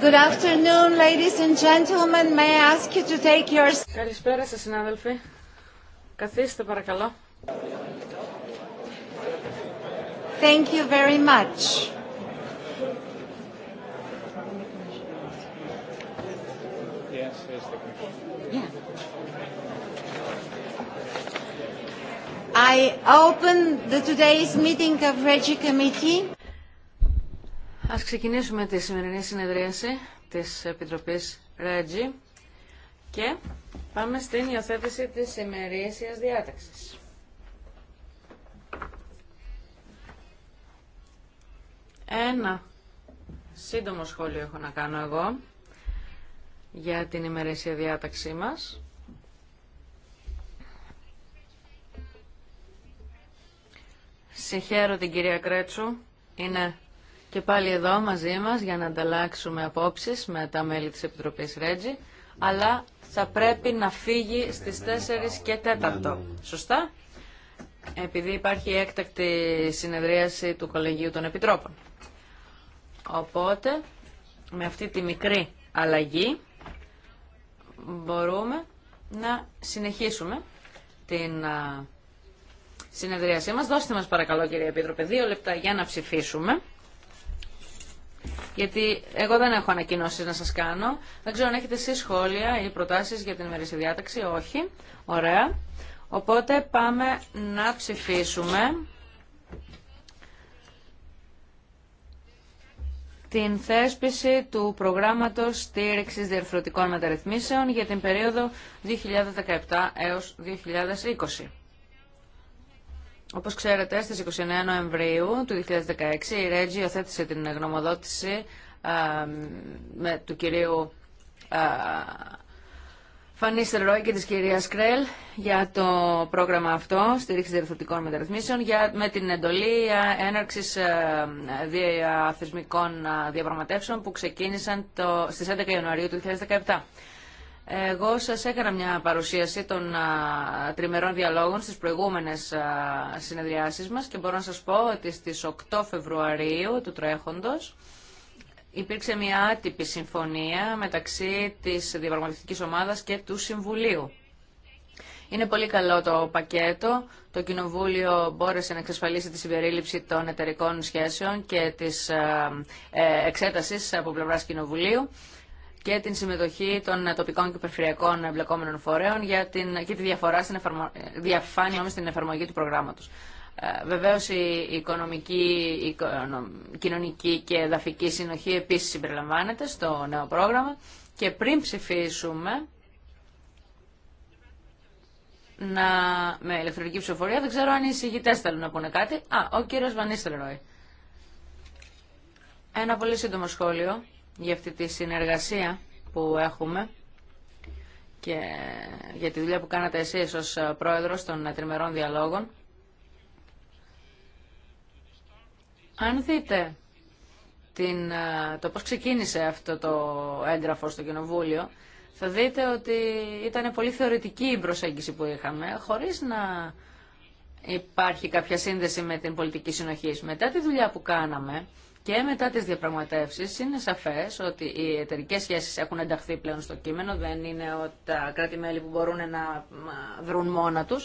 Good afternoon, ladies and gentlemen. May I ask you to take your... Καλησπέρα σας, συνάδελφοι. Καθίστε, παρακαλώ. Thank you very much. Yes, I open the today's meeting of Regi Committee. Ας ξεκινήσουμε τη σημερινή συνεδρίαση της Επιτροπής Ρέτζι και πάμε στην υιοθέτηση της ημερήσιας διάταξης. Ένα σύντομο σχόλιο έχω να κάνω εγώ για την ημερήσια διάταξή μας. Συγχαίρω την κυρία Κρέτσου. Είναι και πάλι εδώ μαζί μας για να ανταλλάξουμε απόψεις με τα μέλη της Επιτροπής Ρέτζη, αλλά θα πρέπει να φύγει στις 4 και 4. Σωστά? Επειδή υπάρχει έκτακτη συνεδρίαση του Κολεγίου των Επιτρόπων. Οπότε, με αυτή τη μικρή αλλαγή, μπορούμε να συνεχίσουμε την συνεδρίασή μας. Δώστε μας παρακαλώ κύριε Επίτροπε δύο λεπτά για να ψηφίσουμε γιατί εγώ δεν έχω ανακοινώσει να σας κάνω. Δεν ξέρω αν έχετε εσεί σχόλια ή προτάσεις για την ημερήσια διάταξη. Όχι. Ωραία. Οπότε πάμε να ψηφίσουμε την θέσπιση του προγράμματος στήριξης διαρθρωτικών μεταρρυθμίσεων για την περίοδο 2017 έως 2020. Όπως ξέρετε, στις 29 Νοεμβρίου του 2016 η Ρέτζη υιοθέτησε την γνωμοδότηση με, του κυρίου ε, Φανίστερ Ρόι και τη κυρία Κρέλ για το πρόγραμμα αυτό, στήριξη διευθυντικών μεταρρυθμίσεων, για, με την εντολή ε, έναρξη ε, διαθεσμικών διαπραγματεύσεων που ξεκίνησαν στι στις 11 Ιανουαρίου του 2017. Εγώ σας έκανα μια παρουσίαση των τριμερών διαλόγων στις προηγούμενες συνεδριάσεις μας και μπορώ να σας πω ότι στις 8 Φεβρουαρίου του τρέχοντος υπήρξε μια άτυπη συμφωνία μεταξύ της διαπραγματευτικής ομάδας και του Συμβουλίου. Είναι πολύ καλό το πακέτο. Το Κοινοβούλιο μπόρεσε να εξασφαλίσει τη συμπερίληψη των εταιρικών σχέσεων και της ε, εξέταση από πλευράς Κοινοβουλίου και την συμμετοχή των τοπικών και περιφερειακών εμπλεκόμενων φορέων για την, και τη διαφορά στην διαφάνεια όμως στην εφαρμογή του προγράμματος. Ε, Βεβαίω η οικονομική, η κοινωνική και εδαφική συνοχή επίσης συμπεριλαμβάνεται στο νέο πρόγραμμα και πριν ψηφίσουμε να, με ηλεκτρονική ψηφοφορία, δεν ξέρω αν οι εισηγητές θέλουν να πούνε κάτι. Α, ο κύριος Βανίστερ, Ένα πολύ σύντομο σχόλιο για αυτή τη συνεργασία που έχουμε και για τη δουλειά που κάνατε εσείς ως πρόεδρος των τριμερών διαλόγων. Αν δείτε την, το πώς ξεκίνησε αυτό το έγγραφο στο Κοινοβούλιο, θα δείτε ότι ήταν πολύ θεωρητική η προσέγγιση που είχαμε, χωρίς να υπάρχει κάποια σύνδεση με την πολιτική συνοχή. Μετά τη δουλειά που κάναμε, και μετά τι διαπραγματεύσει είναι σαφέ ότι οι εταιρικέ σχέσει έχουν ενταχθεί πλέον στο κείμενο, δεν είναι ότι τα κράτη-μέλη που μπορούν να βρουν μόνα του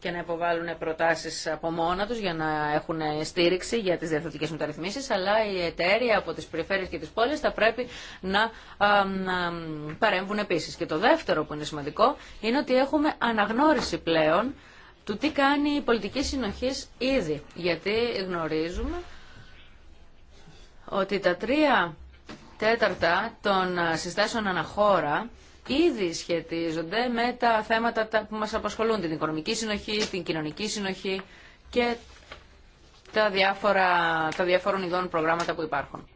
και να υποβάλουν προτάσει από μόνα του για να έχουν στήριξη για τι διαρθρωτικέ μεταρρυθμίσει. αλλά οι εταίροι από τι περιφέρειες και τι πόλει θα πρέπει να, παρέμβουν επίση. Και το δεύτερο που είναι σημαντικό είναι ότι έχουμε αναγνώριση πλέον του τι κάνει η πολιτική συνοχή ήδη, γιατί γνωρίζουμε ότι τα τρία τέταρτα των ε, συστάσεων αναχώρα ήδη σχετίζονται με τα θέματα που μας απασχολούν, την οικονομική συνοχή, την κοινωνική συνοχή και τα, διάφορα, τα διάφορων ειδών προγράμματα που υπάρχουν.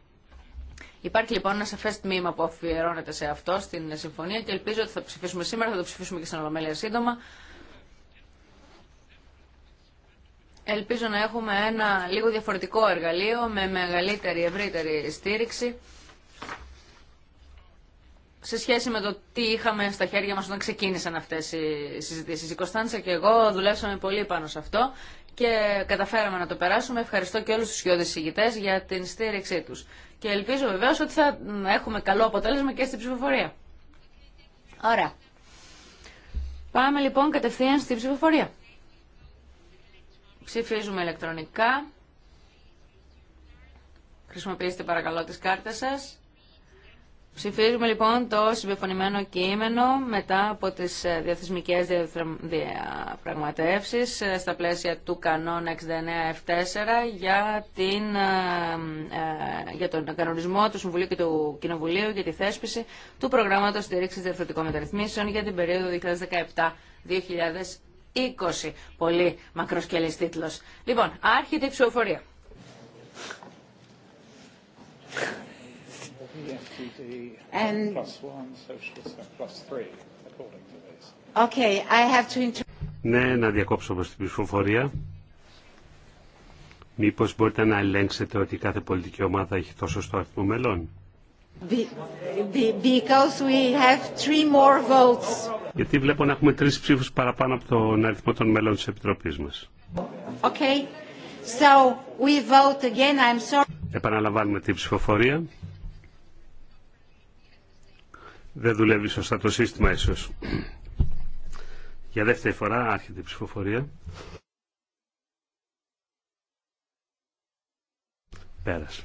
Υπάρχει λοιπόν ένα σαφέ τμήμα που αφιερώνεται σε αυτό στην συμφωνία και ελπίζω ότι θα ψηφίσουμε σήμερα, θα το ψηφίσουμε και στην Ολομέλεια σύντομα, Ελπίζω να έχουμε ένα λίγο διαφορετικό εργαλείο με μεγαλύτερη, ευρύτερη στήριξη σε σχέση με το τι είχαμε στα χέρια μας όταν ξεκίνησαν αυτές οι συζητήσεις. Η Κωνσταντσα και εγώ δουλέψαμε πολύ πάνω σε αυτό και καταφέραμε να το περάσουμε. Ευχαριστώ και όλους τους σιώδες συγητές για την στήριξή τους. Και ελπίζω βεβαίως ότι θα έχουμε καλό αποτέλεσμα και στην ψηφοφορία. Ωραία. Πάμε λοιπόν κατευθείαν στην ψηφοφορία. Ψηφίζουμε ηλεκτρονικά. Χρησιμοποιήστε παρακαλώ τις κάρτες σας. Ψηφίζουμε λοιπόν το συμπεφωνημένο κείμενο μετά από τις ε, διαθεσμικές διαπραγματεύσεις ε, στα πλαίσια του κανόνα 69F4 για, την, ε, για τον κανονισμό του Συμβουλίου και του Κοινοβουλίου για τη θέσπιση του προγράμματος στήριξης διευθυντικών μεταρρυθμίσεων για την περίοδο 2017-2020. 20. Πολύ μακροσκελής τίτλος. Λοιπόν, άρχεται η ψηφοφορία. Ναι, να διακόψω προς την ψηφοφορία. Μήπως μπορείτε να ελέγξετε ότι κάθε πολιτική ομάδα έχει τόσο στο αριθμό μελών. Because we have three more votes. Γιατί βλέπω να έχουμε τρεις ψήφους παραπάνω από τον αριθμό των μέλων της Επιτροπής μας. Okay. So we vote again. I'm sorry. Επαναλαμβάνουμε την ψηφοφορία. Δεν δουλεύει σωστά το σύστημα ίσως. Για δεύτερη φορά άρχεται η ψηφοφορία. Πέρασε.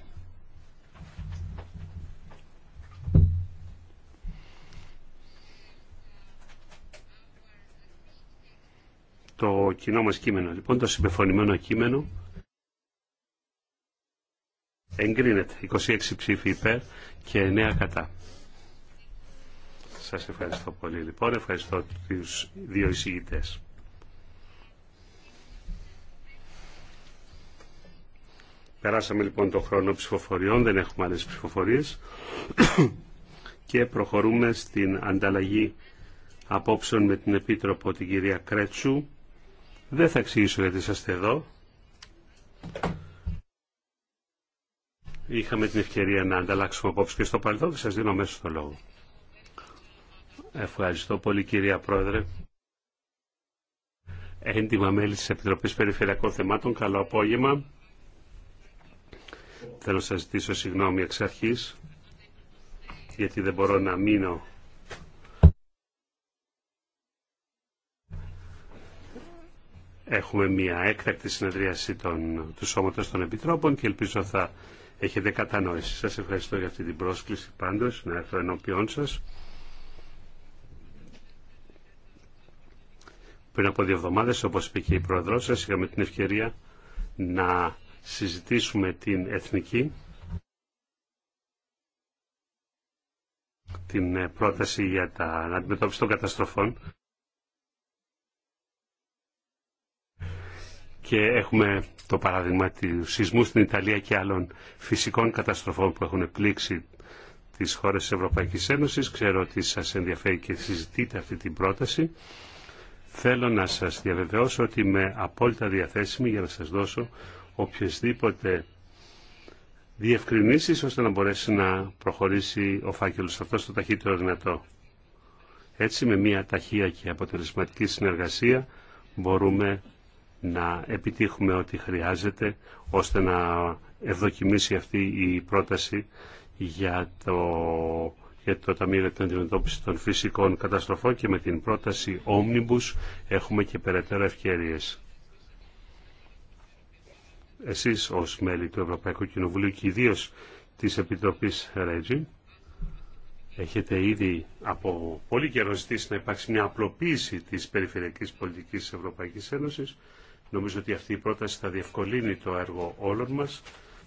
το κοινό μας κείμενο. Λοιπόν, το συμπεφωνημένο κείμενο εγκρίνεται. 26 ψήφοι υπέρ και 9 κατά. Σας ευχαριστώ πολύ λοιπόν. Ευχαριστώ τους δύο εισηγητές. Περάσαμε λοιπόν το χρόνο ψηφοφοριών, δεν έχουμε άλλες ψηφοφορίες και προχωρούμε στην ανταλλαγή απόψεων με την Επίτροπο την κυρία Κρέτσου. Δεν θα εξηγήσω γιατί είσαστε εδώ. Είχαμε την ευκαιρία να ανταλλάξουμε απόψε και στο παρελθόν και σας δίνω μέσα στο λόγο. Ευχαριστώ πολύ κυρία Πρόεδρε. Έντιμα μέλη της Επιτροπής Περιφερειακών Θεμάτων. Καλό απόγευμα. Θέλω να σας ζητήσω συγγνώμη εξ αρχής, γιατί δεν μπορώ να μείνω Έχουμε μια έκτακτη συνεδρίαση των, του Σώματος των Επιτρόπων και ελπίζω θα έχετε κατανόηση. Σας ευχαριστώ για αυτή την πρόσκληση πάντως να έρθω ενώπιόν σας. Πριν από δύο εβδομάδες, όπως είπε και η Πρόεδρό σας, είχαμε την ευκαιρία να συζητήσουμε την εθνική την ε, πρόταση για τα αντιμετώπιση των καταστροφών και έχουμε το παράδειγμα του σεισμού στην Ιταλία και άλλων φυσικών καταστροφών που έχουν πλήξει τις χώρες της Ευρωπαϊκής Ένωσης. Ξέρω ότι σας ενδιαφέρει και συζητείτε αυτή την πρόταση. Θέλω να σας διαβεβαιώσω ότι είμαι απόλυτα διαθέσιμη για να σας δώσω οποιασδήποτε διευκρινήσεις ώστε να μπορέσει να προχωρήσει ο φάκελος αυτό το ταχύτερο δυνατό. Έτσι με μια ταχεία και αποτελεσματική συνεργασία μπορούμε να επιτύχουμε ό,τι χρειάζεται ώστε να ευδοκιμήσει αυτή η πρόταση για το, για το Ταμείο για την Αντιμετώπιση των Φυσικών Καταστροφών και με την πρόταση Omnibus έχουμε και περαιτέρω ευκαιρίες. Εσείς ως μέλη του Ευρωπαϊκού Κοινοβουλίου και ιδίω της Επιτροπής Ρέτζι έχετε ήδη από πολύ καιρό ζητήσει να υπάρξει μια απλοποίηση της περιφερειακής πολιτικής της Ευρωπαϊκής Ένωσης Νομίζω ότι αυτή η πρόταση θα διευκολύνει το έργο όλων μας,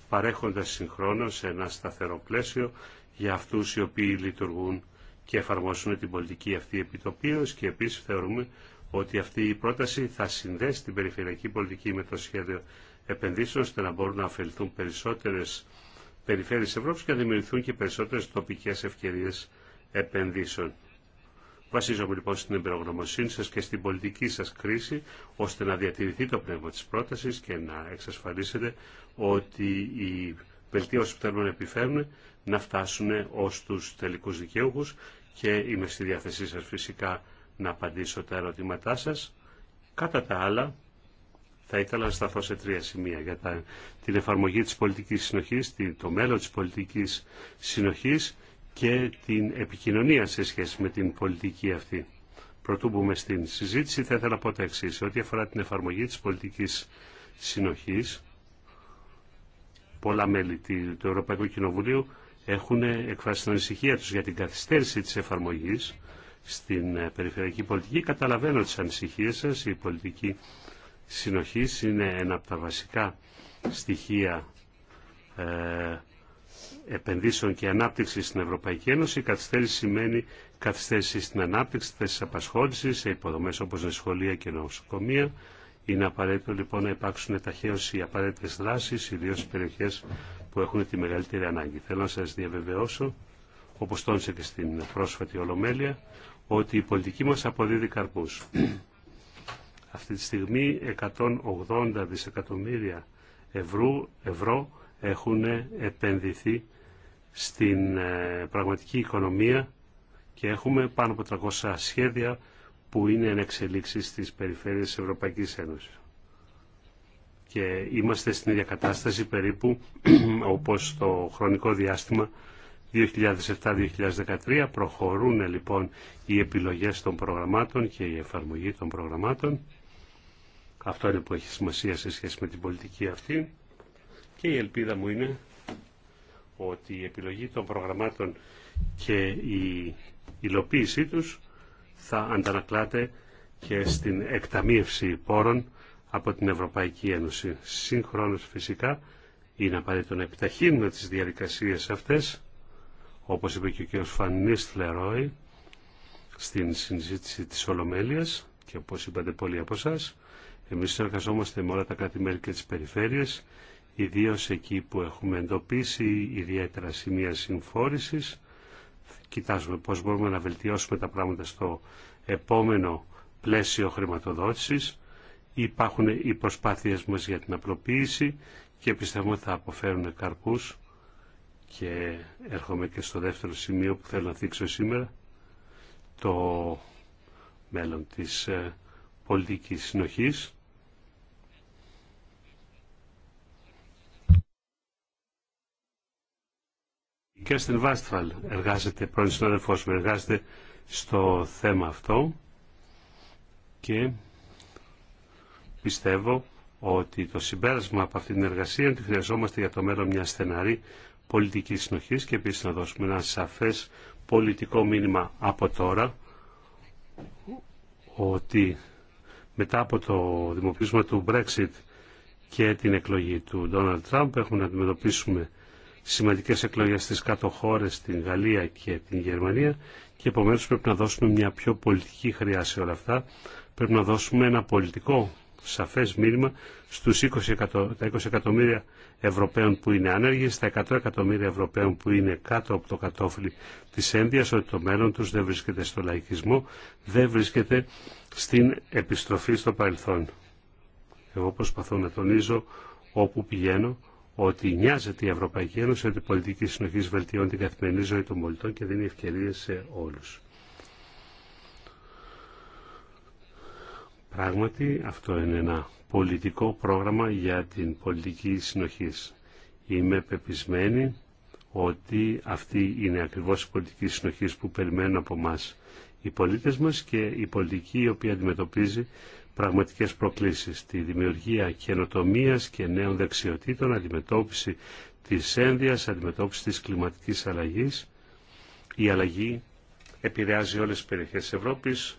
παρέχοντας συγχρόνως ένα σταθερό πλαίσιο για αυτούς οι οποίοι λειτουργούν και εφαρμόσουν την πολιτική αυτή επιτοπίως και επίσης θεωρούμε ότι αυτή η πρόταση θα συνδέσει την περιφερειακή πολιτική με το σχέδιο επενδύσεων ώστε να μπορούν να αφαιρεθούν περισσότερες περιφέρειες Ευρώπης και να δημιουργηθούν και περισσότερες τοπικές ευκαιρίες επενδύσεων. Βασίζομαι λοιπόν στην εμπειρογνωμοσύνη σας και στην πολιτική σας κρίση, ώστε να διατηρηθεί το πνεύμα της πρότασης και να εξασφαλίσετε ότι οι βελτίωσεις που θέλουν να επιφέρουν να φτάσουν ως τους τελικούς δικαίουχους και είμαι στη διάθεσή σας φυσικά να απαντήσω τα ερωτήματά σας. Κατά τα άλλα, θα ήθελα να σταθώ σε τρία σημεία για την εφαρμογή της πολιτικής συνοχής, το μέλλον της πολιτικής συνοχής και την επικοινωνία σε σχέση με την πολιτική αυτή. Πρωτού μπούμε στην συζήτηση, θα ήθελα να πω Ό,τι αφορά την εφαρμογή της πολιτικής συνοχής, πολλά μέλη του Ευρωπαϊκού Κοινοβουλίου έχουν εκφράσει την ανησυχία τους για την καθυστέρηση της εφαρμογής στην ε, περιφερειακή πολιτική. Καταλαβαίνω τις ανησυχίε σα, Η πολιτική συνοχής είναι ένα από τα βασικά στοιχεία ε, επενδύσεων και ανάπτυξη στην Ευρωπαϊκή Ένωση. Η καθυστέρηση σημαίνει καθυστέρηση στην ανάπτυξη, θέσει απασχόληση σε υποδομέ όπω είναι σχολεία και νοσοκομεία. Είναι απαραίτητο λοιπόν να υπάρξουν ταχαίω οι απαραίτητε δράσει, ιδίω στι περιοχέ που έχουν τη μεγαλύτερη ανάγκη. Θέλω να σα διαβεβαιώσω, όπω τόνισε και στην πρόσφατη Ολομέλεια, ότι η πολιτική μα αποδίδει καρπού. Αυτή τη στιγμή 180 δισεκατομμύρια ευρώ, ευρώ έχουν επενδυθεί στην ε, πραγματική οικονομία και έχουμε πάνω από 300 σχέδια που είναι εν εξελίξει στις περιφέρειες της Ευρωπαϊκής Ένωσης. Και είμαστε στην ίδια κατάσταση περίπου όπως το χρονικό διάστημα 2007-2013 προχωρούν λοιπόν οι επιλογές των προγραμμάτων και η εφαρμογή των προγραμμάτων. Αυτό είναι που έχει σημασία σε σχέση με την πολιτική αυτή και η ελπίδα μου είναι ότι η επιλογή των προγραμμάτων και η υλοποίησή τους θα αντανακλάται και στην εκταμείευση πόρων από την Ευρωπαϊκή Ένωση. Σύγχρονος φυσικά είναι απαραίτητο να επιταχύνουμε τις διαδικασίες αυτές, όπως είπε και ο κ. Φανίς Φλερόι στην συζήτηση της Ολομέλειας και όπως είπατε πολλοί από εσά, εμείς συνεργαζόμαστε με όλα τα κράτη-μέλη και τις περιφέρειες ιδίως εκεί που έχουμε εντοπίσει ιδιαίτερα σημεία συμφόρησης. Κοιτάζουμε πώς μπορούμε να βελτιώσουμε τα πράγματα στο επόμενο πλαίσιο χρηματοδότησης. Υπάρχουν οι προσπάθειες μας για την απλοποίηση και πιστεύω ότι θα αποφέρουν καρπούς και έρχομαι και στο δεύτερο σημείο που θέλω να δείξω σήμερα το μέλλον της ε, πολιτικής συνοχής Η Κέρστιν Βάστφαλ εργάζεται, πρώην συνάδελφός μου, εργάζεται στο θέμα αυτό και πιστεύω ότι το συμπέρασμα από αυτή την εργασία είναι ότι χρειαζόμαστε για το μέλλον μια στεναρή πολιτική συνοχή και επίση να δώσουμε ένα σαφέ πολιτικό μήνυμα από τώρα ότι μετά από το δημοπίσμα του Brexit και την εκλογή του Donald Trump έχουμε να αντιμετωπίσουμε σημαντικές εκλογές στις κάτω χώρες, στην Γαλλία και την Γερμανία και επομένως πρέπει να δώσουμε μια πιο πολιτική χρειά σε όλα αυτά. Πρέπει να δώσουμε ένα πολιτικό σαφές μήνυμα στους 20 τα 20 εκατομμύρια Ευρωπαίων που είναι άνεργοι, στα 100 εκατομμύρια Ευρωπαίων που είναι κάτω από το κατόφλι της ένδυας, ότι το μέλλον τους δεν βρίσκεται στο λαϊκισμό, δεν βρίσκεται στην επιστροφή στο παρελθόν. Εγώ προσπαθώ να τονίζω όπου πηγαίνω ότι νοιάζεται η Ευρωπαϊκή Ένωση ότι η πολιτική συνοχή βελτιώνει την καθημερινή ζωή των πολιτών και δίνει ευκαιρίε σε όλου. Πράγματι, αυτό είναι ένα πολιτικό πρόγραμμα για την πολιτική συνοχή. Είμαι πεπισμένη ότι αυτή είναι ακριβώς η πολιτική συνοχή που περιμένουν από εμά οι πολίτες μας και η πολιτική η οποία αντιμετωπίζει πραγματικές προκλήσεις, τη δημιουργία καινοτομίας και νέων δεξιοτήτων, αντιμετώπιση της ένδυας, αντιμετώπιση της κλιματικής αλλαγής. Η αλλαγή επηρεάζει όλες τις περιοχές της Ευρώπης,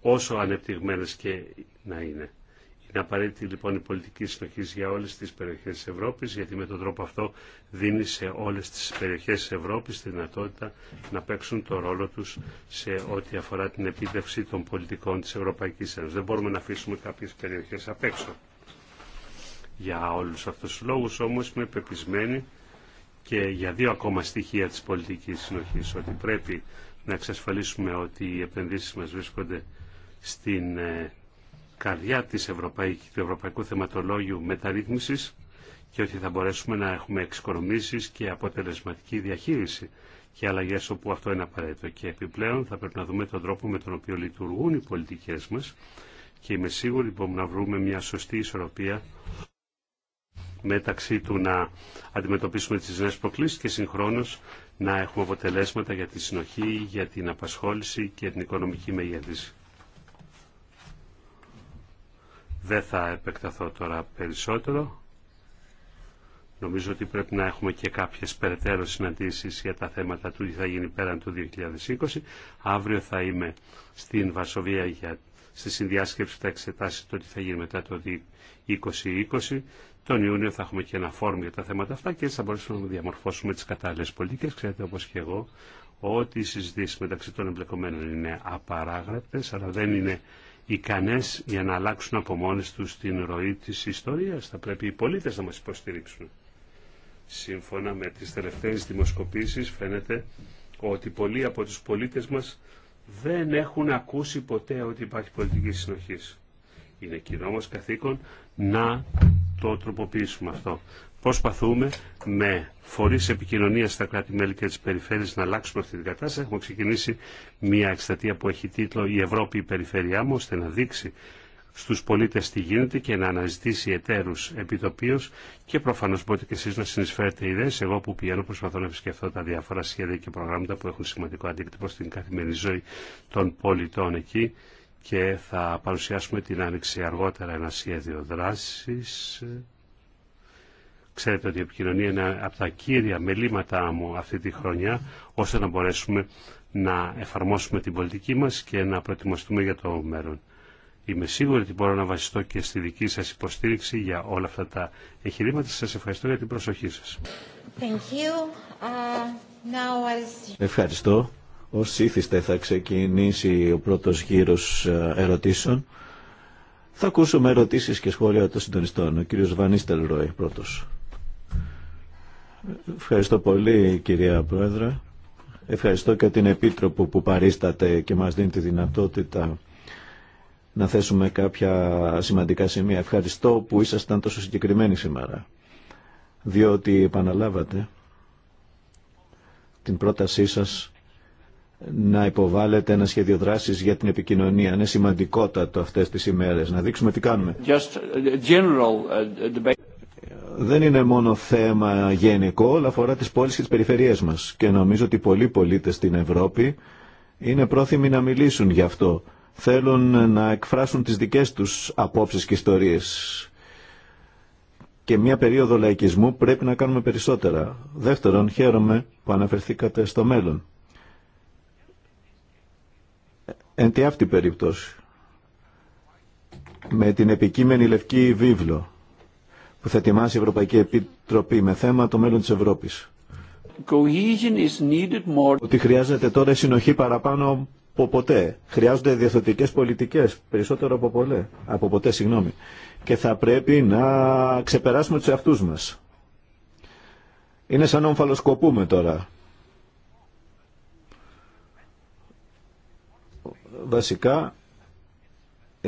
όσο ανεπτυγμένες και να είναι. Είναι απαραίτητη λοιπόν η πολιτική συνοχή για όλε τι περιοχέ τη Ευρώπη, γιατί με τον τρόπο αυτό δίνει σε όλε τι περιοχέ τη Ευρώπη τη δυνατότητα να παίξουν το ρόλο του σε ό,τι αφορά την επίτευξη των πολιτικών τη Ευρωπαϊκή Ένωση. Δεν μπορούμε να αφήσουμε κάποιε περιοχέ απ' έξω. Για όλου αυτού του λόγου όμω είμαι πεπισμένη και για δύο ακόμα στοιχεία τη πολιτική συνοχή, ότι πρέπει να εξασφαλίσουμε ότι οι επενδύσει μα βρίσκονται στην ε, καρδιά της του Ευρωπαϊκού Θεματολόγιου Μεταρρύθμισης και ότι θα μπορέσουμε να έχουμε εξοικονομήσεις και αποτελεσματική διαχείριση και αλλαγέ όπου αυτό είναι απαραίτητο. Και επιπλέον θα πρέπει να δούμε τον τρόπο με τον οποίο λειτουργούν οι πολιτικές μας και είμαι σίγουρη μπορούμε να βρούμε μια σωστή ισορροπία μεταξύ του να αντιμετωπίσουμε τις νέες προκλήσεις και συγχρόνως να έχουμε αποτελέσματα για τη συνοχή, για την απασχόληση και την οικονομική μεγέθυνση. Δεν θα επεκταθώ τώρα περισσότερο. Νομίζω ότι πρέπει να έχουμε και κάποιες περαιτέρω συναντήσεις για τα θέματα του τι θα γίνει πέραν του 2020. Αύριο θα είμαι στην Βασοβία για στη συνδιάσκεψη θα εξετάσει το τι θα γίνει μετά το 2020. Τον Ιούνιο θα έχουμε και ένα φόρμα για τα θέματα αυτά και έτσι θα μπορέσουμε να διαμορφώσουμε τις κατάλληλες πολιτικές. Ξέρετε όπως και εγώ ότι οι συζητήσεις μεταξύ των εμπλεκομένων είναι απαράγραπτες, αλλά δεν είναι ικανές για να αλλάξουν από μόνες τους την ροή της ιστορίας. Θα πρέπει οι πολίτες να μας υποστηρίξουν. Σύμφωνα με τις τελευταίες δημοσκοπήσεις φαίνεται ότι πολλοί από τους πολίτες μας δεν έχουν ακούσει ποτέ ότι υπάρχει πολιτική συνοχή. Είναι κοινό μας καθήκον να το τροποποιήσουμε αυτό. Προσπαθούμε με φορεί επικοινωνία στα κράτη-μέλη και τι περιφέρειε να αλλάξουμε αυτή την κατάσταση. Έχουμε ξεκινήσει μια εκστατεία που έχει τίτλο Η Ευρώπη, η περιφέρειά μου, ώστε να δείξει στους πολίτες τι γίνεται και να αναζητήσει εταίρους επιτοπίως και προφανώς μπορείτε και εσείς να συνεισφέρετε ιδέες. Εγώ που πηγαίνω προσπαθώ να επισκεφθώ τα διάφορα σχέδια και προγράμματα που έχουν σημαντικό αντίκτυπο στην καθημερινή ζωή των πολιτών εκεί και θα παρουσιάσουμε την άνοιξη αργότερα ένα σχέδιο δράσης Ξέρετε ότι η επικοινωνία είναι από τα κύρια μελήματά μου αυτή τη χρονιά, ώστε να μπορέσουμε να εφαρμόσουμε την πολιτική μας και να προετοιμαστούμε για το μέλλον. Είμαι σίγουρη ότι μπορώ να βασιστώ και στη δική σας υποστήριξη για όλα αυτά τα εγχειρήματα. Σας ευχαριστώ για την προσοχή σας. Uh, ευχαριστώ. Ως ήθιστε θα ξεκινήσει ο πρώτος γύρος ε, ερωτήσεων. Θα ακούσουμε ερωτήσεις και σχόλια των συντονιστών. Ο κύριος Βανίστελ Ροϊ Ευχαριστώ πολύ κυρία Πρόεδρε. Ευχαριστώ και την Επίτροπο που παρίσταται και μας δίνει τη δυνατότητα να θέσουμε κάποια σημαντικά σημεία. Ευχαριστώ που ήσασταν τόσο συγκεκριμένοι σήμερα, διότι επαναλάβατε την πρότασή σας να υποβάλλετε ένα σχέδιο δράσης για την επικοινωνία. Είναι σημαντικότατο αυτές τις ημέρες. Να δείξουμε τι κάνουμε δεν είναι μόνο θέμα γενικό, αλλά αφορά τις πόλεις και τις περιφερειές μας. Και νομίζω ότι πολλοί πολίτες στην Ευρώπη είναι πρόθυμοι να μιλήσουν γι' αυτό. Θέλουν να εκφράσουν τις δικές τους απόψεις και ιστορίες. Και μια περίοδο λαϊκισμού πρέπει να κάνουμε περισσότερα. Δεύτερον, χαίρομαι που αναφερθήκατε στο μέλλον. Εν τη αυτή περίπτωση, με την επικείμενη λευκή βίβλο, που θα ετοιμάσει η Ευρωπαϊκή Επιτροπή με θέμα το μέλλον της Ευρώπης. Ότι χρειάζεται τώρα συνοχή παραπάνω από ποτέ. Χρειάζονται διαθετικές πολιτικές, περισσότερο από, πολλές. από ποτέ. Συγγνώμη. Και θα πρέπει να ξεπεράσουμε τους εαυτούς μας. Είναι σαν να ομφαλοσκοπούμε τώρα. Βασικά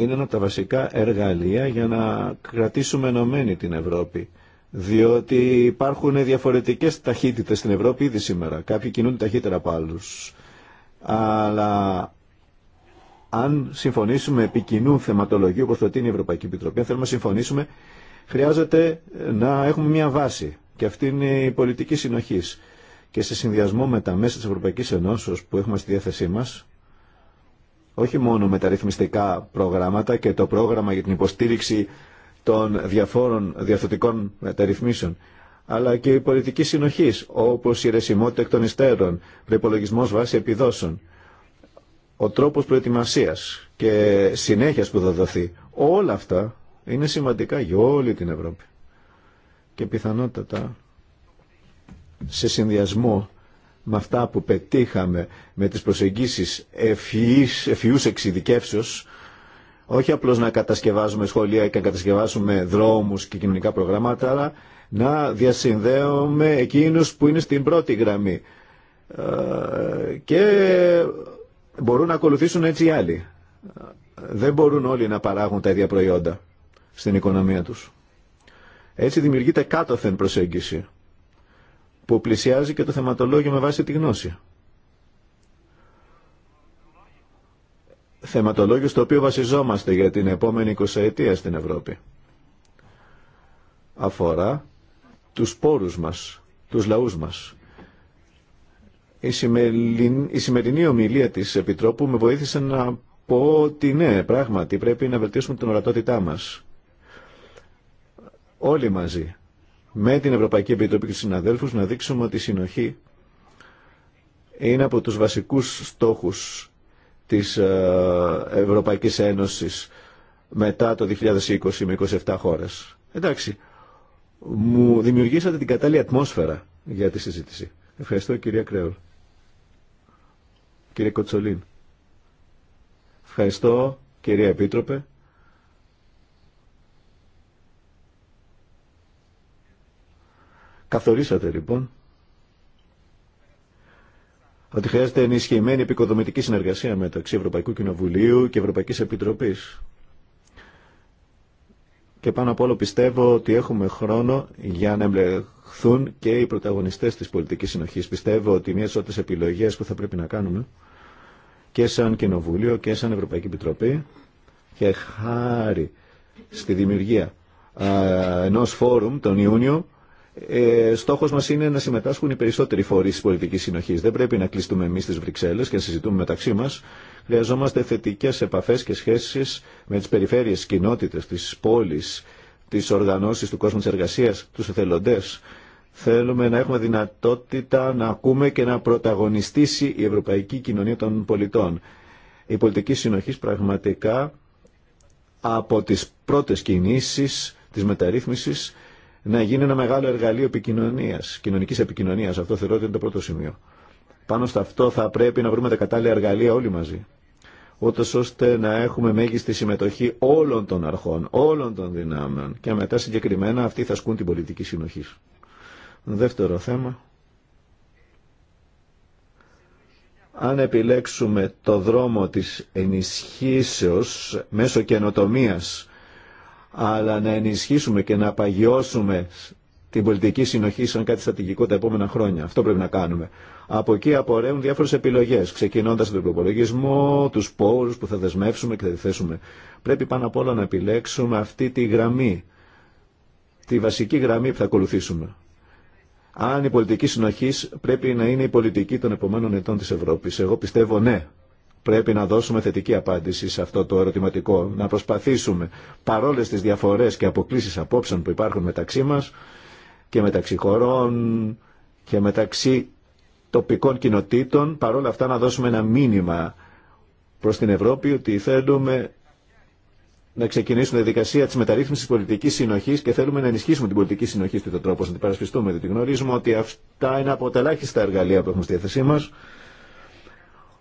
είναι ένα από τα βασικά εργαλεία για να κρατήσουμε ενωμένη την Ευρώπη. Διότι υπάρχουν διαφορετικές ταχύτητες στην Ευρώπη ήδη σήμερα. Κάποιοι κινούνται ταχύτερα από άλλου. Αλλά αν συμφωνήσουμε επί κοινού θεματολογίου, όπως είναι η Ευρωπαϊκή Επιτροπή, αν θέλουμε να συμφωνήσουμε, χρειάζεται να έχουμε μια βάση. Και αυτή είναι η πολιτική συνοχής. Και σε συνδυασμό με τα μέσα της Ευρωπαϊκής Ενώσεως που έχουμε στη διάθεσή μας, όχι μόνο με τα ρυθμιστικά προγράμματα και το πρόγραμμα για την υποστήριξη των διαφόρων διαθωτικών μεταρρυθμίσεων, αλλά και η πολιτική συνοχή, όπω η ρεσιμότητα εκ των υστέρων, προπολογισμό βάσει επιδόσεων, ο τρόπο προετοιμασία και συνέχεια που θα δοθεί. Όλα αυτά είναι σημαντικά για όλη την Ευρώπη. Και πιθανότατα σε συνδυασμό με αυτά που πετύχαμε με τις προσεγγίσεις ευφυής, ευφυούς εξειδικεύσεως, όχι απλώς να κατασκευάζουμε σχολεία και να κατασκευάσουμε δρόμους και κοινωνικά προγράμματα, αλλά να διασυνδέουμε εκείνους που είναι στην πρώτη γραμμή ε, και μπορούν να ακολουθήσουν έτσι οι άλλοι. Δεν μπορούν όλοι να παράγουν τα ίδια προϊόντα στην οικονομία τους. Έτσι δημιουργείται κάτωθεν προσέγγιση που πλησιάζει και το θεματολόγιο με βάση τη γνώση. Θεματολόγιο στο οποίο βασιζόμαστε για την επόμενη 20 ετία στην Ευρώπη. Αφορά τους πόρους μας, τους λαούς μας. Η σημερινή ομιλία της Επιτρόπου με βοήθησε να πω ότι ναι, πράγματι πρέπει να βελτίσουμε την ορατότητά μας. Όλοι μαζί με την Ευρωπαϊκή Επιτροπή και του συναδέλφους να δείξουμε ότι η συνοχή είναι από τους βασικούς στόχους της ε, Ευρωπαϊκής Ένωσης μετά το 2020 με 27 χώρες. Εντάξει, μου δημιουργήσατε την κατάλληλη ατμόσφαιρα για τη συζήτηση. Ευχαριστώ κυρία Κρέολ. Κύριε Κοτσολίν. Ευχαριστώ κυρία Επίτροπε. Καθορίσατε λοιπόν ότι χρειάζεται ενισχυμένη επικοδομητική συνεργασία μεταξύ Ευρωπαϊκού Κοινοβουλίου και Ευρωπαϊκής Επιτροπής. Και πάνω απ' όλο πιστεύω ότι έχουμε χρόνο για να εμπλεχθούν και οι πρωταγωνιστές της πολιτικής συνοχής. Πιστεύω ότι μια από τις επιλογές που θα πρέπει να κάνουμε και σαν Κοινοβούλιο και σαν Ευρωπαϊκή Επιτροπή και χάρη στη δημιουργία ενός φόρουμ τον Ιούνιο ε, στόχος μας είναι να συμμετάσχουν οι περισσότεροι φορεί τη πολιτική συνοχή. Δεν πρέπει να κλειστούμε εμεί στι Βρυξέλλε και να συζητούμε μεταξύ μα. Χρειαζόμαστε θετικέ επαφέ και σχέσει με τι περιφέρειες, τις κοινότητες, τις πόλεις, τις οργανώσεις του κόσμου τη εργασία, του εθελοντέ. Θέλουμε να έχουμε δυνατότητα να ακούμε και να πρωταγωνιστήσει η ευρωπαϊκή κοινωνία των πολιτών. Η πολιτική συνοχή πραγματικά από τι πρώτε κινήσει τη μεταρρύθμισης να γίνει ένα μεγάλο εργαλείο επικοινωνία, κοινωνικής επικοινωνίας. Αυτό θεωρώ ότι είναι το πρώτο σημείο. Πάνω σε αυτό θα πρέπει να βρούμε τα κατάλληλα εργαλεία όλοι μαζί. Ότως ώστε να έχουμε μέγιστη συμμετοχή όλων των αρχών, όλων των δυνάμεων και μετά συγκεκριμένα αυτοί θα ασκούν την πολιτική συνοχή. Δεύτερο θέμα. Αν επιλέξουμε το δρόμο της ενισχύσεως μέσω καινοτομίας αλλά να ενισχύσουμε και να παγιώσουμε την πολιτική συνοχή σαν κάτι στατηγικό τα επόμενα χρόνια. Αυτό πρέπει να κάνουμε. Από εκεί απορρέουν διάφορε επιλογέ, ξεκινώντα τον προπολογισμό, του πόρου που θα δεσμεύσουμε και θα διθέσουμε. Πρέπει πάνω απ' όλα να επιλέξουμε αυτή τη γραμμή, τη βασική γραμμή που θα ακολουθήσουμε. Αν η πολιτική συνοχή πρέπει να είναι η πολιτική των επόμενων ετών τη Ευρώπη. Εγώ πιστεύω ναι. Πρέπει να δώσουμε θετική απάντηση σε αυτό το ερωτηματικό, να προσπαθήσουμε παρόλες τις διαφορές και αποκλήσεις απόψεων που υπάρχουν μεταξύ μας και μεταξύ χωρών και μεταξύ τοπικών κοινοτήτων, παρόλα αυτά να δώσουμε ένα μήνυμα προς την Ευρώπη ότι θέλουμε να ξεκινήσουμε τη δικασία τη μεταρρύθμιση τη πολιτική συνοχή και θέλουμε να ενισχύσουμε την πολιτική συνοχή του τρόπο, να την παρασπιστούμε, διότι γνωρίζουμε ότι αυτά είναι από τα ελάχιστα εργαλεία που έχουμε στη διάθεσή μα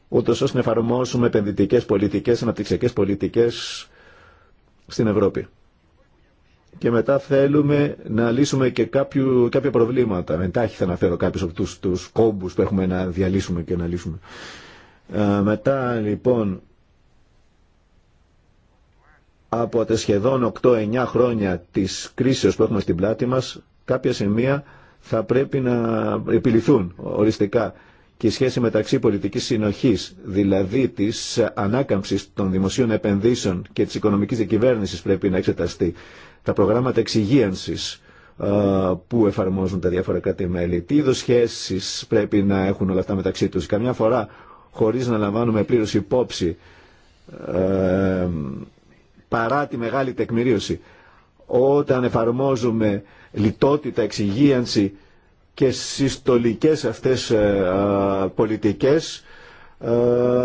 ούτω ώστε να εφαρμόσουμε επενδυτικέ πολιτικέ, αναπτυξιακέ πολιτικέ στην Ευρώπη. Και μετά θέλουμε να λύσουμε και κάποιου, κάποια προβλήματα. Εντάχει θα αναφέρω κάποιου από τους, τους κόμπους που έχουμε να διαλύσουμε και να λύσουμε. Ε, μετά λοιπόν από τα σχεδόν 8-9 χρόνια της κρίσης που έχουμε στην πλάτη μας, κάποια σημεία θα πρέπει να επιληθούν οριστικά και η σχέση μεταξύ πολιτικής συνοχής, δηλαδή της ανάκαμψης των δημοσίων επενδύσεων και της οικονομικής διακυβέρνησης πρέπει να εξεταστεί. Τα προγράμματα εξυγίανσης που εφαρμόζουν τα διάφορα Τι είδους σχέσεις πρέπει να έχουν όλα αυτά μεταξύ τους. Καμιά φορά, χωρίς να λαμβάνουμε πλήρως υπόψη, παρά τη μεγάλη τεκμηρίωση, όταν εφαρμόζουμε λιτότητα, εξυγίανση και συστολικές αυτές ε, πολιτικές ε,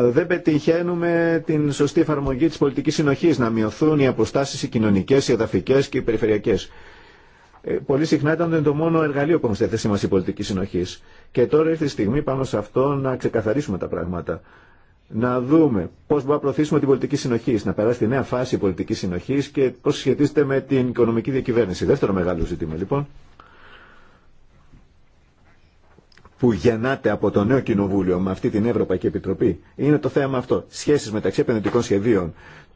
δεν πετυχαίνουμε την σωστή εφαρμογή της πολιτικής συνοχής, να μειωθούν οι αποστάσεις οι κοινωνικές, οι εδαφικές και οι περιφερειακές. Ε, πολύ συχνά ήταν το μόνο εργαλείο που έχουμε στη θέση μα η πολιτική συνοχή. Και τώρα ήρθε η στιγμή πάνω σε αυτό να ξεκαθαρίσουμε τα πράγματα. Να δούμε πώ μπορούμε να προωθήσουμε την πολιτική συνοχή, να περάσει τη νέα φάση η πολιτική συνοχή και πώ σχετίζεται με την οικονομική διακυβέρνηση. Δεύτερο μεγάλο ζήτημα λοιπόν που γεννάται από το νέο κοινοβούλιο με αυτή την Ευρωπαϊκή Επιτροπή είναι το θέμα αυτό. Σχέσεις μεταξύ επενδυτικών σχεδίων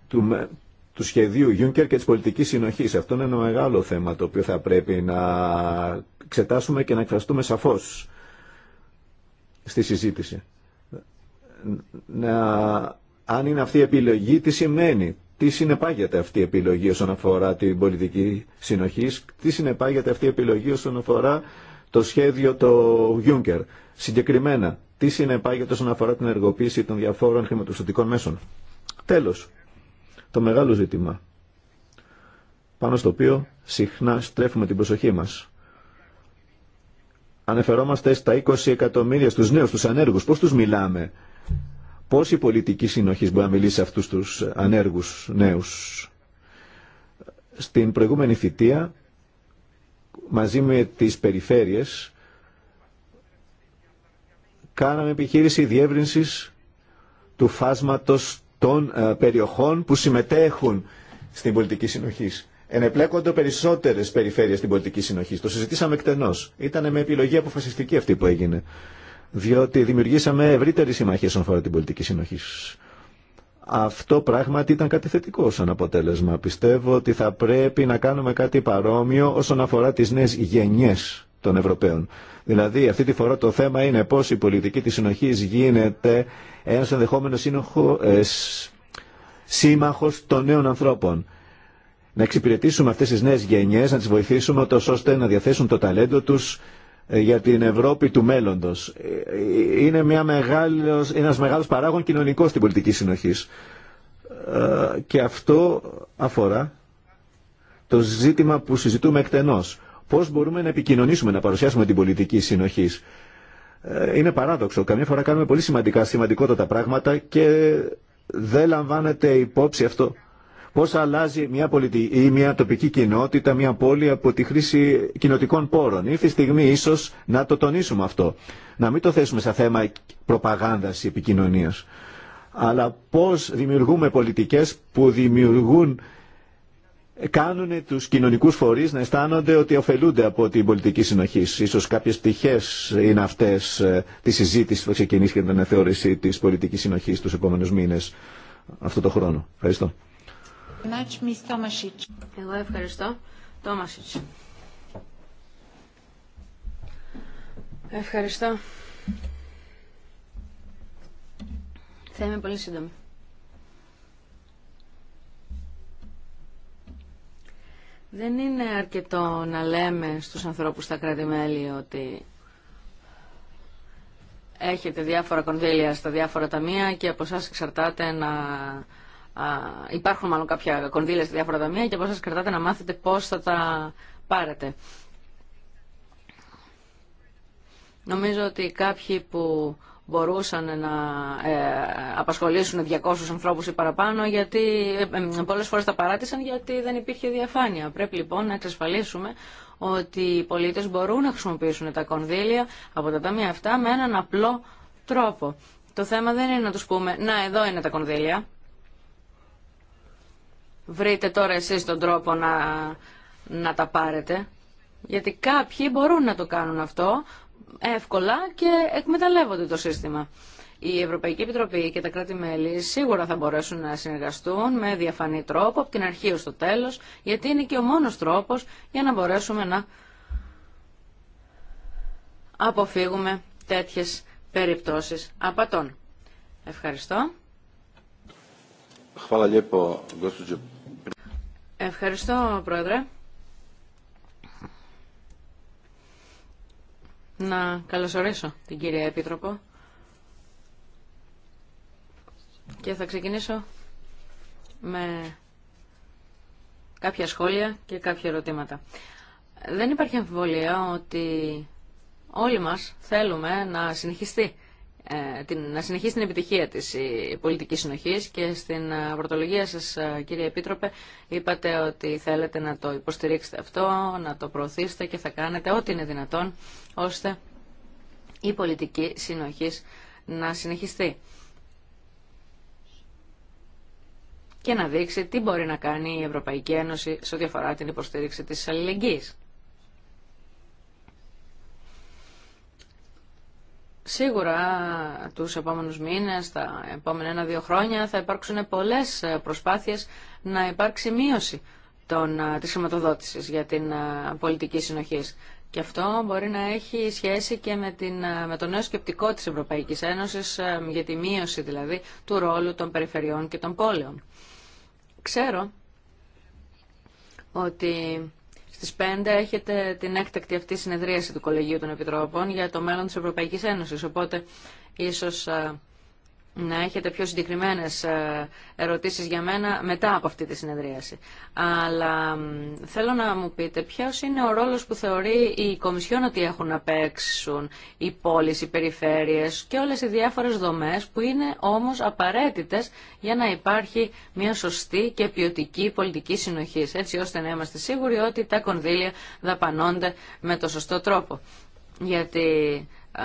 του, του σχεδίου Juncker και της πολιτικής συνοχής. Αυτό είναι ένα μεγάλο θέμα το οποίο θα πρέπει να εξετάσουμε και να εκφραστούμε σαφώς στη συζήτηση. Να, αν είναι αυτή η επιλογή, τι σημαίνει, τι συνεπάγεται αυτή η επιλογή όσον αφορά την πολιτική συνοχή, τι συνεπάγεται αυτή η επιλογή όσον αφορά το σχέδιο το Juncker. Συγκεκριμένα, τι συνεπάγεται όσον αφορά την εργοποίηση των διαφόρων χρηματοπιστωτικών μέσων. Τέλος, το μεγάλο ζήτημα, πάνω στο οποίο συχνά στρέφουμε την προσοχή μας. Ανεφερόμαστε στα 20 εκατομμύρια στους νέους, τους ανέργους. Πώς τους μιλάμε. Πώς η πολιτική συνοχή μπορεί να μιλήσει σε αυτούς τους ανέργους νέους. Στην προηγούμενη θητεία μαζί με τις περιφέρειες κάναμε επιχείρηση διεύρυνσης του φάσματος των ε, περιοχών που συμμετέχουν στην πολιτική συνοχή. Ενεπλέκονται περισσότερε περιφέρειες στην πολιτική συνοχή. Το συζητήσαμε εκτενώ. Ήταν με επιλογή αποφασιστική αυτή που έγινε. Διότι δημιουργήσαμε ευρύτερη συμμαχία όσον αφορά την πολιτική συνοχή. Αυτό πράγματι ήταν κάτι θετικό σαν αποτέλεσμα. Πιστεύω ότι θα πρέπει να κάνουμε κάτι παρόμοιο όσον αφορά τις νέες γενιές των Ευρωπαίων. Δηλαδή αυτή τη φορά το θέμα είναι πώς η πολιτική της συνοχής γίνεται ένας ενδεχόμενος σύνοχο, ε, σύμμαχος των νέων ανθρώπων. Να εξυπηρετήσουμε αυτές τις νέες γενιές, να τις βοηθήσουμε ώστε να διαθέσουν το ταλέντο τους ε, για την Ευρώπη του μέλλοντος. Ε, ε, είναι μια μεγάλος, ένας μεγάλος παράγον κοινωνικός στην πολιτική συνοχή. Και αυτό αφορά το ζήτημα που συζητούμε εκτενώς. Πώς μπορούμε να επικοινωνήσουμε, να παρουσιάσουμε την πολιτική συνοχή. Είναι παράδοξο. Καμιά φορά κάνουμε πολύ σημαντικά, σημαντικότατα πράγματα και δεν λαμβάνεται υπόψη αυτό Πώς αλλάζει μια πολιτική ή μια τοπική κοινότητα, μια πόλη από τη χρήση κοινοτικών πόρων. Ήρθε η στιγμή ίσως να το τονίσουμε αυτό. Να μην το θέσουμε σε θέμα προπαγάνδας ή επικοινωνίας. Αλλά πώς δημιουργούμε πολιτικές που δημιουργούν κάνουν τους κοινωνικούς φορείς να αισθάνονται ότι ωφελούνται από την πολιτική συνοχή. Ίσως κάποιες πτυχές είναι αυτές ε, τη συζήτηση που ξεκινήσει για την αναθεώρηση της πολιτικής συνοχής τους επόμενους μήνες αυτό το χρόνο. Ευχαριστώ. Εγώ ευχαριστώ. Τόμασιτς. Ευχαριστώ. Θα είμαι πολύ σύντομη. Δεν είναι αρκετό να λέμε στους ανθρώπους στα κράτη-μέλη ότι έχετε διάφορα κονδύλια στα διάφορα ταμεία και από εσά εξαρτάται να υπάρχουν μάλλον κάποια κονδύλια σε διάφορα ταμεία και πώς σας κρατάτε να μάθετε πώς θα τα πάρετε. Νομίζω ότι κάποιοι που μπορούσαν να ε, απασχολήσουν 200 ανθρώπους ή παραπάνω, γιατί ε, ε, πολλές φορές τα παράτησαν γιατί δεν υπήρχε διαφάνεια. Πρέπει λοιπόν να εξασφαλίσουμε ότι οι πολίτες μπορούν να χρησιμοποιήσουν τα κονδύλια από τα ταμεία αυτά με έναν απλό τρόπο. Το θέμα δεν είναι να τους πούμε «Να, εδώ είναι τα κονδύλια», βρείτε τώρα εσείς τον τρόπο να, να τα πάρετε. Γιατί κάποιοι μπορούν να το κάνουν αυτό εύκολα και εκμεταλλεύονται το σύστημα. Η Ευρωπαϊκή Επιτροπή και τα κράτη-μέλη σίγουρα θα μπορέσουν να συνεργαστούν με διαφανή τρόπο από την αρχή ως το τέλος, γιατί είναι και ο μόνος τρόπος για να μπορέσουμε να αποφύγουμε τέτοιες περιπτώσεις απατών. Ευχαριστώ. Ευχαριστώ, Πρόεδρε. Να καλωσορίσω την κυρία Επίτροπο και θα ξεκινήσω με κάποια σχόλια και κάποια ερωτήματα. Δεν υπάρχει αμφιβολία ότι όλοι μας θέλουμε να συνεχιστεί ε, να συνεχίσει την επιτυχία της η πολιτική συνοχής και στην ε, πρωτολογία σας ε, κύριε Επίτροπε είπατε ότι θέλετε να το υποστηρίξετε αυτό, να το προωθήσετε και θα κάνετε ό,τι είναι δυνατόν ώστε η πολιτική συνοχής να συνεχιστεί και να δείξει τι μπορεί να κάνει η Ευρωπαϊκή Ένωση σε ό,τι αφορά την υποστήριξη της αλληλεγγύης. Σίγουρα τους επόμενους μήνες, τα επόμενα ένα-δύο χρόνια θα υπάρξουν πολλές προσπάθειες να υπάρξει μείωση των, της για την πολιτική συνοχή. Και αυτό μπορεί να έχει σχέση και με, την, με το νέο σκεπτικό της Ευρωπαϊκής Ένωσης για τη μείωση δηλαδή του ρόλου των περιφερειών και των πόλεων. Ξέρω ότι στις 5 έχετε την έκτακτη αυτή συνεδρίαση του Κολεγίου των Επιτρόπων για το μέλλον της Ευρωπαϊκής Ένωσης, οπότε ίσως να έχετε πιο συγκεκριμένες ε, ερωτήσεις για μένα μετά από αυτή τη συνεδρίαση. Αλλά θέλω να μου πείτε ποιος είναι ο ρόλος που θεωρεί η Κομισιόν ότι έχουν να παίξουν οι πόλεις, οι περιφέρειες και όλες οι διάφορες δομές που είναι όμως απαραίτητες για να υπάρχει μια σωστή και ποιοτική πολιτική συνοχή έτσι ώστε να είμαστε σίγουροι ότι τα κονδύλια δαπανώνται με το σωστό τρόπο. Γιατί ε,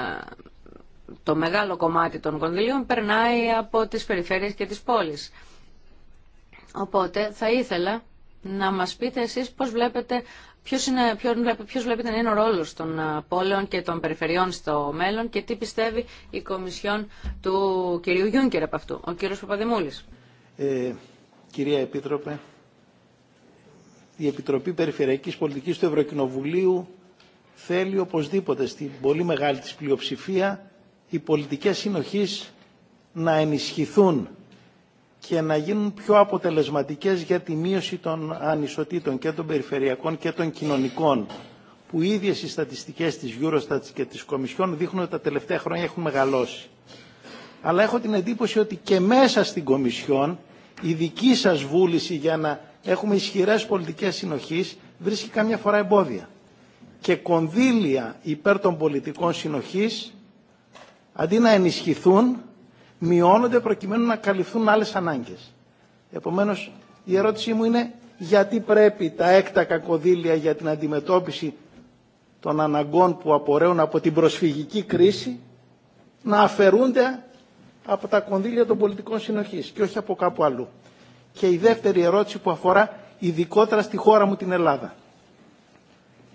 το μεγάλο κομμάτι των κονδυλίων περνάει από τις περιφέρειες και τις πόλεις. Οπότε θα ήθελα να μας πείτε εσείς πώς βλέπετε, ποιος, είναι, ποιος βλέπετε να είναι ο ρόλος των πόλεων και των περιφερειών στο μέλλον και τι πιστεύει η Κομισιόν του κυρίου Γιούνκερ από αυτού, ο κύριος Παπαδημούλης. Ε, κυρία Επίτροπε, η Επιτροπή Περιφερειακής Πολιτικής του Ευρωκοινοβουλίου θέλει οπωσδήποτε στην πολύ μεγάλη της πλειοψηφία οι πολιτικές συνοχής να ενισχυθούν και να γίνουν πιο αποτελεσματικές για τη μείωση των ανισοτήτων και των περιφερειακών και των κοινωνικών που οι ίδιες οι στατιστικές της Eurostat και της Κομισιόν δείχνουν ότι τα τελευταία χρόνια έχουν μεγαλώσει. Αλλά έχω την εντύπωση ότι και μέσα στην Κομισιόν η δική σας βούληση για να έχουμε ισχυρές πολιτικές συνοχής βρίσκει καμιά φορά εμπόδια. Και κονδύλια υπέρ των πολιτικών συνοχής αντί να ενισχυθούν, μειώνονται προκειμένου να καλυφθούν άλλες ανάγκες. Επομένως, η ερώτησή μου είναι γιατί πρέπει τα έκτακα κονδύλια για την αντιμετώπιση των αναγκών που απορρέουν από την προσφυγική κρίση να αφαιρούνται από τα κονδύλια των πολιτικών συνοχής και όχι από κάπου αλλού. Και η δεύτερη ερώτηση που αφορά ειδικότερα στη χώρα μου την Ελλάδα.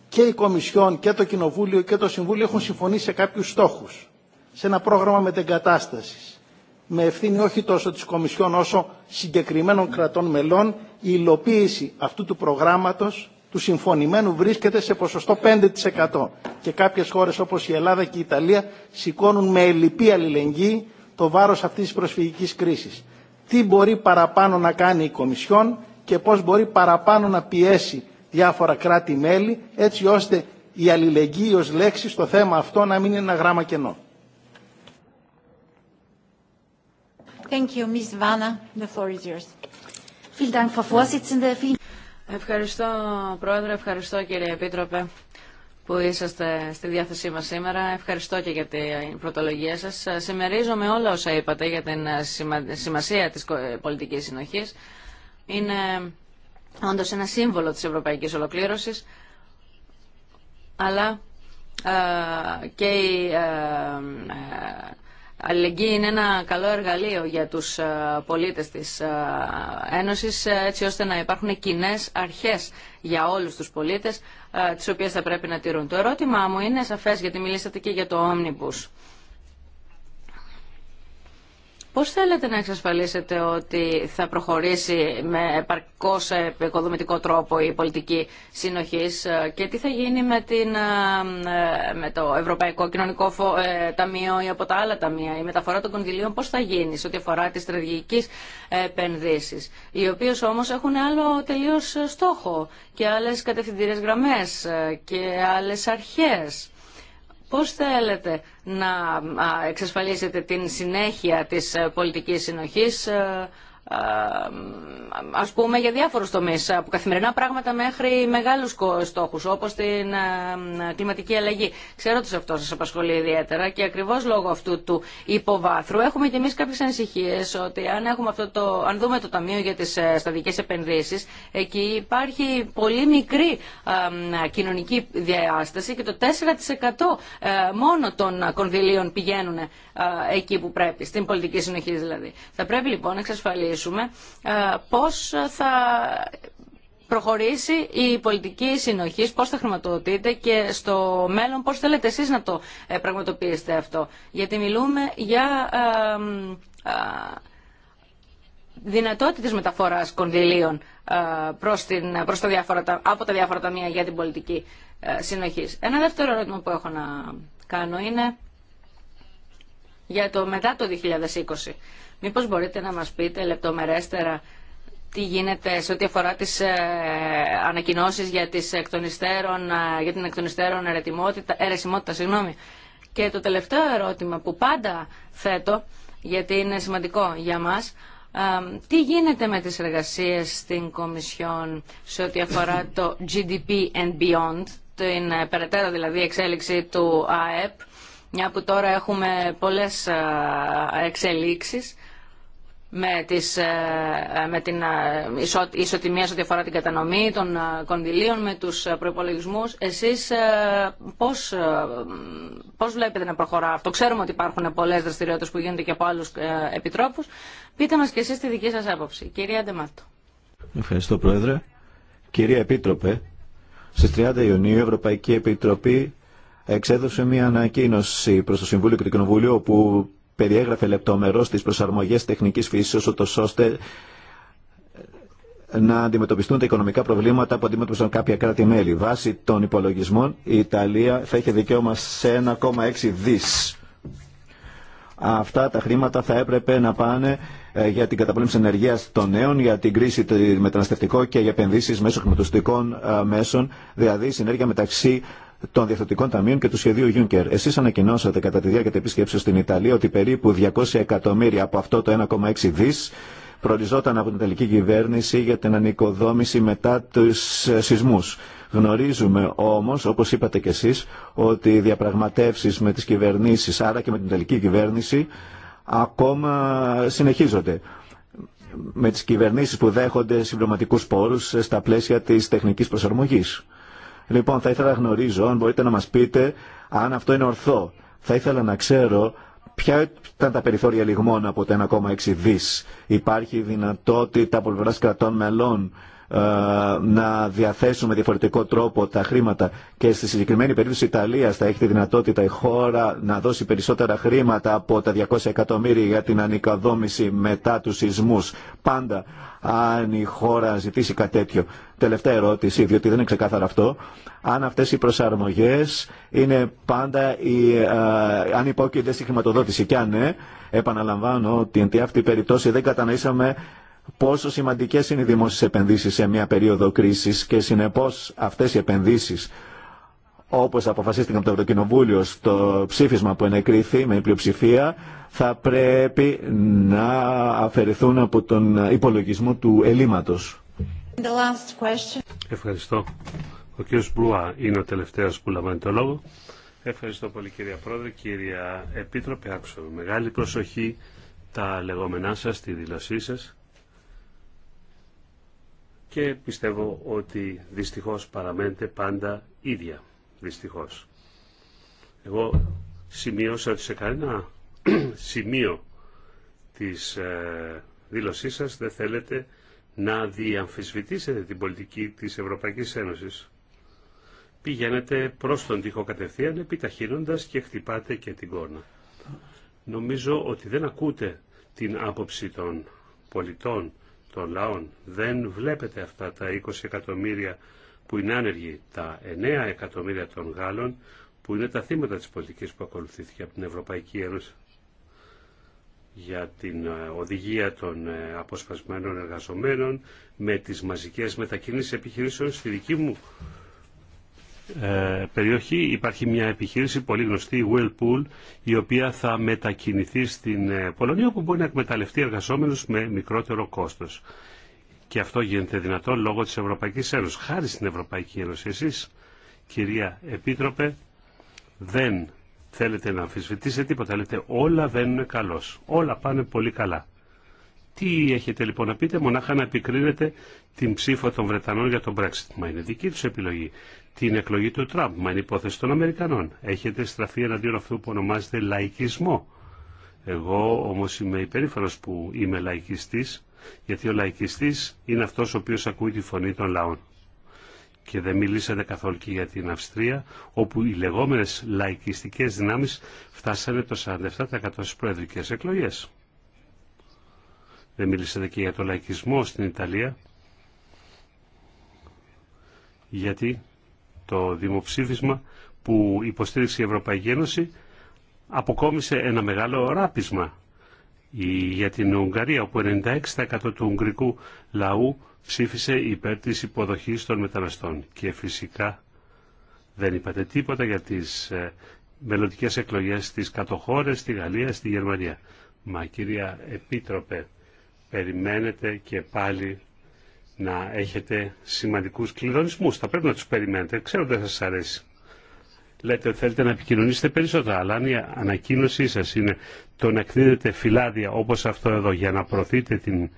Και η Κομισιόν και το Κοινοβούλιο και το Συμβούλιο έχουν συμφωνήσει σε κάποιους στόχους σε ένα πρόγραμμα μετεγκατάστασης με ευθύνη όχι τόσο τη Κομισιόν όσο συγκεκριμένων κρατών μελών η υλοποίηση αυτού του προγράμματο του συμφωνημένου βρίσκεται σε ποσοστό 5% και κάποιες χώρες όπως η Ελλάδα και η Ιταλία σηκώνουν με ελλειπή αλληλεγγύη το βάρος αυτής της προσφυγικής κρίσης. Τι μπορεί παραπάνω να κάνει η Κομισιόν και πώς μπορεί παραπάνω να πιέσει διάφορα κράτη-μέλη έτσι ώστε η αλληλεγγύη ω λέξη στο θέμα αυτό να μην είναι ένα γράμμα κενό. Thank you, Ευχαριστώ, Πρόεδρε. Ευχαριστώ, κύριε Επίτροπε, που είσαστε στη διάθεσή μας σήμερα. Ευχαριστώ και για την πρωτολογία σας. Συμμερίζομαι όλα όσα είπατε για την ε, σημασία της πολιτικής συνοχής. Είναι όντως ένα σύμβολο της ευρωπαϊκής ολοκλήρωσης, αλλά ε, και η ε, αλληλεγγύη είναι ένα καλό εργαλείο για τους ε, πολίτες της ε, Ένωσης ε, έτσι ώστε να υπάρχουν κοινέ αρχές για όλους τους πολίτες τις οποίες θα πρέπει να τηρούν. Το ερώτημά μου είναι σαφές γιατί μιλήσατε και για το Omnibus. Πώς θέλετε να εξασφαλίσετε ότι θα προχωρήσει με επαρκώς επικοδομητικό τρόπο η πολιτική συνοχής ε, και τι θα γίνει με, την, ε, ε, με το Ευρωπαϊκό Κοινωνικό Ταμείο ή από τα άλλα ταμεία, η μεταφορά των κονδυλίων, πώς θα γίνει σε ό,τι αφορά τις στρατηγικές επενδύσεις, οι οποίες όμως έχουν άλλο τελείως στόχο και άλλες κατευθυντήρες γραμμές και άλλες αρχές. Πώς θέλετε να εξασφαλίσετε την συνέχεια της ε, πολιτικής συνοχής ε, ας πούμε για διάφορους τομείς από καθημερινά πράγματα μέχρι μεγάλους στόχους όπως την ε, κλιματική αλλαγή. Ξέρω ότι σε αυτό σας απασχολεί ιδιαίτερα και ακριβώς λόγω αυτού του υποβάθρου έχουμε και εμείς κάποιες ανησυχίες ότι αν, έχουμε αυτό το, αν δούμε το Ταμείο για τις ε, Σταδικές Επενδύσεις εκεί υπάρχει πολύ μικρή ε, κοινωνική διάσταση και το 4% μόνο των κονδυλίων πηγαίνουν εκεί που πρέπει, στην πολιτική συνοχή δηλαδή. Θα πρέπει λοιπόν να εξασφαλίσουμε συζητήσουμε ε, πώς θα προχωρήσει η πολιτική συνοχή, πώ θα χρηματοδοτείτε και στο μέλλον πώ θέλετε εσεί να το ε, πραγματοποιήσετε αυτό. Γιατί μιλούμε για ε, δυνατότητες μεταφοράς κονδυλίων προς, την, προς τα διάφορα, από τα διάφορα ταμεία για την πολιτική συνοχή. Ένα δεύτερο ερώτημα που έχω να κάνω είναι για το μετά το 2020. Μήπως μπορείτε να μας πείτε λεπτομερέστερα τι γίνεται σε ό,τι αφορά τις ε, για, τις εκ ε, για την εκτονιστέρων των υστέρων αιρεσιμότητα. Και το τελευταίο ερώτημα που πάντα θέτω, γιατί είναι σημαντικό για μας, τι γίνεται με τις εργασίες στην Κομισιόν σε ό,τι αφορά το GDP and beyond, την ε, περαιτέρω δηλαδή εξέλιξη του ΑΕΠ, μια που τώρα έχουμε πολλές ε, εξελίξεις με, τις, ε, με την ε, ισοτιμία σε ό,τι αφορά την κατανομή των ε, κονδυλίων, με τους προϋπολογισμούς. Εσείς πώς, πώς βλέπετε να προχωρά αυτό. Ξέρουμε ότι υπάρχουν πολλές δραστηριότητες που γίνονται και από άλλους επιτρόπους. Πείτε μας και εσείς τη δική σας άποψη. Κυρία Ντεμάτο. Ευχαριστώ Πρόεδρε. Κυρία Επίτροπε, στις 30 Ιουνίου η Ευρωπαϊκή Επιτροπή εξέδωσε μια ανακοίνωση προς το Συμβούλιο και το Κοινοβούλιο όπου περιέγραφε λεπτομερώς τις προσαρμογές τεχνικής φύση, ούτως ώστε να αντιμετωπιστούν τα οικονομικά προβλήματα που αντιμετωπίζουν κάποια κράτη-μέλη. Βάσει των υπολογισμών, η Ιταλία θα είχε δικαίωμα σε 1,6 δις. Αυτά τα χρήματα θα έπρεπε να πάνε ε, για την καταπολέμηση ενεργεία των νέων, για την κρίση μεταναστευτικό και για επενδύσει μέσω χρηματοστικών ε, μέσων, δηλαδή συνέργεια μεταξύ των Διευθυντικών Ταμείων και του σχεδίου Juncker. Εσεί ανακοινώσατε κατά τη διάρκεια τη επίσκεψη στην Ιταλία ότι περίπου 200 εκατομμύρια από αυτό το 1,6 δι προοριζόταν από την Ιταλική κυβέρνηση για την ανοικοδόμηση μετά του ε, σεισμού. Γνωρίζουμε όμω, όπω είπατε κι εσεί, ότι οι διαπραγματεύσει με τι κυβερνήσει, άρα και με την Ιταλική κυβέρνηση, ακόμα συνεχίζονται με τις κυβερνήσεις που δέχονται συμπληρωματικούς πόρους ε, στα πλαίσια της τεχνικής προσαρμογής. Λοιπόν, θα ήθελα να γνωρίζω, αν μπορείτε να μας πείτε, αν αυτό είναι ορθό. Θα ήθελα να ξέρω ποια ήταν τα περιθώρια λιγμών από το 1,6 δις. Υπάρχει δυνατότητα από πλευρά κρατών μελών ε, να διαθέσουν με διαφορετικό τρόπο τα χρήματα και στη συγκεκριμένη περίπτωση Ιταλίας θα έχει τη δυνατότητα η χώρα να δώσει περισσότερα χρήματα από τα 200 εκατομμύρια για την ανοικοδόμηση μετά τους σεισμούς. Πάντα αν η χώρα ζητήσει κάτι τέτοιο. Τελευταία ερώτηση, διότι δεν είναι ξεκάθαρο αυτό. Αν αυτές οι προσαρμογές είναι πάντα, οι, αν υπόκειται στη χρηματοδότηση. Και αν ναι, επαναλαμβάνω ότι εν τη αυτή περιπτώση δεν κατανοήσαμε πόσο σημαντικές είναι οι δημόσιες επενδύσεις σε μια περίοδο κρίσης και συνεπώς αυτές οι επενδύσεις όπως αποφασίστηκαν από το Ευρωκοινοβούλιο στο ψήφισμα που ενεκρίθη με πλειοψηφία, θα πρέπει να αφαιρεθούν από τον υπολογισμό του ελλείμματος. Ευχαριστώ. Ο κ. Μπλουά είναι ο τελευταίος που λαμβάνει το λόγο. Ευχαριστώ πολύ κυρία Πρόεδρε. Κυρία Επίτροπε, άκουσα με μεγάλη προσοχή τα λεγόμενά σας, τη δήλωσή σας και πιστεύω ότι δυστυχώς παραμένετε πάντα ίδια δυστυχώς. Εγώ σημείωσα ότι σε κανένα σημείο της ε, δήλωσής σας δεν θέλετε να διαμφισβητήσετε την πολιτική της Ευρωπαϊκής Ένωσης. Πηγαίνετε προς τον τοίχο κατευθείαν επιταχύνοντας και χτυπάτε και την κόρνα. Νομίζω ότι δεν ακούτε την άποψη των πολιτών, των λαών. Δεν βλέπετε αυτά τα 20 εκατομμύρια που είναι άνεργοι, τα 9 εκατομμύρια των Γάλλων που είναι τα θύματα της πολιτικής που ακολουθήθηκε από την Ευρωπαϊκή Ένωση για την ε, οδηγία των ε, αποσπασμένων εργαζομένων με τις μαζικές μετακινήσεις επιχειρήσεων στη δική μου ε, περιοχή υπάρχει μια επιχείρηση πολύ γνωστή, η Whirlpool, η οποία θα μετακινηθεί στην Πολωνία όπου μπορεί να εκμεταλλευτεί εργαζόμενους με μικρότερο κόστος. Και αυτό γίνεται δυνατό λόγω της Ευρωπαϊκής Ένωσης. Χάρη στην Ευρωπαϊκή Ένωση εσείς, κυρία Επίτροπε, δεν θέλετε να αμφισβητήσετε τίποτα. Λέτε όλα δεν είναι καλώς. Όλα πάνε πολύ καλά. Τι έχετε λοιπόν να πείτε, μονάχα να επικρίνετε την ψήφο των Βρετανών για τον Brexit. Μα είναι δική του επιλογή. Την εκλογή του Τραμπ, μα είναι υπόθεση των Αμερικανών. Έχετε στραφεί εναντίον αυτού που ονομάζεται λαϊκισμό. Εγώ όμως είμαι υπερήφανος που είμαι λαϊκιστής γιατί ο λαϊκιστής είναι αυτός ο οποίος ακούει τη φωνή των λαών. Και δεν μιλήσατε καθόλου και για την Αυστρία, όπου οι λεγόμενες λαϊκιστικές δυνάμεις φτάσανε το 47% στις προεδρικές εκλογές. Δεν μιλήσατε και για το λαϊκισμό στην Ιταλία, γιατί το δημοψήφισμα που υποστήριξε η Ευρωπαϊκή Ένωση αποκόμισε ένα μεγάλο ράπισμα ή για την Ουγγαρία, όπου 96% του ουγγρικού λαού ψήφισε υπέρ της υποδοχής των μεταναστών. Και φυσικά δεν είπατε τίποτα για τις ε, μελλοντικέ εκλογές στις κατοχώρες, στη Γαλλία, στη Γερμανία. Μα κυρία Επίτροπε, περιμένετε και πάλι να έχετε σημαντικούς κλειδονισμούς. Θα πρέπει να τους περιμένετε. Ξέρω δεν σας αρέσει λέτε ότι θέλετε να επικοινωνήσετε περισσότερα, αλλά αν η ανακοίνωσή σας είναι το να κρίνετε φυλάδια όπως αυτό εδώ για να προωθείτε την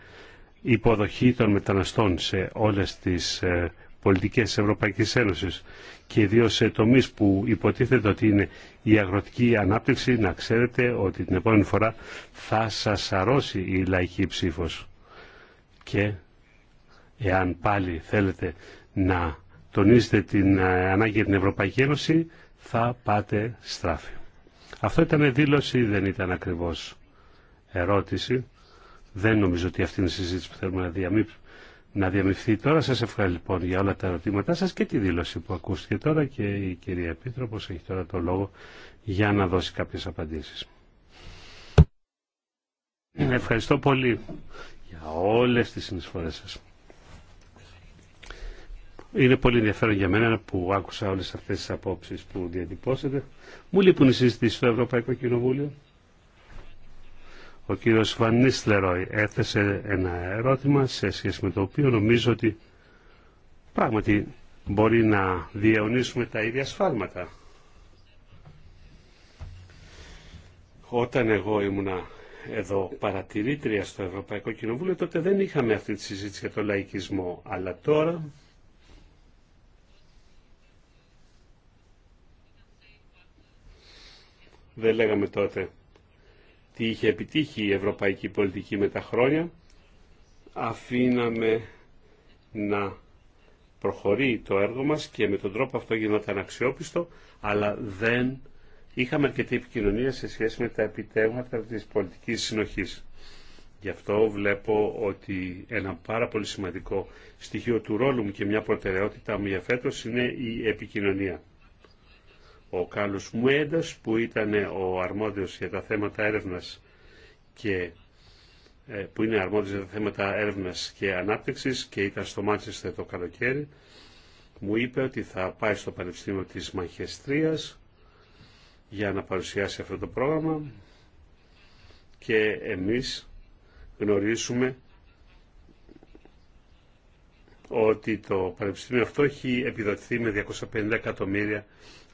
υποδοχή των μεταναστών σε όλες τις ε, πολιτικές της Ευρωπαϊκής Ένωσης και ιδίως σε τομείς που υποτίθεται ότι είναι η αγροτική ανάπτυξη, να ξέρετε ότι την επόμενη φορά θα σας αρρώσει η λαϊκή ψήφος. Και εάν πάλι θέλετε να τονίζετε την ε, ανάγκη για την Ευρωπαϊκή Ένωση, θα πάτε στράφη. Αυτό ήταν δήλωση, δεν ήταν ακριβώς ερώτηση. Δεν νομίζω ότι αυτή είναι η συζήτηση που θέλουμε να, διαμυ... να διαμυφθεί τώρα. Σας ευχαριστώ λοιπόν για όλα τα ερωτήματά σας και τη δήλωση που ακούστηκε τώρα και η κυρία Επίτροπος έχει τώρα το λόγο για να δώσει κάποιες απαντήσεις. Ευχαριστώ πολύ για όλες τις συνεισφορές σας. Είναι πολύ ενδιαφέρον για μένα που άκουσα όλες αυτές τις απόψεις που διατυπώσατε. Μου λείπουν οι συζητήσεις στο Ευρωπαϊκό Κοινοβούλιο. Ο κύριος Βανίστλεροι έθεσε ένα ερώτημα σε σχέση με το οποίο νομίζω ότι πράγματι μπορεί να διαιωνίσουμε τα ίδια σφάλματα. Όταν εγώ ήμουνα εδώ παρατηρήτρια στο Ευρωπαϊκό Κοινοβούλιο, τότε δεν είχαμε αυτή τη συζήτηση για τον λαϊκισμό. Αλλά τώρα δεν λέγαμε τότε τι είχε επιτύχει η ευρωπαϊκή πολιτική με τα χρόνια. Αφήναμε να προχωρεί το έργο μας και με τον τρόπο αυτό γινόταν αξιόπιστο, αλλά δεν είχαμε αρκετή επικοινωνία σε σχέση με τα επιτεύγματα της πολιτικής συνοχής. Γι' αυτό βλέπω ότι ένα πάρα πολύ σημαντικό στοιχείο του ρόλου μου και μια προτεραιότητά μου για φέτος είναι η επικοινωνία. Ο Κάλλος Μουέντας που ήταν ο αρμόδιος για τα θέματα έρευνας και ε, που είναι αρμόδιος για τα θέματα έρευνας και ανάπτυξης και ήταν στο Μάντσεστερ το καλοκαίρι, μου είπε ότι θα πάει στο Πανεπιστήμιο της Μαχαιστρίας για να παρουσιάσει αυτό το πρόγραμμα και εμείς γνωρίζουμε ότι το Πανεπιστήμιο αυτό έχει επιδοτηθεί με 250 εκατομμύρια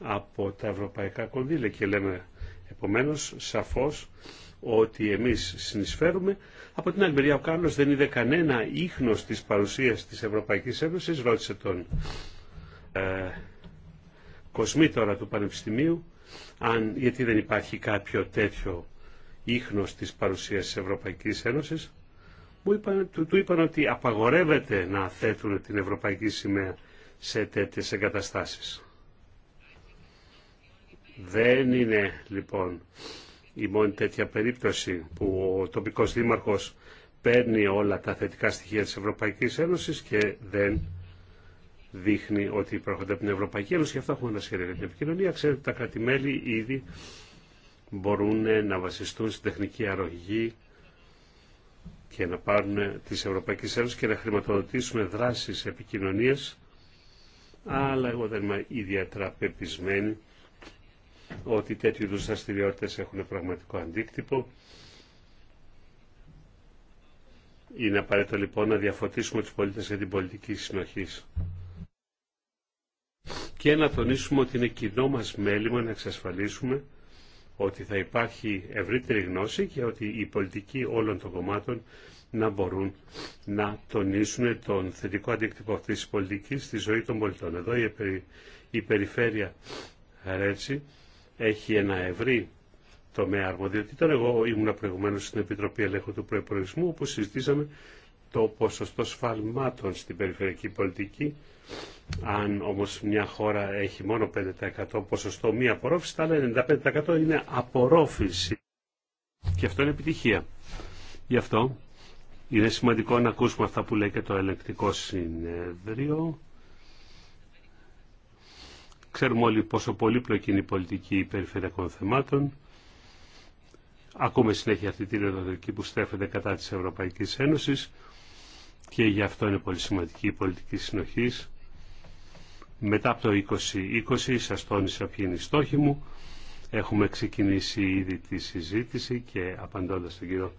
από τα ευρωπαϊκά κονδύλια και λέμε επομένως σαφώς ότι εμείς συνεισφέρουμε. Από την άλλη μεριά ο Κάρλος δεν είδε κανένα ίχνος της παρουσίας της Ευρωπαϊκής Ένωσης, ρώτησε τον ε, τώρα του Πανεπιστημίου, αν, γιατί δεν υπάρχει κάποιο τέτοιο ίχνος της παρουσίας της Ευρωπαϊκής Ένωσης. Μου του, του είπαν ότι απαγορεύεται να θέτουν την Ευρωπαϊκή Σημαία σε τέτοιες εγκαταστάσεις. Δεν είναι λοιπόν η μόνη τέτοια περίπτωση που ο τοπικός δήμαρχος παίρνει όλα τα θετικά στοιχεία της Ευρωπαϊκής Ένωσης και δεν δείχνει ότι προέρχονται από την Ευρωπαϊκή Ένωση. Γι' αυτό έχουμε ένα σχέδιο την επικοινωνία. Ξέρετε ότι τα κρατημέλη ήδη μπορούν να βασιστούν στην τεχνική αρρωγή και να πάρουν τη Ευρωπαϊκή Ένωση και να χρηματοδοτήσουν δράσεις επικοινωνίας. Αλλά εγώ δεν είμαι ιδιαίτερα πεπισμένη ότι τέτοιου είδους δραστηριότητε έχουν πραγματικό αντίκτυπο. Είναι απαραίτητο λοιπόν να διαφωτίσουμε τους πολίτες για την πολιτική συνοχή. Και να τονίσουμε ότι είναι κοινό μας μέλημα να εξασφαλίσουμε ότι θα υπάρχει ευρύτερη γνώση και ότι οι πολιτικοί όλων των κομμάτων να μπορούν να τονίσουν τον θετικό αντίκτυπο αυτής της πολιτικής στη ζωή των πολιτών. Εδώ η, η περιφέρεια έχει ένα ευρύ τομέα αρμοδιοτήτων. Εγώ ήμουν προηγουμένω στην Επιτροπή Ελέγχου του Προπολογισμού, όπου συζητήσαμε το ποσοστό σφαλμάτων στην περιφερειακή πολιτική. Αν όμως μια χώρα έχει μόνο 5% ποσοστό μη απορρόφηση, τα άλλα 95% είναι απορρόφηση. Και αυτό είναι επιτυχία. Γι' αυτό είναι σημαντικό να ακούσουμε αυτά που λέει και το ελεκτικό συνέδριο Ξέρουμε όλοι πόσο πολύπλοκη είναι η πολιτική περιφερειακών θεμάτων. Ακούμε συνέχεια αυτή τη ρεδοδοτική που στρέφεται κατά της Ευρωπαϊκής Ένωσης και γι' αυτό είναι πολύ σημαντική η πολιτική συνοχής. Μετά από το 2020 σας τόνισα ποιοι είναι οι στόχοι μου. Έχουμε ξεκινήσει ήδη τη συζήτηση και απαντώντας τον κύριο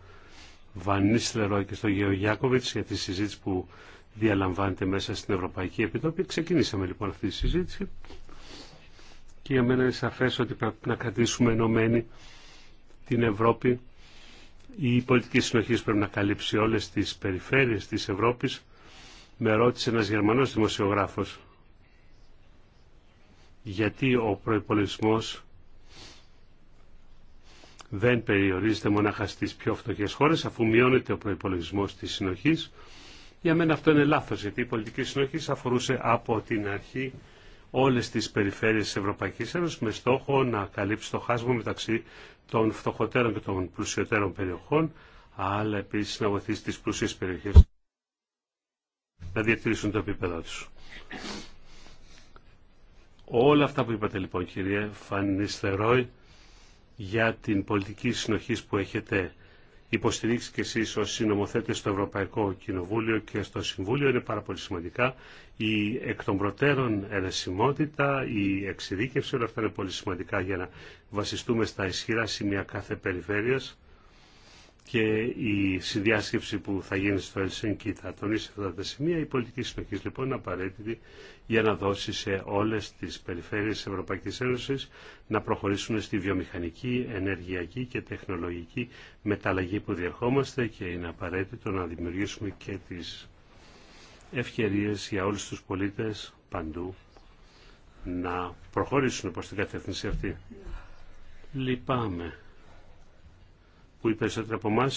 Βανίστρερο και στον κύριο Γιάκοβιτς για τη συζήτηση που διαλαμβάνεται μέσα στην Ευρωπαϊκή Επιτροπή. Ξεκινήσαμε λοιπόν αυτή τη συζήτηση και για μένα είναι σαφές ότι πρέπει να κρατήσουμε ενωμένη την Ευρώπη. Η πολιτική συνοχή πρέπει να καλύψει όλες τις περιφέρειες της Ευρώπης. Με ρώτησε ένας Γερμανός δημοσιογράφος γιατί ο προϋπολογισμός δεν περιορίζεται μονάχα στις πιο φτωχές χώρες αφού μειώνεται ο προϋπολογισμός της συνοχής. Για μένα αυτό είναι λάθος γιατί η πολιτική συνοχή αφορούσε από την αρχή όλες τις περιφέρειες της Ευρωπαϊκής Ένωσης με στόχο να καλύψει το χάσμα μεταξύ των φτωχότερων και των πλουσιότερων περιοχών, αλλά επίσης να βοηθήσει τις πλούσιες περιοχές να διατηρήσουν το επίπεδό τους. Όλα αυτά που είπατε λοιπόν κύριε Φανιστερόι για την πολιτική συνοχής που έχετε υποστηρίξει και εσείς ως συνομοθέτες στο Ευρωπαϊκό Κοινοβούλιο και στο Συμβούλιο είναι πάρα πολύ σημαντικά. Η εκ των προτέρων ερεσιμότητα, η εξειδίκευση, όλα αυτά είναι πολύ σημαντικά για να βασιστούμε στα ισχυρά σημεία κάθε περιφέρειας και η συνδιάσκεψη που θα γίνει στο Ελσίνκι θα τονίσει αυτά τα σημεία. Η πολιτική συνοχή λοιπόν είναι απαραίτητη για να δώσει σε όλε τι περιφέρειες τη Ευρωπαϊκής Ένωση να προχωρήσουν στη βιομηχανική, ενεργειακή και τεχνολογική μεταλλαγή που διερχόμαστε και είναι απαραίτητο να δημιουργήσουμε και τι ευκαιρίε για όλου του πολίτε παντού να προχωρήσουν προ την κατεύθυνση αυτή. Λυπάμαι που οι περισσότεροι από εμά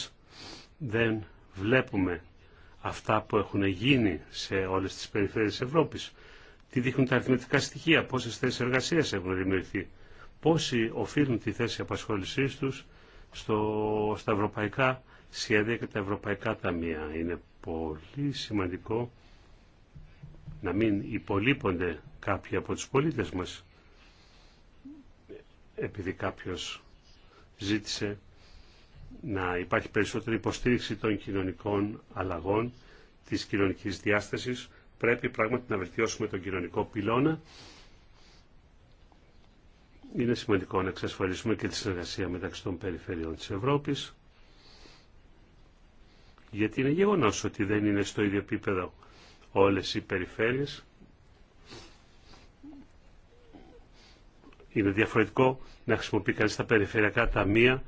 δεν βλέπουμε αυτά που έχουν γίνει σε όλες τις περιφέρειες της Ευρώπης. Τι δείχνουν τα αριθμητικά στοιχεία, πόσες θέσεις εργασίας έχουν δημιουργηθεί, πόσοι οφείλουν τη θέση απασχόλησής τους στο, στα ευρωπαϊκά σχέδια και τα ευρωπαϊκά ταμεία. Είναι πολύ σημαντικό να μην υπολείπονται κάποιοι από τους πολίτες μας επειδή κάποιος ζήτησε να υπάρχει περισσότερη υποστήριξη των κοινωνικών αλλαγών, της κοινωνικής διάστασης. Πρέπει πράγματι να βελτιώσουμε τον κοινωνικό πυλώνα. Είναι σημαντικό να εξασφαλίσουμε και τη συνεργασία μεταξύ των περιφερειών της Ευρώπης, γιατί είναι γεγονός ότι δεν είναι στο ίδιο επίπεδο όλες οι περιφέρειες. Είναι διαφορετικό να χρησιμοποιεί κανείς τα περιφερειακά ταμεία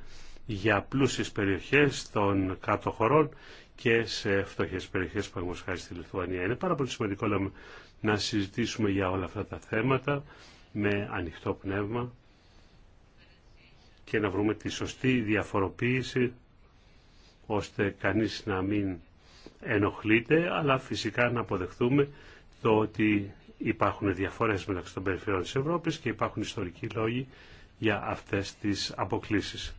για πλούσιες περιοχές των κάτω χωρών και σε φτωχές περιοχές που έχουμε στη Λιθουανία. Είναι πάρα πολύ σημαντικό να συζητήσουμε για όλα αυτά τα θέματα με ανοιχτό πνεύμα και να βρούμε τη σωστή διαφοροποίηση ώστε κανείς να μην ενοχλείται, αλλά φυσικά να αποδεχθούμε το ότι υπάρχουν διαφορές μεταξύ των περιφερειών της Ευρώπης και υπάρχουν ιστορικοί λόγοι για αυτές τις αποκλήσεις.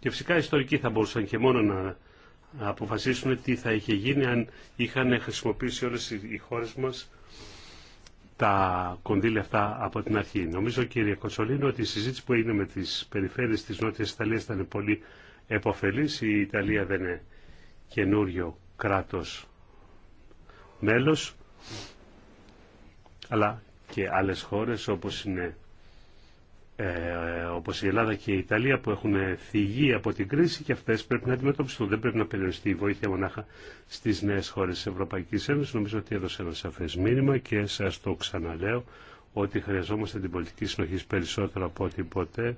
Και φυσικά οι ιστορικοί θα μπορούσαν και μόνο να αποφασίσουν τι θα είχε γίνει αν είχαν χρησιμοποιήσει όλες οι χώρες μας τα κονδύλια αυτά από την αρχή. Νομίζω κύριε Κοτσολίνο ότι η συζήτηση που έγινε με τις περιφέρειες της Νότιας Ιταλίας ήταν πολύ επωφελής. Η Ιταλία δεν είναι καινούριο κράτος μέλος αλλά και άλλες χώρες όπως είναι ε, όπως η Ελλάδα και η Ιταλία που έχουν θυγεί από την κρίση και αυτές πρέπει να αντιμετωπιστούν. Δεν πρέπει να περιοριστεί η βοήθεια μονάχα στις νέες χώρες της Ευρωπαϊκής Ένωσης. Νομίζω ότι έδωσε ένα σαφές μήνυμα και σας το ξαναλέω ότι χρειαζόμαστε την πολιτική συνοχή περισσότερο από ό,τι ποτέ.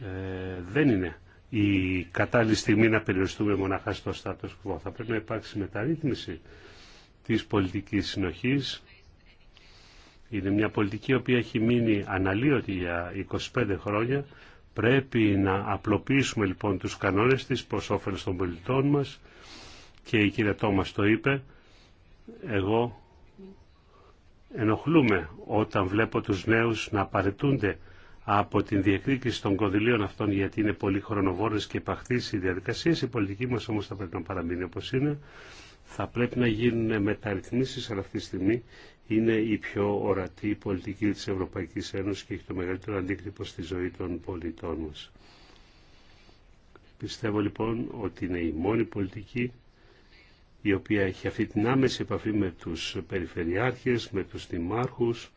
Ε, δεν είναι η κατάλληλη στιγμή να περιοριστούμε μονάχα στο status quo. Θα πρέπει να υπάρξει μεταρρύθμιση της πολιτικής συνοχής είναι μια πολιτική η οποία έχει μείνει αναλύωτη για 25 χρόνια. Πρέπει να απλοποιήσουμε λοιπόν τους κανόνες της προς όφελος των πολιτών μας και η κυρία Τόμας το είπε. Εγώ ενοχλούμε όταν βλέπω τους νέους να απαραίτούνται από την διεκδίκηση των κονδυλίων αυτών γιατί είναι πολύ χρονοβόρες και επαχθείς οι διαδικασίες. Η πολιτική μας όμως θα πρέπει να παραμείνει όπως είναι θα πρέπει να γίνουν μεταρρυθμίσεις, αλλά αυτή τη στιγμή είναι η πιο ορατή πολιτική της Ευρωπαϊκής Ένωσης και έχει το μεγαλύτερο αντίκτυπο στη ζωή των πολιτών μας. Πιστεύω λοιπόν ότι είναι η μόνη πολιτική η οποία έχει αυτή την άμεση επαφή με τους περιφερειάρχες, με τους δημάρχους,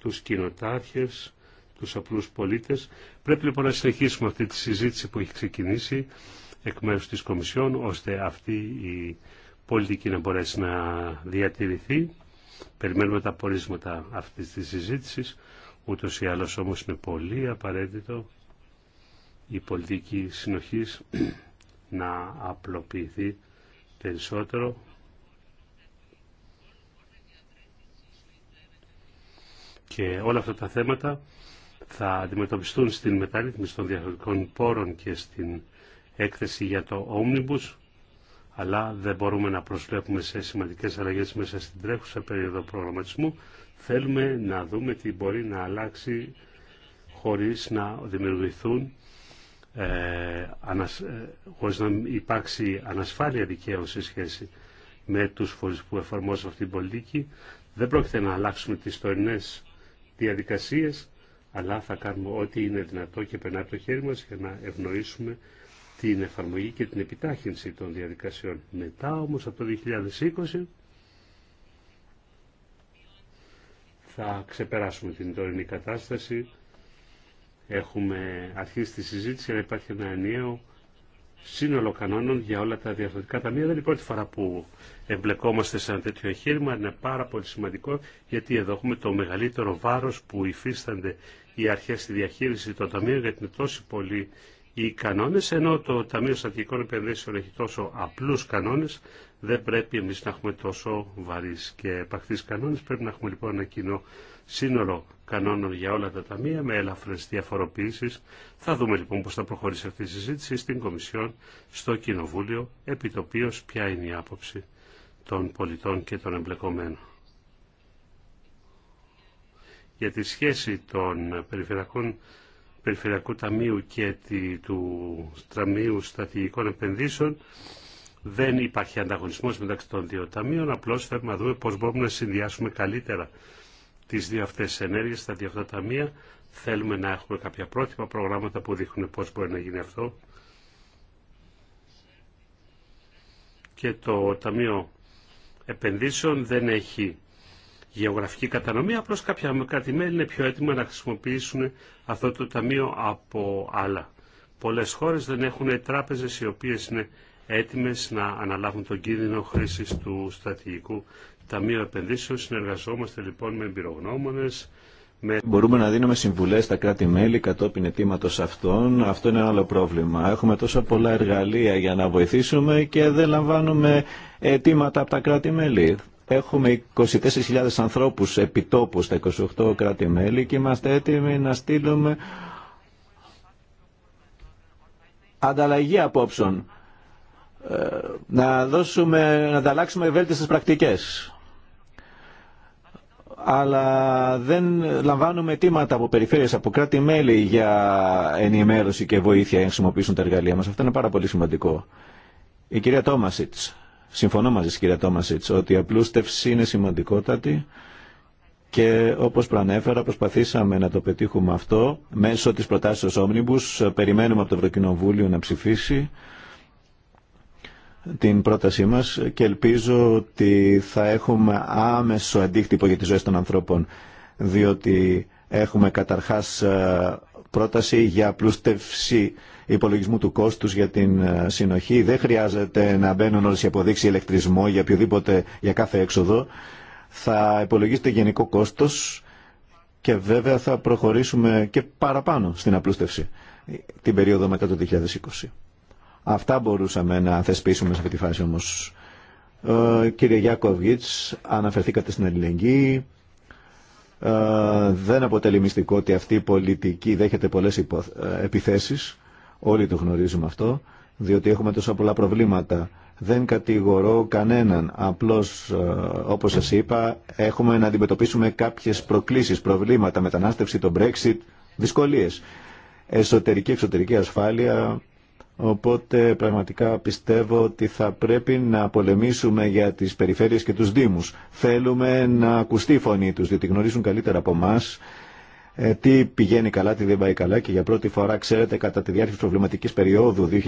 τους κοινοτάρχες, τους απλούς πολίτες. Πρέπει λοιπόν να συνεχίσουμε αυτή τη συζήτηση που έχει ξεκινήσει εκ μέρους της Κομισιόν, ώστε αυτή η πολιτική να μπορέσει να διατηρηθεί. Περιμένουμε τα πορίσματα αυτής της συζήτησης. Ούτως ή άλλως όμως είναι πολύ απαραίτητο η πολιτική συνοχής να απλοποιηθεί περισσότερο. Και όλα αυτά τα θέματα θα αντιμετωπιστούν στην μεταρρύθμιση των διαφορετικών πόρων και στην έκθεση για το Omnibus αλλά δεν μπορούμε να προσβλέπουμε σε σημαντικές αλλαγές μέσα στην τρέχουσα περίοδο προγραμματισμού. Θέλουμε να δούμε τι μπορεί να αλλάξει χωρίς να δημιουργηθούν ε, ανασ... Ε, χωρίς να υπάρξει ανασφάλεια δικαίου σε σχέση με τους φορείς που εφαρμόζουν αυτή την πολιτική. Δεν πρόκειται να αλλάξουμε τις τωρινέ διαδικασίε, αλλά θα κάνουμε ό,τι είναι δυνατό και περνάει από το χέρι μα για να ευνοήσουμε την εφαρμογή και την επιτάχυνση των διαδικασιών. Μετά όμως από το 2020 θα ξεπεράσουμε την τωρινή κατάσταση. Έχουμε αρχίσει τη συζήτηση, αλλά υπάρχει ένα ενιαίο σύνολο κανόνων για όλα τα διαφορετικά ταμεία. Δεν είναι η πρώτη φορά που εμπλεκόμαστε σε ένα τέτοιο εγχείρημα. Είναι πάρα πολύ σημαντικό γιατί εδώ έχουμε το μεγαλύτερο βάρος που υφίστανται οι αρχές στη διαχείριση των ταμείων γιατί είναι τόσο πολύ οι κανόνες, ενώ το Ταμείο Στατικών Επενδύσεων έχει τόσο απλούς κανόνες, δεν πρέπει εμείς να έχουμε τόσο βαρύς και επαχθείς κανόνες. Πρέπει να έχουμε λοιπόν ένα κοινό σύνολο κανόνων για όλα τα ταμεία με ελαφρές διαφοροποίησεις. Θα δούμε λοιπόν πώς θα προχωρήσει αυτή η συζήτηση στην Κομισιόν, στο Κοινοβούλιο, επί το οποίο ποια είναι η άποψη των πολιτών και των εμπλεκομένων. Για τη σχέση των περιφερειακών Περιφερειακού Ταμείου και του Ταμείου Στατηγικών Επενδύσεων δεν υπάρχει ανταγωνισμός μεταξύ των δύο ταμείων, απλώς θέλουμε να δούμε πώς μπορούμε να συνδυάσουμε καλύτερα τις δύο αυτές ενέργειες στα δύο αυτά ταμεία. Θέλουμε να έχουμε κάποια πρότυπα προγράμματα που δείχνουν πώς μπορεί να γίνει αυτό. Και το Ταμείο Επενδύσεων δεν έχει γεωγραφική απλώ απλώς κάποια κράτη-μέλη είναι πιο έτοιμα να χρησιμοποιήσουν αυτό το ταμείο από άλλα. Πολλέ χώρε δεν έχουν τράπεζε οι οποίε είναι έτοιμε να αναλάβουν τον κίνδυνο χρήση του στρατηγικού ταμείου επενδύσεων. Συνεργαζόμαστε λοιπόν με εμπειρογνώμονε. με... Μπορούμε να δίνουμε συμβουλέ στα κράτη-μέλη κατόπιν αιτήματο αυτών. Αυτό είναι ένα άλλο πρόβλημα. Έχουμε τόσα πολλά εργαλεία για να βοηθήσουμε και δεν λαμβάνουμε αιτήματα από τα κράτη-μέλη. Έχουμε 24.000 ανθρώπους επιτόπου στα 28 κράτη-μέλη και είμαστε έτοιμοι να στείλουμε ανταλλαγή απόψεων. Ε, να, δώσουμε, να ανταλλάξουμε ευέλτιστες πρακτικές. Αλλά δεν λαμβάνουμε αιτήματα από περιφέρειες, από κράτη-μέλη για ενημέρωση και βοήθεια να χρησιμοποιήσουν τα εργαλεία μας. Αυτό είναι πάρα πολύ σημαντικό. Η κυρία Τόμασιτς. Συμφωνώ μαζί σας κυρία Τόμασιτς ότι η απλούστευση είναι σημαντικότατη και όπως προανέφερα προσπαθήσαμε να το πετύχουμε αυτό μέσω της προτάσεως Omnibus. Περιμένουμε από το Ευρωκοινοβούλιο να ψηφίσει την πρότασή μας και ελπίζω ότι θα έχουμε άμεσο αντίκτυπο για τις ζωές των ανθρώπων διότι έχουμε καταρχάς ε, πρόταση για απλούστευση υπολογισμού του κόστους για την ε, συνοχή. Δεν χρειάζεται να μπαίνουν όλε οι αποδείξει ηλεκτρισμό για οποιοδήποτε, για κάθε έξοδο. Θα υπολογίσετε γενικό κόστος και βέβαια θα προχωρήσουμε και παραπάνω στην απλούστευση την περίοδο μετά το 2020. Αυτά μπορούσαμε να θεσπίσουμε σε αυτή τη φάση όμως. Ε, κύριε Γιακόβιτ, αναφερθήκατε στην αλληλεγγύη. Ε, δεν αποτελεί μυστικό ότι αυτή η πολιτική δέχεται πολλές ε, επιθέσεις. Όλοι το γνωρίζουμε αυτό, διότι έχουμε τόσα πολλά προβλήματα. Δεν κατηγορώ κανέναν. Απλώς, ε, όπως σας είπα, έχουμε να αντιμετωπίσουμε κάποιες προκλήσεις, προβλήματα, μετανάστευση, το Brexit, δυσκολίες. Εσωτερική, εξωτερική ασφάλεια, Οπότε πραγματικά πιστεύω ότι θα πρέπει να πολεμήσουμε για τις περιφέρειες και τους Δήμους. Θέλουμε να ακουστεί η φωνή τους, διότι γνωρίζουν καλύτερα από εμά ε, τι πηγαίνει καλά, τι δεν πάει καλά και για πρώτη φορά ξέρετε κατά τη διάρκεια της προβληματικής περίοδου 2014-2020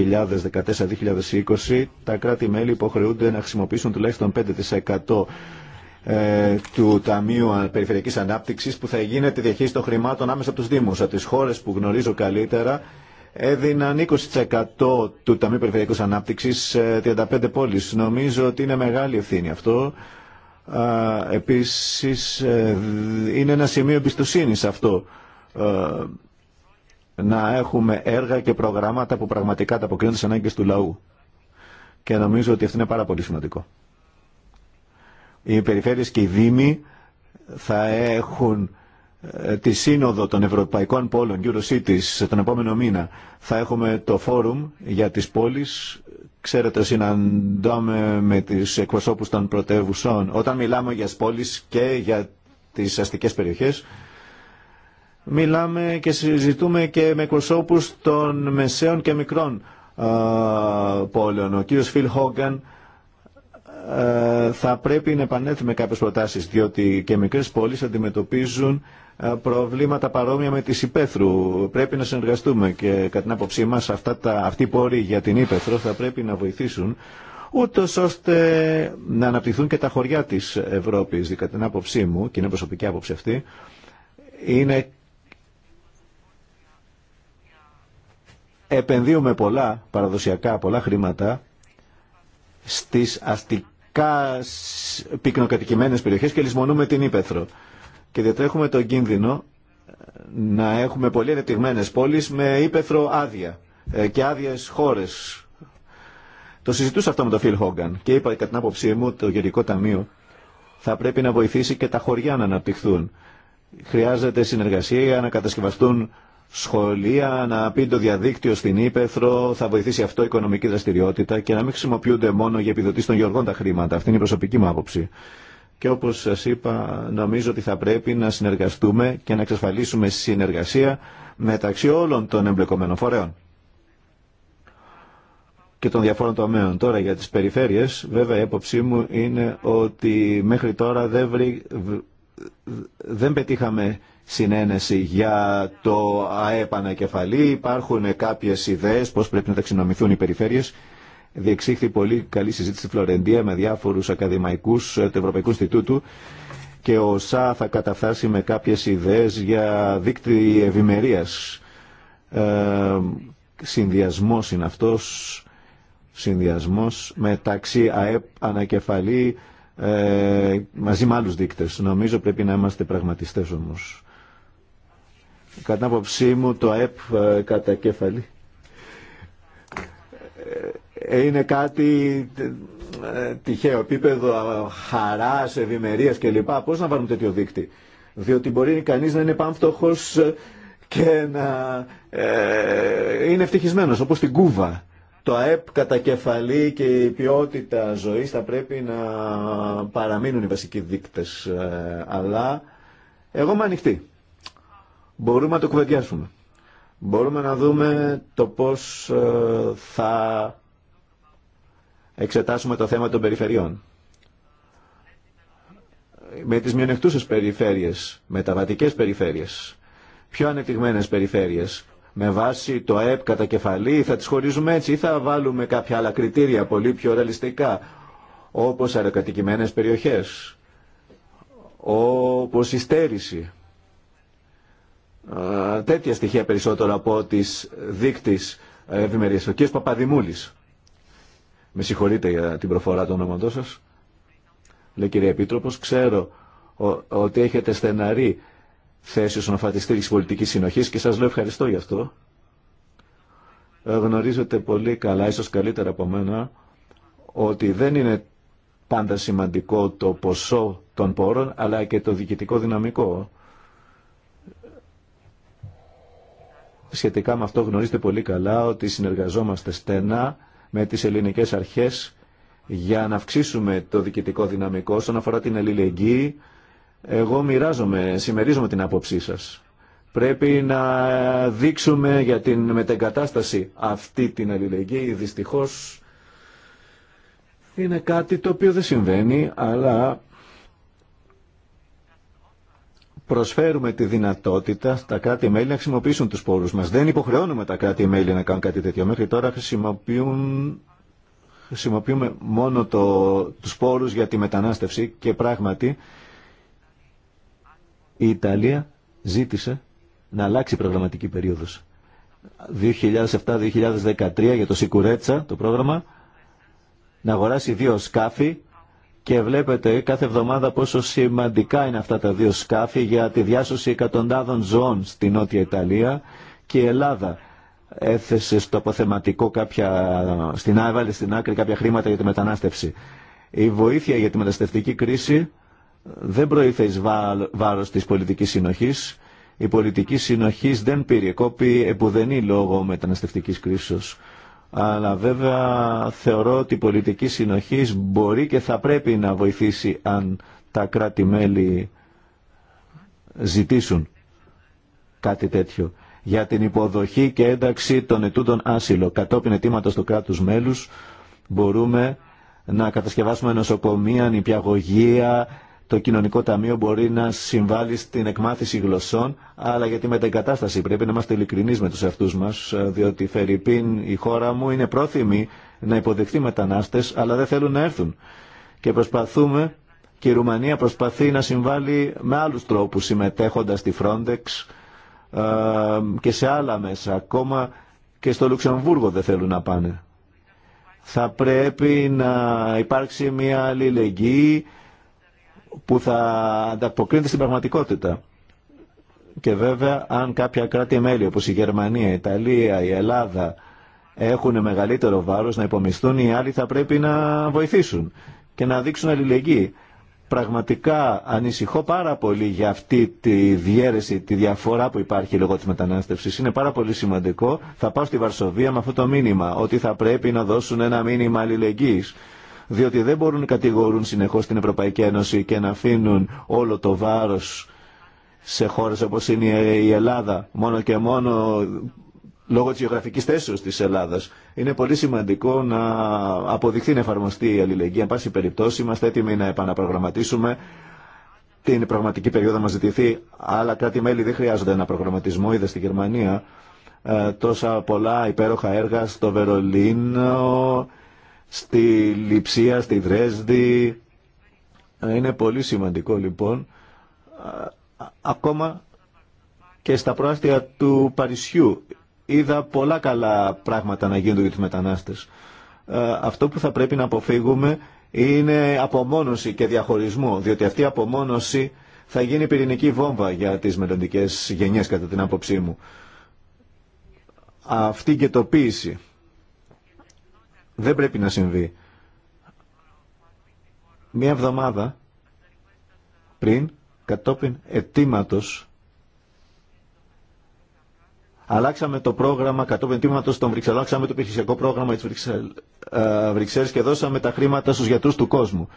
τα κράτη-μέλη υποχρεούνται να χρησιμοποιήσουν τουλάχιστον 5% ε, του Ταμείου Περιφερειακής Ανάπτυξης που θα γίνεται διαχείριση των χρημάτων άμεσα από τους Δήμους. Από τις χώρες που γνωρίζω καλύτερα έδιναν 20% του Ταμείου Περιφερειακής Ανάπτυξης 35 πόλεις. Νομίζω ότι είναι μεγάλη ευθύνη αυτό Επίσης ε, είναι ένα σημείο εμπιστοσύνη αυτό ε, να έχουμε έργα και προγράμματα που πραγματικά τα αποκρίνουν τις ανάγκες του λαού. Και νομίζω ότι αυτό είναι πάρα πολύ σημαντικό. Οι περιφέρειες και οι δήμοι θα έχουν ε, τη σύνοδο των Ευρωπαϊκών Πόλων, Eurocities, τον επόμενο μήνα. Θα έχουμε το φόρουμ για τις πόλεις Ξέρετε, συναντώμε με τις εκπροσώπους των πρωτεύουσών. Όταν μιλάμε για τις και για τις αστικές περιοχές, μιλάμε και συζητούμε και με εκπροσώπους των μεσαίων και μικρών πόλεων. Ο κύριος Φιλ Χόγκαν θα πρέπει να επανέλθει με κάποιες προτάσεις, διότι και μικρές πόλεις αντιμετωπίζουν ε, προβλήματα παρόμοια με τις υπαίθρου. Πρέπει να συνεργαστούμε και κατά την άποψή μας αυτά τα, αυτοί οι πόροι για την υπαίθρο θα πρέπει να βοηθήσουν ούτω ώστε να αναπτυχθούν και τα χωριά της Ευρώπης. Κατά την άποψή μου, και είναι προσωπική άποψη αυτή, είναι επενδύουμε πολλά, παραδοσιακά πολλά χρήματα στις αστικά πυκνοκατοικημένες περιοχές και λησμονούμε την Ήπεθρο και διατρέχουμε τον κίνδυνο ε, να έχουμε πολύ ανεπτυγμένες πόλεις με ύπεθρο άδεια ε, και άδειε χώρες. Το συζητούσα αυτό με τον Φιλ Χόγκαν και είπα κατά την άποψή μου το Γερικό Ταμείο θα πρέπει να βοηθήσει και τα χωριά να αναπτυχθούν. Χρειάζεται συνεργασία για να κατασκευαστούν σχολεία, να πει το διαδίκτυο στην Ήπεθρο, θα βοηθήσει αυτό η οικονομική δραστηριότητα και να μην χρησιμοποιούνται μόνο για επιδοτήσει των γεωργών τα χρήματα. Αυτή είναι η προσωπική μου άποψη και όπως σας είπα νομίζω ότι θα πρέπει να συνεργαστούμε και να εξασφαλίσουμε συνεργασία μεταξύ όλων των εμπλεκομένων φορέων και των διαφόρων τομέων. Τώρα για τις περιφέρειες, βέβαια η έποψή μου είναι ότι μέχρι τώρα δεν, πετύχαμε συνένεση για το ΑΕΠ ανακεφαλή. Υπάρχουν κάποιες ιδέες πώς πρέπει να ταξινομηθούν οι περιφέρειες διεξήχθη πολύ καλή συζήτηση στη Φλωρεντία με διάφορους ακαδημαϊκούς του Ευρωπαϊκού Ινστιτούτου και ο ΣΑ θα καταφτάσει με κάποιες ιδέες για δίκτυ ευημερία. Ε, συνδυασμός είναι αυτός, συνδυασμός μεταξύ ΑΕΠ ανακεφαλή ε, μαζί με άλλους δείκτες. Νομίζω πρέπει να είμαστε πραγματιστές όμως. Κατά άποψή μου το ΑΕΠ ε, κατακεφαλή ε, είναι κάτι ε, τυχαίο επίπεδο χαράς, ευημερίας κλπ. Πώς να βάλουμε τέτοιο δείκτη. Διότι μπορεί κανείς να είναι πανφτωχός ε, και να ε, είναι ευτυχισμένος, όπως στην Κούβα. Το ΑΕΠ κατά κεφαλή και η ποιότητα ζωής θα πρέπει να παραμείνουν οι βασικοί δείκτες. αλλά εγώ είμαι ανοιχτή. Μπορούμε να το κουβεντιάσουμε. Μπορούμε να δούμε το πώς θα εξετάσουμε το θέμα των περιφερειών. Με τις μειονεκτούσες περιφέρειες, βατικές περιφέρειες, πιο ανεπτυγμένες περιφέρειες, με βάση το ΑΕΠ κατά κεφαλή θα τις χωρίζουμε έτσι ή θα βάλουμε κάποια άλλα κριτήρια πολύ πιο ρεαλιστικά, όπως αεροκατοικημένες περιοχές, όπως η στέρηση. Τέτοια στοιχεία περισσότερο από τις δείκτης ε, ευημερίας. Ο κ. Παπαδημούλης. Με συγχωρείτε για την προφορά του όνοματό, σας. Λέει κύριε Επίτροπος, ξέρω ότι έχετε στεναρή θέση στον αφορά τη πολιτικής συνοχής και σας λέω ευχαριστώ γι' αυτό. Ε, γνωρίζετε πολύ καλά, ίσως καλύτερα από μένα, ότι δεν είναι πάντα σημαντικό το ποσό των πόρων, αλλά και το διοικητικό δυναμικό. Σχετικά με αυτό γνωρίζετε πολύ καλά ότι συνεργαζόμαστε στενά με τις ελληνικές αρχές για να αυξήσουμε το διοικητικό δυναμικό όσον αφορά την αλληλεγγύη. Εγώ μοιράζομαι, συμμερίζομαι την άποψή σας. Πρέπει να δείξουμε για την μετεγκατάσταση αυτή την αλληλεγγύη. Δυστυχώς είναι κάτι το οποίο δεν συμβαίνει, αλλά προσφέρουμε τη δυνατότητα τα κράτη-μέλη να χρησιμοποιήσουν τους πόρους μας. Δεν υποχρεώνουμε τα κράτη-μέλη να κάνουν κάτι τέτοιο. Μέχρι τώρα χρησιμοποιούν, χρησιμοποιούμε μόνο το, τους πόρους για τη μετανάστευση και πράγματι η Ιταλία ζήτησε να αλλάξει η προγραμματική περίοδος. 2007-2013 για το Σικουρέτσα το πρόγραμμα να αγοράσει δύο σκάφη και βλέπετε κάθε εβδομάδα πόσο σημαντικά είναι αυτά τα δύο σκάφη για τη διάσωση εκατοντάδων ζώων στη Νότια Ιταλία και η Ελλάδα έθεσε στο αποθεματικό κάποια, στην άβαλη, στην άκρη κάποια χρήματα για τη μετανάστευση. Η βοήθεια για τη μεταναστευτική κρίση δεν προήθε εις βάρος της πολιτικής συνοχής. Η πολιτική συνοχής δεν πήρε κόπη επουδενή λόγω μεταναστευτικής κρίσης αλλά βέβαια θεωρώ ότι η πολιτική συνοχής μπορεί και θα πρέπει να βοηθήσει αν τα κράτη-μέλη ζητήσουν κάτι τέτοιο για την υποδοχή και ένταξη των ετούντων άσυλο. Κατόπιν αιτήματο του κράτους μέλους μπορούμε να κατασκευάσουμε νοσοκομεία, νηπιαγωγεία, το κοινωνικό ταμείο μπορεί να συμβάλλει στην εκμάθηση γλωσσών, αλλά για τη μετεγκατάσταση. Πρέπει να είμαστε ειλικρινεί με του εαυτού μα, διότι Φερρυπίν, η χώρα μου, είναι πρόθυμη να υποδεχθεί μετανάστε, αλλά δεν θέλουν να έρθουν. Και προσπαθούμε, και η Ρουμανία προσπαθεί να συμβάλλει με άλλου τρόπου, συμμετέχοντα στη Frontex ε, και σε άλλα μέσα. Ακόμα και στο Λουξεμβούργο δεν θέλουν να πάνε. Θα πρέπει να υπάρξει μια αλληλεγγύη που θα ανταποκρίνεται στην πραγματικότητα. Και βέβαια αν κάποια κράτη-μέλη όπως η Γερμανία, η Ιταλία, η Ελλάδα έχουν μεγαλύτερο βάρος να υπομισθούν, οι άλλοι θα πρέπει να βοηθήσουν και να δείξουν αλληλεγγύη. Πραγματικά ανησυχώ πάρα πολύ για αυτή τη διαίρεση, τη διαφορά που υπάρχει λόγω της μετανάστευσης. Είναι πάρα πολύ σημαντικό. Θα πάω στη Βαρσοβία με αυτό το μήνυμα, ότι θα πρέπει να δώσουν ένα μήνυμα αλληλεγγύης διότι δεν μπορούν να κατηγορούν συνεχώς την Ευρωπαϊκή Ένωση και να αφήνουν όλο το βάρος σε χώρες όπως είναι η Ελλάδα, μόνο και μόνο λόγω της γεωγραφικής θέσεως της Ελλάδας. Είναι πολύ σημαντικό να αποδειχθεί να εφαρμοστεί η αλληλεγγύη. Εν πάση περιπτώσει είμαστε έτοιμοι να επαναπρογραμματίσουμε την πραγματική περίοδο μας ζητηθεί. Άλλα κράτη-μέλη δεν χρειάζονται ένα προγραμματισμό. Είδα στη Γερμανία ε, τόσα πολλά υπέροχα έργα στο Βερολίνο στη Λιψία, στη Δρέσδη. Ε, είναι πολύ σημαντικό λοιπόν ακόμα και στα προάστια του Παρισιού είδα πολλά καλά πράγματα να γίνονται για τους μετανάστες. Ε, αυτό που θα πρέπει να αποφύγουμε είναι απομόνωση και διαχωρισμό, διότι αυτή η απομόνωση θα γίνει πυρηνική βόμβα για τις μελλοντικέ γενιές κατά την άποψή μου. Αυτή η γετοποίηση δεν πρέπει να συμβεί. Μία εβδομάδα πριν, κατόπιν ετήματος, αλλάξαμε το πρόγραμμα κατόπιν ετήματος των Βρυξελών, αλλάξαμε το επιχειρησιακό πρόγραμμα της Βρυξελ, ε, και δώσαμε τα χρήματα στους γιατρούς του κόσμου.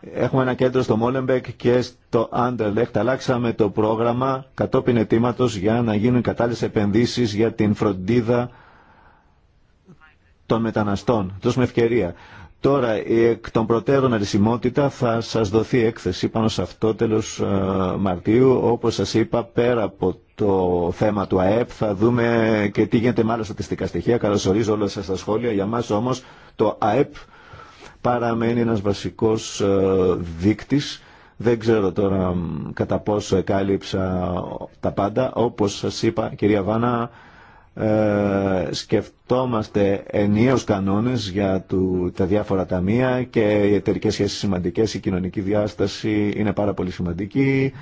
Έχουμε ένα κέντρο στο Μόλεμπεκ και στο Άντερλεχτ. Αλλάξαμε το πρόγραμμα κατόπιν ετήματος για να γίνουν κατάλληλες επενδύσεις για την φροντίδα των μεταναστών. Δώσουμε ευκαιρία. Τώρα, εκ των προτέρων αρισιμότητα θα σας δοθεί έκθεση πάνω σε αυτό τέλος ε, Μαρτίου. Όπως σας είπα, πέρα από το θέμα του ΑΕΠ θα δούμε και τι γίνεται με άλλα στατιστικά στοιχεία. Καλωσορίζω όλα σας τα σχόλια. Για μας όμως το ΑΕΠ παραμένει ένας βασικός ε, δείκτης. Δεν ξέρω τώρα κατά πόσο εκάλυψα ε, τα πάντα. Όπως σας είπα, κυρία Βάνα, ε, σκεφτόμαστε ενιαίους κανόνες για του, τα διάφορα ταμεία και οι εταιρικές σχέσεις σημαντικές, η κοινωνική διάσταση είναι πάρα πολύ σημαντική.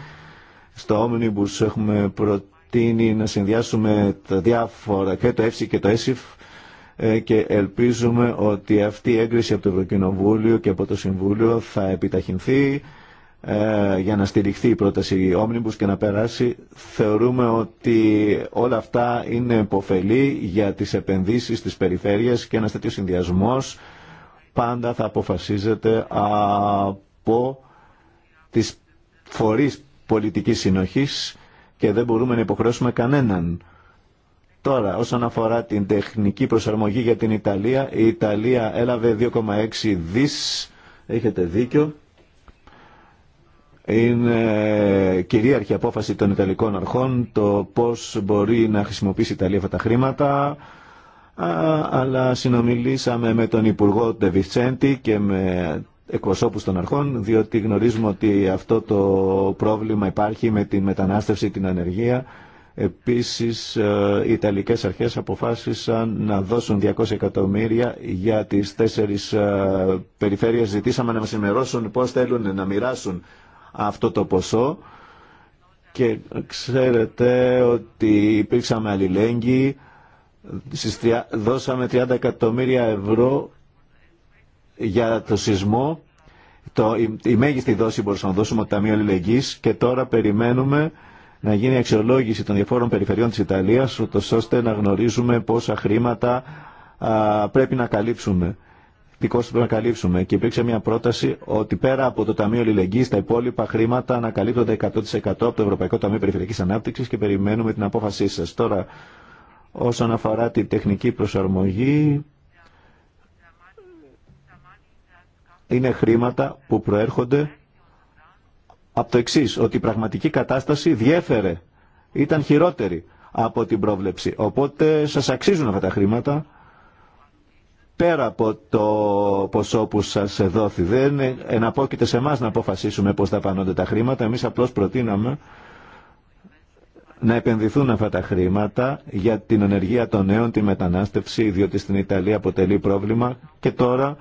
Στο Omnibus έχουμε προτείνει να συνδυάσουμε τα διάφορα και το ΕΦΣΙ και το ΕΣΥΦ ε, και ελπίζουμε ότι αυτή η έγκριση από το Ευρωκοινοβούλιο και από το Συμβούλιο θα επιταχυνθεί ε, για να στηριχθεί η πρόταση Omnibus και να περάσει. Θεωρούμε ότι όλα αυτά είναι υποφελή για τις επενδύσεις της περιφέρειας και ένας τέτοιος συνδυασμός πάντα θα αποφασίζεται από τις φορείς πολιτικής συνοχής και δεν μπορούμε να υποχρεώσουμε κανέναν. Τώρα, όσον αφορά την τεχνική προσαρμογή για την Ιταλία, η Ιταλία έλαβε 2,6 δις, έχετε δίκιο, είναι κυρίαρχη απόφαση των Ιταλικών αρχών το πώς μπορεί να χρησιμοποιήσει η Ιταλία αυτά τα χρήματα αλλά συνομιλήσαμε με τον Υπουργό Ντεβιτσέντι και με εκπροσώπους των αρχών διότι γνωρίζουμε ότι αυτό το πρόβλημα υπάρχει με την μετανάστευση, την ανεργία. Επίσης ε, οι Ιταλικές αρχές αποφάσισαν να δώσουν 200 εκατομμύρια για τις τέσσερις ε, περιφέρειες. Ζητήσαμε να μας ενημερώσουν πώς θέλουν να μοιράσουν αυτό το ποσό και ξέρετε ότι υπήρξαμε αλληλέγγυοι, δώσαμε 30 εκατομμύρια ευρώ για το σεισμό, το, η, μέγιστη δόση μπορούσαμε να δώσουμε το Ταμείο Αλληλεγγύης και τώρα περιμένουμε να γίνει αξιολόγηση των διαφόρων περιφερειών της Ιταλίας ώστε να γνωρίζουμε πόσα χρήματα πρέπει να καλύψουμε τι κόστος να καλύψουμε. Και υπήρξε μια πρόταση ότι πέρα από το Ταμείο Λιλεγγύης τα υπόλοιπα χρήματα ανακαλύπτονται 100% από το Ευρωπαϊκό Ταμείο Περιφερειακής Ανάπτυξη και περιμένουμε την απόφασή σας. Τώρα, όσον αφορά τη τεχνική προσαρμογή, είναι χρήματα που προέρχονται από το εξή, ότι η πραγματική κατάσταση διέφερε, ήταν χειρότερη από την πρόβλεψη. Οπότε σας αξίζουν αυτά τα χρήματα πέρα από το ποσό που σας δόθη. Δεν εναπόκειται σε εμά να αποφασίσουμε πώς θα πανώνται τα χρήματα. Εμείς απλώς προτείναμε να επενδυθούν αυτά τα χρήματα για την ενεργεία των νέων, τη μετανάστευση, διότι στην Ιταλία αποτελεί πρόβλημα και τώρα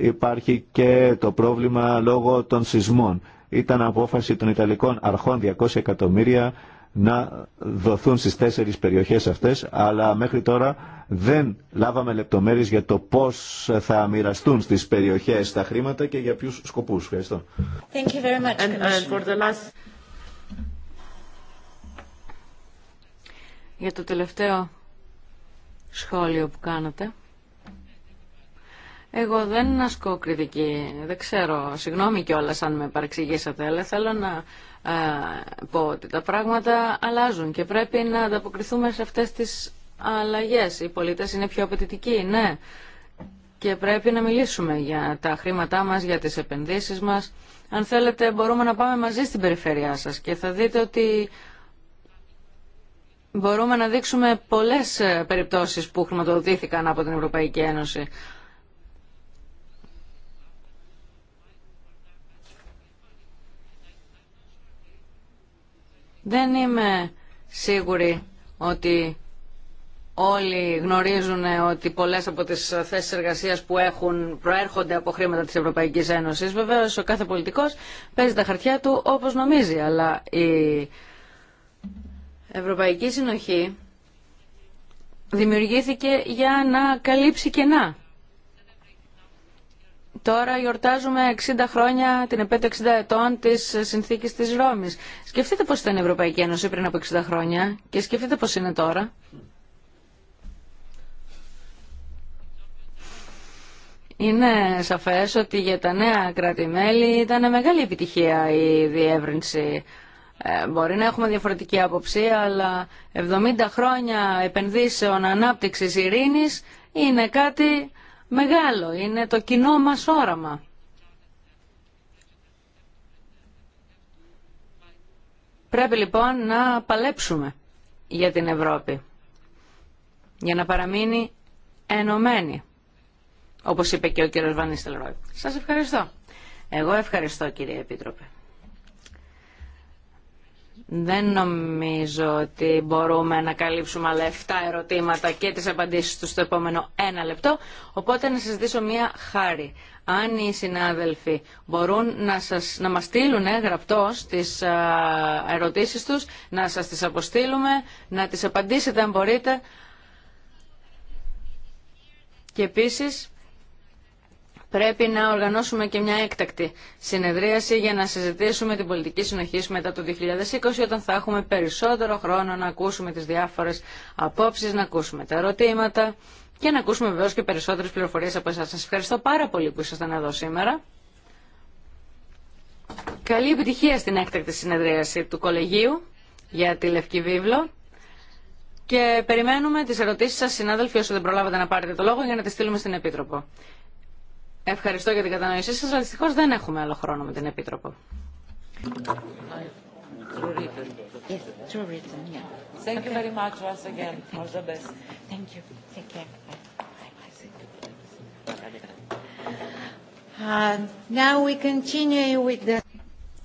υπάρχει και το πρόβλημα λόγω των σεισμών. Ήταν απόφαση των Ιταλικών αρχών 200 εκατομμύρια να δοθούν στις τέσσερις περιοχές αυτές, αλλά μέχρι τώρα δεν λάβαμε λεπτομέρειες για το πώς θα μοιραστούν στις περιοχές τα χρήματα και για ποιους σκοπούς. Ευχαριστώ. Για το τελευταίο σχόλιο που κάνατε. Εγώ δεν ασκώ κριτική, δεν ξέρω, συγγνώμη κιόλας αν με παρεξηγήσατε, αλλά θέλω να πω ότι τα πράγματα αλλάζουν και πρέπει να ανταποκριθούμε σε αυτές τις αλλαγές. Οι πολίτες είναι πιο απαιτητικοί, ναι. Και πρέπει να μιλήσουμε για τα χρήματά μας, για τις επενδύσεις μας. Αν θέλετε μπορούμε να πάμε μαζί στην περιφέρειά σας και θα δείτε ότι μπορούμε να δείξουμε πολλές ε, περιπτώσεις που χρηματοδοτήθηκαν από την Ευρωπαϊκή Ένωση. Δεν είμαι σίγουρη ότι όλοι γνωρίζουν ότι πολλές από τις θέσεις εργασίας που έχουν προέρχονται από χρήματα της Ευρωπαϊκής Ένωσης. Βεβαίως ο κάθε πολιτικός παίζει τα χαρτιά του όπως νομίζει, αλλά η Ευρωπαϊκή Συνοχή δημιουργήθηκε για να καλύψει κενά. Τώρα γιορτάζουμε 60 χρόνια, την επέτειο 60 ετών τη συνθήκη τη Ρώμη. Σκεφτείτε πώ ήταν η Ευρωπαϊκή Ένωση πριν από 60 χρόνια και σκεφτείτε πώ είναι τώρα. Είναι σαφές ότι για τα νέα κράτη-μέλη ήταν μεγάλη επιτυχία η διεύρυνση. Ε, μπορεί να έχουμε διαφορετική άποψη, αλλά 70 χρόνια επενδύσεων ανάπτυξης ειρήνης είναι κάτι μεγάλο, είναι το κοινό μας όραμα. Πρέπει λοιπόν να παλέψουμε για την Ευρώπη, για να παραμείνει ενωμένη, όπως είπε και ο κύριος Βανίστελ Ρόι. Σας ευχαριστώ. Εγώ ευχαριστώ κύριε Επίτροπε. Δεν νομίζω ότι μπορούμε να καλύψουμε άλλα 7 ερωτήματα και τις απαντήσεις του στο επόμενο ένα λεπτό, οπότε να σας δείσω μία χάρη. Αν οι συνάδελφοι μπορούν να, σας, να μας στείλουν ε, γραπτός τις ερωτήσεις τους, να σας τις αποστείλουμε, να τις απαντήσετε αν μπορείτε. Και επίσης πρέπει να οργανώσουμε και μια έκτακτη συνεδρίαση για να συζητήσουμε την πολιτική συνοχή μετά το 2020 όταν θα έχουμε περισσότερο χρόνο να ακούσουμε τι διάφορε απόψει, να ακούσουμε τα ερωτήματα και να ακούσουμε βεβαίω και περισσότερες πληροφορίες από εσά. Σα ευχαριστώ πάρα πολύ που ήσασταν εδώ σήμερα. Καλή επιτυχία στην έκτακτη συνεδρίαση του Κολεγίου για τη Λευκή Βίβλο. Και περιμένουμε τις ερωτήσεις σας, συνάδελφοι, όσο δεν προλάβατε να πάρετε το λόγο, για να τις στείλουμε στην Επίτροπο. Ευχαριστώ για την κατανοησή σας, αλλά δυστυχώς δεν έχουμε άλλο χρόνο με την Επίτροπο.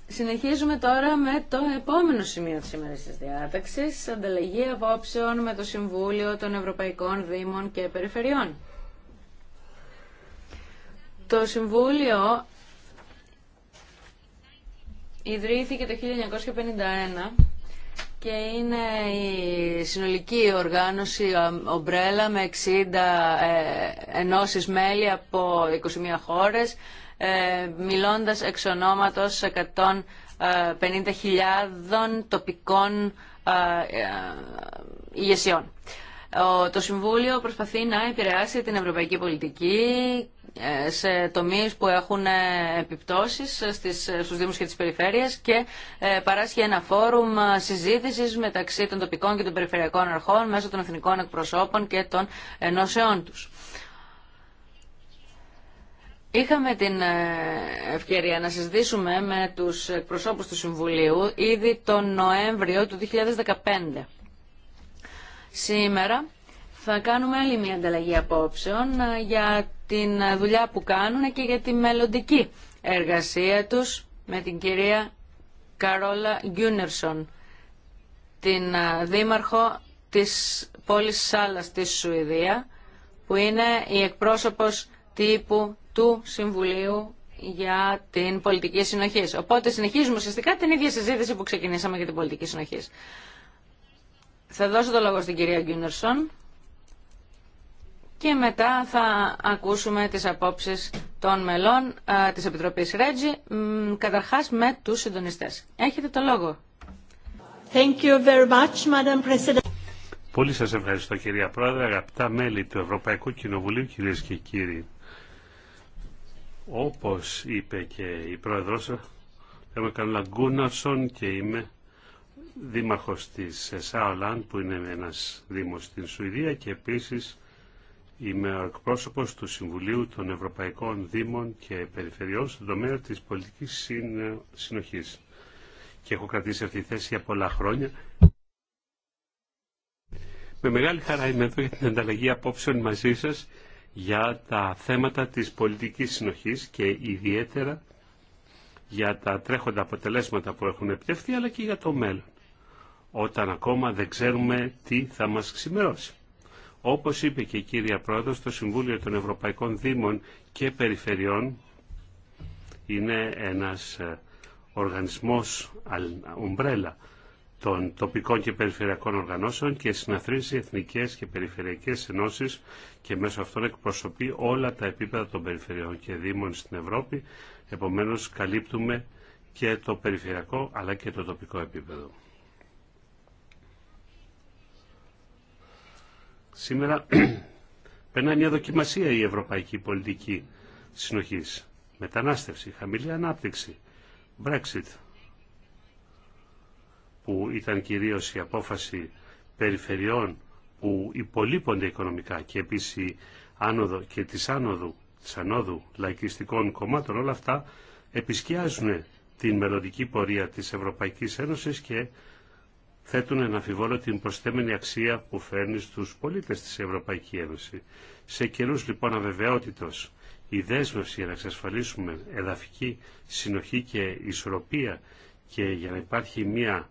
Συνεχίζουμε τώρα με το επόμενο σημείο της σήμερα της διάταξης, ανταλλαγή απόψεων με το Συμβούλιο των Ευρωπαϊκών Δήμων και Περιφερειών. Το Συμβούλιο ιδρύθηκε το 1951 και είναι η συνολική οργάνωση ομπρέλα με 60 ε, ενώσεις μέλη από 21 χώρες ε, μιλώντας εξ ονόματος 150.000 ε, τοπικών ηγεσιών. Το Συμβούλιο προσπαθεί να επηρεάσει την ευρωπαϊκή πολιτική ε, σε τομείς που έχουν ε, επιπτώσεις ε, στις, στους Δήμους και τις Περιφέρειες και παράσχει ένα φόρουμ συζήτησης μεταξύ των τοπικών και των περιφερειακών αρχών μέσω των εθνικών εκπροσώπων και των ενώσεών τους. Είχαμε την ευκαιρία να συζητήσουμε με τους εκπροσώπους του Συμβουλίου ήδη τον Νοέμβριο του 2015 σήμερα. Θα κάνουμε άλλη μια ανταλλαγή απόψεων ε, για την δουλειά που κάνουν και για τη μελλοντική εργασία τους με την κυρία Καρόλα Γκιούνερσον, την ε, δήμαρχο της πόλης Σάλας στη Σουηδία, που είναι η εκπρόσωπος τύπου του Συμβουλίου για την πολιτική συνοχή. Οπότε συνεχίζουμε ουσιαστικά την ίδια συζήτηση που ξεκινήσαμε για την πολιτική συνοχή. Θα δώσω το λόγο στην κυρία Γκίνερσον και μετά θα ακούσουμε τις απόψεις των μελών α, της Επιτροπής Ρέτζι, καταρχάς με τους συντονιστές. Έχετε το λόγο. Thank you very much, Madam President. Πολύ σας ευχαριστώ κυρία Πρόεδρε, αγαπητά μέλη του Ευρωπαϊκού Κοινοβουλίου, κυρίες και κύριοι. Όπως είπε και η Πρόεδρος, είμαι Καρλα Γκούναρσον και είμαι δήμαρχος της Σάολαν που είναι ένας δήμος στην Σουηδία και επίσης είμαι ο εκπρόσωπος του Συμβουλίου των Ευρωπαϊκών Δήμων και Περιφερειών στον τομέα της πολιτικής συνοχής. Και έχω κρατήσει αυτή τη θέση για πολλά χρόνια. Με μεγάλη χαρά είμαι εδώ για την ανταλλαγή απόψεων μαζί σας για τα θέματα της πολιτικής συνοχής και ιδιαίτερα για τα τρέχοντα αποτελέσματα που έχουν επιτευχθεί αλλά και για το μέλλον όταν ακόμα δεν ξέρουμε τι θα μας ξημερώσει. Όπως είπε και η κυρία Πρόεδρος, το Συμβούλιο των Ευρωπαϊκών Δήμων και Περιφερειών είναι ένας ε, οργανισμός ομπρέλα των τοπικών και περιφερειακών οργανώσεων και συναθρίζει εθνικές και περιφερειακές ενώσεις και μέσω αυτών εκπροσωπεί όλα τα επίπεδα των περιφερειών και δήμων στην Ευρώπη. Επομένως καλύπτουμε και το περιφερειακό αλλά και το τοπικό επίπεδο. Σήμερα περνάει μια δοκιμασία η ευρωπαϊκή πολιτική συνοχής. Μετανάστευση, χαμηλή ανάπτυξη, Brexit, που ήταν κυρίως η απόφαση περιφερειών που υπολείπονται οικονομικά και επίσης η και της άνοδου, της ανόδου λαϊκιστικών κομμάτων, όλα αυτά επισκιάζουν την μελλοντική πορεία της Ευρωπαϊκής Ένωσης και θέτουν να αμφιβόλο την προσθέμενη αξία που φέρνει στους πολίτες της Ευρωπαϊκή Ένωση. Σε καιρούς λοιπόν αβεβαιότητος, η δέσμευση για να εξασφαλίσουμε εδαφική συνοχή και ισορροπία και για να υπάρχει μια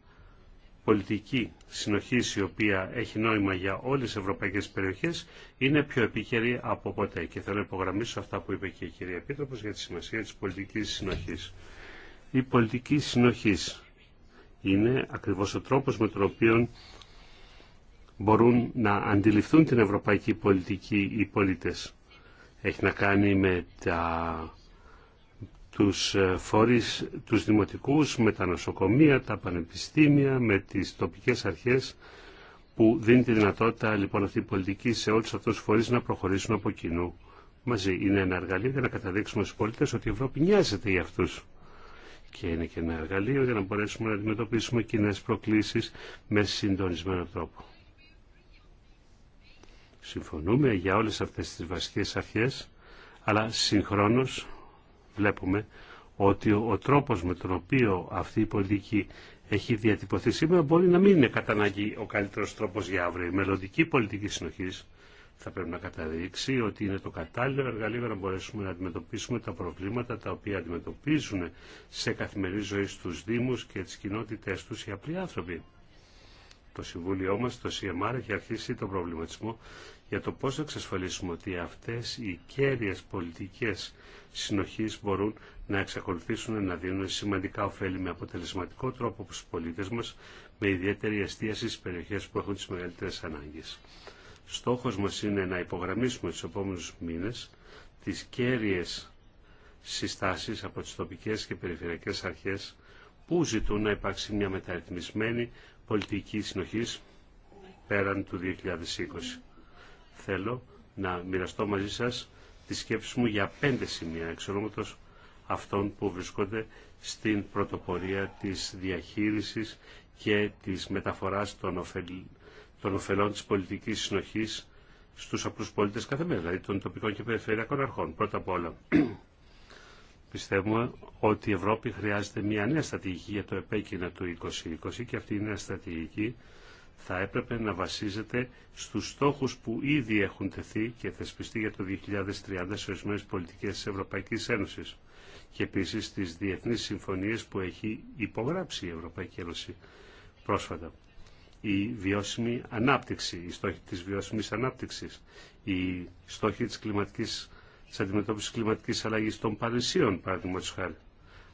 πολιτική συνοχή η οποία έχει νόημα για όλες τις ευρωπαϊκές περιοχές είναι πιο επίκαιρη από ποτέ. Και θέλω να υπογραμμίσω αυτά που είπε και η κυρία Επίτροπος για τη σημασία της πολιτικής συνοχής. Η πολιτική συνοχής είναι ακριβώς ο τρόπος με τον οποίο μπορούν να αντιληφθούν την ευρωπαϊκή πολιτική οι πολίτες. Έχει να κάνει με τα, τους ε, φορείς, τους δημοτικούς, με τα νοσοκομεία, τα πανεπιστήμια, με τις τοπικές αρχές που δίνει τη δυνατότητα λοιπόν αυτή η πολιτική σε όλους αυτούς τους φορείς να προχωρήσουν από κοινού μαζί. Είναι ένα εργαλείο για να καταδείξουμε στους πολίτες ότι η Ευρώπη νοιάζεται για αυτούς και είναι και ένα εργαλείο για να μπορέσουμε να αντιμετωπίσουμε κοινέ προκλήσεις με συντονισμένο τρόπο. Συμφωνούμε για όλες αυτές τις βασικές αρχές, αλλά συγχρόνω βλέπουμε ότι ο τρόπος με τον οποίο αυτή η πολιτική έχει διατυπωθεί σήμερα μπορεί να μην είναι κατά αναγκή ο καλύτερος τρόπος για αύριο. Η μελλοντική πολιτική συνοχής θα πρέπει να καταδείξει ότι είναι το κατάλληλο εργαλείο για να μπορέσουμε να αντιμετωπίσουμε τα προβλήματα τα οποία αντιμετωπίζουν σε καθημερινή ζωή στους Δήμους και τις κοινότητές τους οι απλοί άνθρωποι. Το Συμβούλιο μας, το CMR, έχει αρχίσει τον προβληματισμό για το πώς θα εξασφαλίσουμε ότι αυτές οι κέρδε πολιτικές συνοχής μπορούν να εξακολουθήσουν να δίνουν σημαντικά ωφέλη με αποτελεσματικό τρόπο στους πολίτες μας, με ιδιαίτερη εστίαση στις περιοχές που έχουν τις μεγαλύτερες ανάγκες. Στόχος μας είναι να υπογραμμίσουμε τους επόμενους μήνες τις κέρυες συστάσεις από τις τοπικές και περιφερειακές αρχές που ζητούν να υπάρξει μια μεταρρυθμισμένη πολιτική συνοχής πέραν του 2020. Θέλω να μοιραστώ μαζί σας τις σκέψεις μου για πέντε σημεία εξονόματος αυτών που βρισκόνται στην πρωτοπορία της διαχείρισης και της μεταφοράς των ωφελών των ωφελών της πολιτικής συνοχής στους απλούς πολίτες κάθε μέρα, δηλαδή των τοπικών και περιφερειακών αρχών. Πρώτα απ' όλα, πιστεύουμε ότι η Ευρώπη χρειάζεται μια νέα στρατηγική για το επέκεινα του 2020 και αυτή η νέα στρατηγική θα έπρεπε να βασίζεται στους στόχους που ήδη έχουν τεθεί και θεσπιστεί για το 2030 σε ορισμένε πολιτικές της Ευρωπαϊκής Ένωσης και επίσης στις διεθνείς συμφωνίες που έχει υπογράψει η Ευρωπαϊκή Ένωση πρόσφατα η βιώσιμη ανάπτυξη, η στοχή της βιώσιμης ανάπτυξης, Η στοχή της, κλιματικής, της αντιμετώπισης κλιματικής αλλαγής των Παρισίων, του χάρη.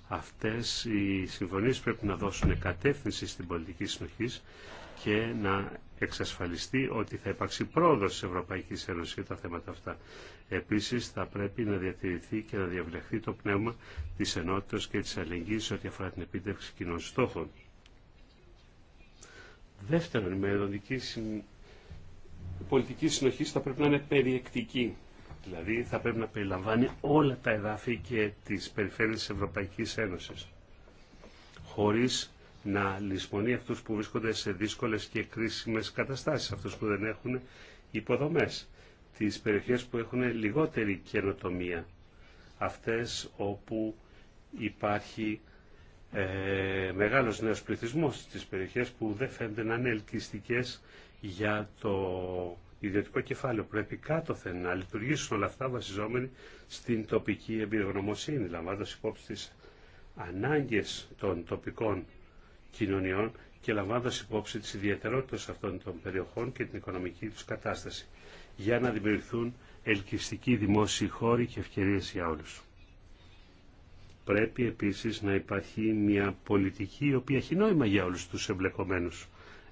Αυτές οι συμφωνίες πρέπει να δώσουν κατεύθυνση στην πολιτική συνοχή και να εξασφαλιστεί ότι θα υπάρξει πρόοδος της Ευρωπαϊκής Ένωσης για τα θέματα αυτά. Επίσης θα πρέπει να διατηρηθεί και να διαβλεχθεί το πνεύμα της ενότητας και της αλληλεγγύης ό,τι αφορά την επίτευξη κοινών στόχων. Δεύτερον, η μελλοντική πολιτική συνοχή θα πρέπει να είναι περιεκτική. Δηλαδή θα πρέπει να περιλαμβάνει όλα τα εδάφη και τις περιφέρειες της Ευρωπαϊκής Ένωσης. Χωρίς να λησμονεί αυτούς που βρίσκονται σε δύσκολες και κρίσιμες καταστάσεις, αυτούς που δεν έχουν υποδομές, τις περιοχές που έχουν λιγότερη καινοτομία, αυτές όπου υπάρχει ε, μεγάλος νέος πληθυσμός στις περιοχές που δεν φαίνεται να είναι ελκυστικές για το ιδιωτικό κεφάλαιο. Πρέπει κάτωθεν να λειτουργήσουν όλα αυτά βασιζόμενοι στην τοπική εμπειρογνωμοσύνη, λαμβάνοντας υπόψη τις ανάγκες των τοπικών κοινωνιών και λαμβάνοντας υπόψη τις ιδιαιτερότητες αυτών των περιοχών και την οικονομική τους κατάσταση, για να δημιουργηθούν ελκυστικοί δημόσιοι χώροι και ευκαιρίες για όλους. Πρέπει επίσης να υπάρχει μια πολιτική η οποία έχει νόημα για όλους τους εμπλεκομένους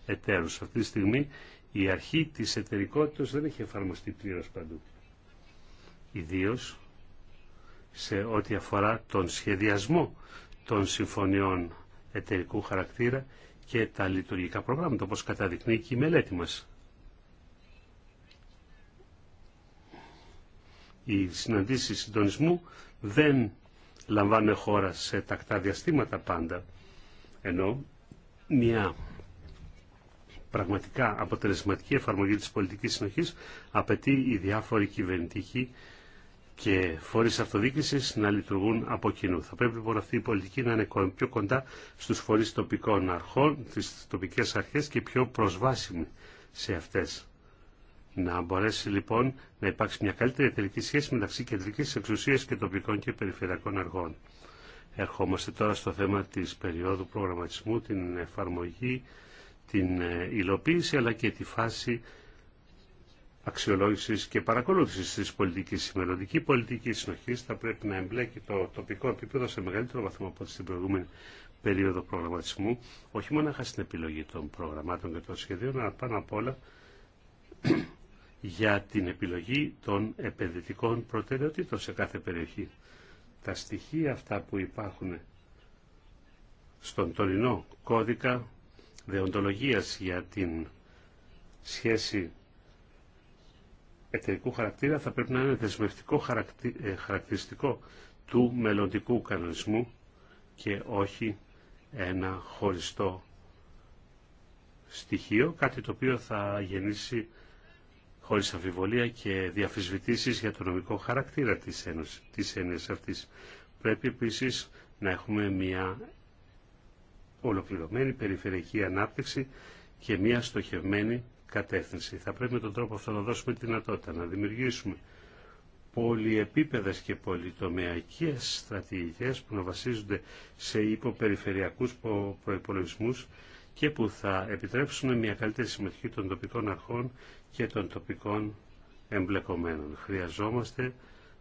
εταίρους. Αυτή τη στιγμή η αρχή της εταιρικότητας δεν έχει εφαρμοστεί πλήρως παντού. Ιδίως σε ό,τι αφορά τον σχεδιασμό των συμφωνιών εταιρικού χαρακτήρα και τα λειτουργικά προγράμματα, όπως καταδεικνύει και η μελέτη μας. Οι συναντήσεις συντονισμού δεν λαμβάνουν χώρα σε τακτά διαστήματα πάντα, ενώ μια πραγματικά αποτελεσματική εφαρμογή της πολιτικής συνοχής απαιτεί οι διάφοροι κυβερνητικοί και φορείς αυτοδίκησης να λειτουργούν από κοινού. Θα πρέπει λοιπόν αυτή η πολιτική να είναι πιο κοντά στους φορείς τοπικών αρχών, στις τοπικές αρχές και πιο προσβάσιμη σε αυτές. Να μπορέσει λοιπόν να υπάρξει μια καλύτερη εταιρική σχέση μεταξύ κεντρική εξουσία και τοπικών και περιφερειακών αργών. Ερχόμαστε τώρα στο θέμα τη περίοδου προγραμματισμού, την εφαρμογή, την ε, υλοποίηση αλλά και τη φάση αξιολόγηση και παρακολούθηση τη πολιτική. Η μελλοντική πολιτική συνοχή θα πρέπει να εμπλέκει το τοπικό επίπεδο σε μεγαλύτερο βαθμό από στην προηγούμενη περίοδο προγραμματισμού, όχι μόνο στην επιλογή των προγραμμάτων και των σχεδίων, αλλά πάνω απ' όλα για την επιλογή των επενδυτικών προτεραιοτήτων σε κάθε περιοχή. Τα στοιχεία αυτά που υπάρχουν στον τωρινό κώδικα δεοντολογίας για την σχέση εταιρικού χαρακτήρα θα πρέπει να είναι δεσμευτικό ε, χαρακτηριστικό του μελλοντικού κανονισμού και όχι ένα χωριστό στοιχείο, κάτι το οποίο θα γεννήσει χωρίς αμφιβολία και διαφυσβητήσεις για το νομικό χαρακτήρα της, ένωσης, της έννοιας αυτής. Πρέπει επίσης να έχουμε μια ολοκληρωμένη περιφερειακή ανάπτυξη και μια στοχευμένη κατεύθυνση. Θα πρέπει με τον τρόπο αυτό να δώσουμε τη δυνατότητα να δημιουργήσουμε πολυεπίπεδες και πολυτομιακές στρατηγικές που να βασίζονται σε υποπεριφερειακούς προϋπολογισμούς και που θα επιτρέψουν μια καλύτερη συμμετοχή των τοπικών αρχών και των τοπικών εμπλεκομένων. Χρειαζόμαστε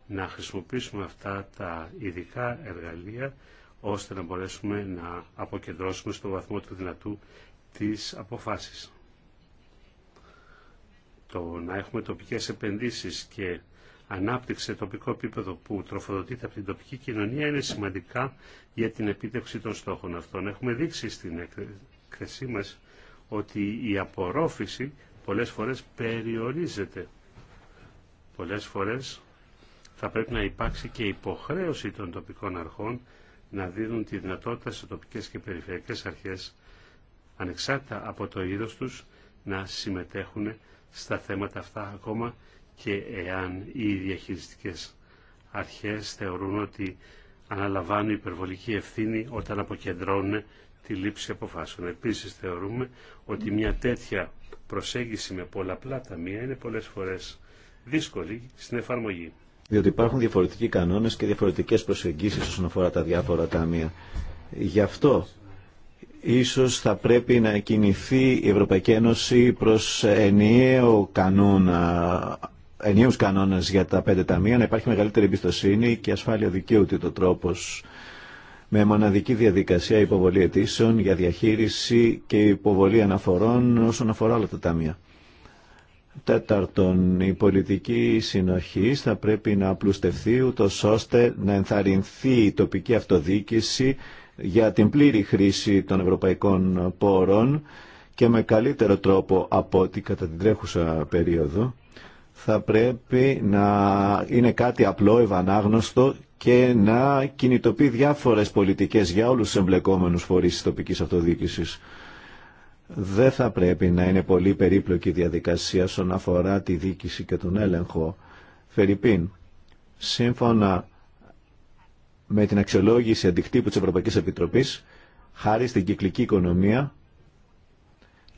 να χρησιμοποιήσουμε αυτά τα ειδικά εργαλεία ώστε να μπορέσουμε να αποκεντρώσουμε στο βαθμό του δυνατού τις αποφάσεις. Το να έχουμε τοπικές επενδύσεις και ανάπτυξη σε τοπικό επίπεδο που τροφοδοτείται από την τοπική κοινωνία είναι σημαντικά για την επίτευξη των στόχων αυτών. Έχουμε δείξει στην έκθεσή μας ότι η απορρόφηση πολλές φορές περιορίζεται. Πολλές φορές θα πρέπει να υπάρξει και υποχρέωση των τοπικών αρχών να δίνουν τη δυνατότητα σε τοπικές και περιφερειακές αρχές ανεξάρτητα από το είδος τους να συμμετέχουν στα θέματα αυτά ακόμα και εάν οι διαχειριστικές αρχές θεωρούν ότι αναλαμβάνουν υπερβολική ευθύνη όταν αποκεντρώνουν τη λήψη αποφάσεων. Επίσης θεωρούμε ότι μια τέτοια προσέγγιση με πολλαπλά ταμεία είναι πολλές φορές δύσκολη στην εφαρμογή. Διότι υπάρχουν διαφορετικοί κανόνες και διαφορετικές προσεγγίσεις όσον αφορά τα διάφορα ταμεία. Γι' αυτό ίσως θα πρέπει να κινηθεί η Ευρωπαϊκή Ένωση προς ενιαίο κανόνα, ενιαίους κανόνες για τα πέντε ταμεία, να υπάρχει μεγαλύτερη εμπιστοσύνη και ασφάλεια δικαίου ότι το τρόπος με μοναδική διαδικασία υποβολή αιτήσεων για διαχείριση και υποβολή αναφορών όσον αφορά όλα τα ταμεία. Τέταρτον, η πολιτική συνοχή θα πρέπει να απλουστευθεί ούτω ώστε να ενθαρρυνθεί η τοπική αυτοδίκηση για την πλήρη χρήση των ευρωπαϊκών πόρων και με καλύτερο τρόπο από ό,τι κατά την τρέχουσα περίοδο θα πρέπει να είναι κάτι απλό, ευανάγνωστο και να κινητοποιεί διάφορες πολιτικές για όλους τους εμπλεκόμενους φορείς της τοπικής αυτοδιοίκησης. Δεν θα πρέπει να είναι πολύ περίπλοκη διαδικασία όσον αφορά τη δίκηση και τον έλεγχο. Φερρυπίν, σύμφωνα με την αξιολόγηση αντικτύπου της Ευρωπαϊκής Επιτροπής, χάρη στην κυκλική οικονομία,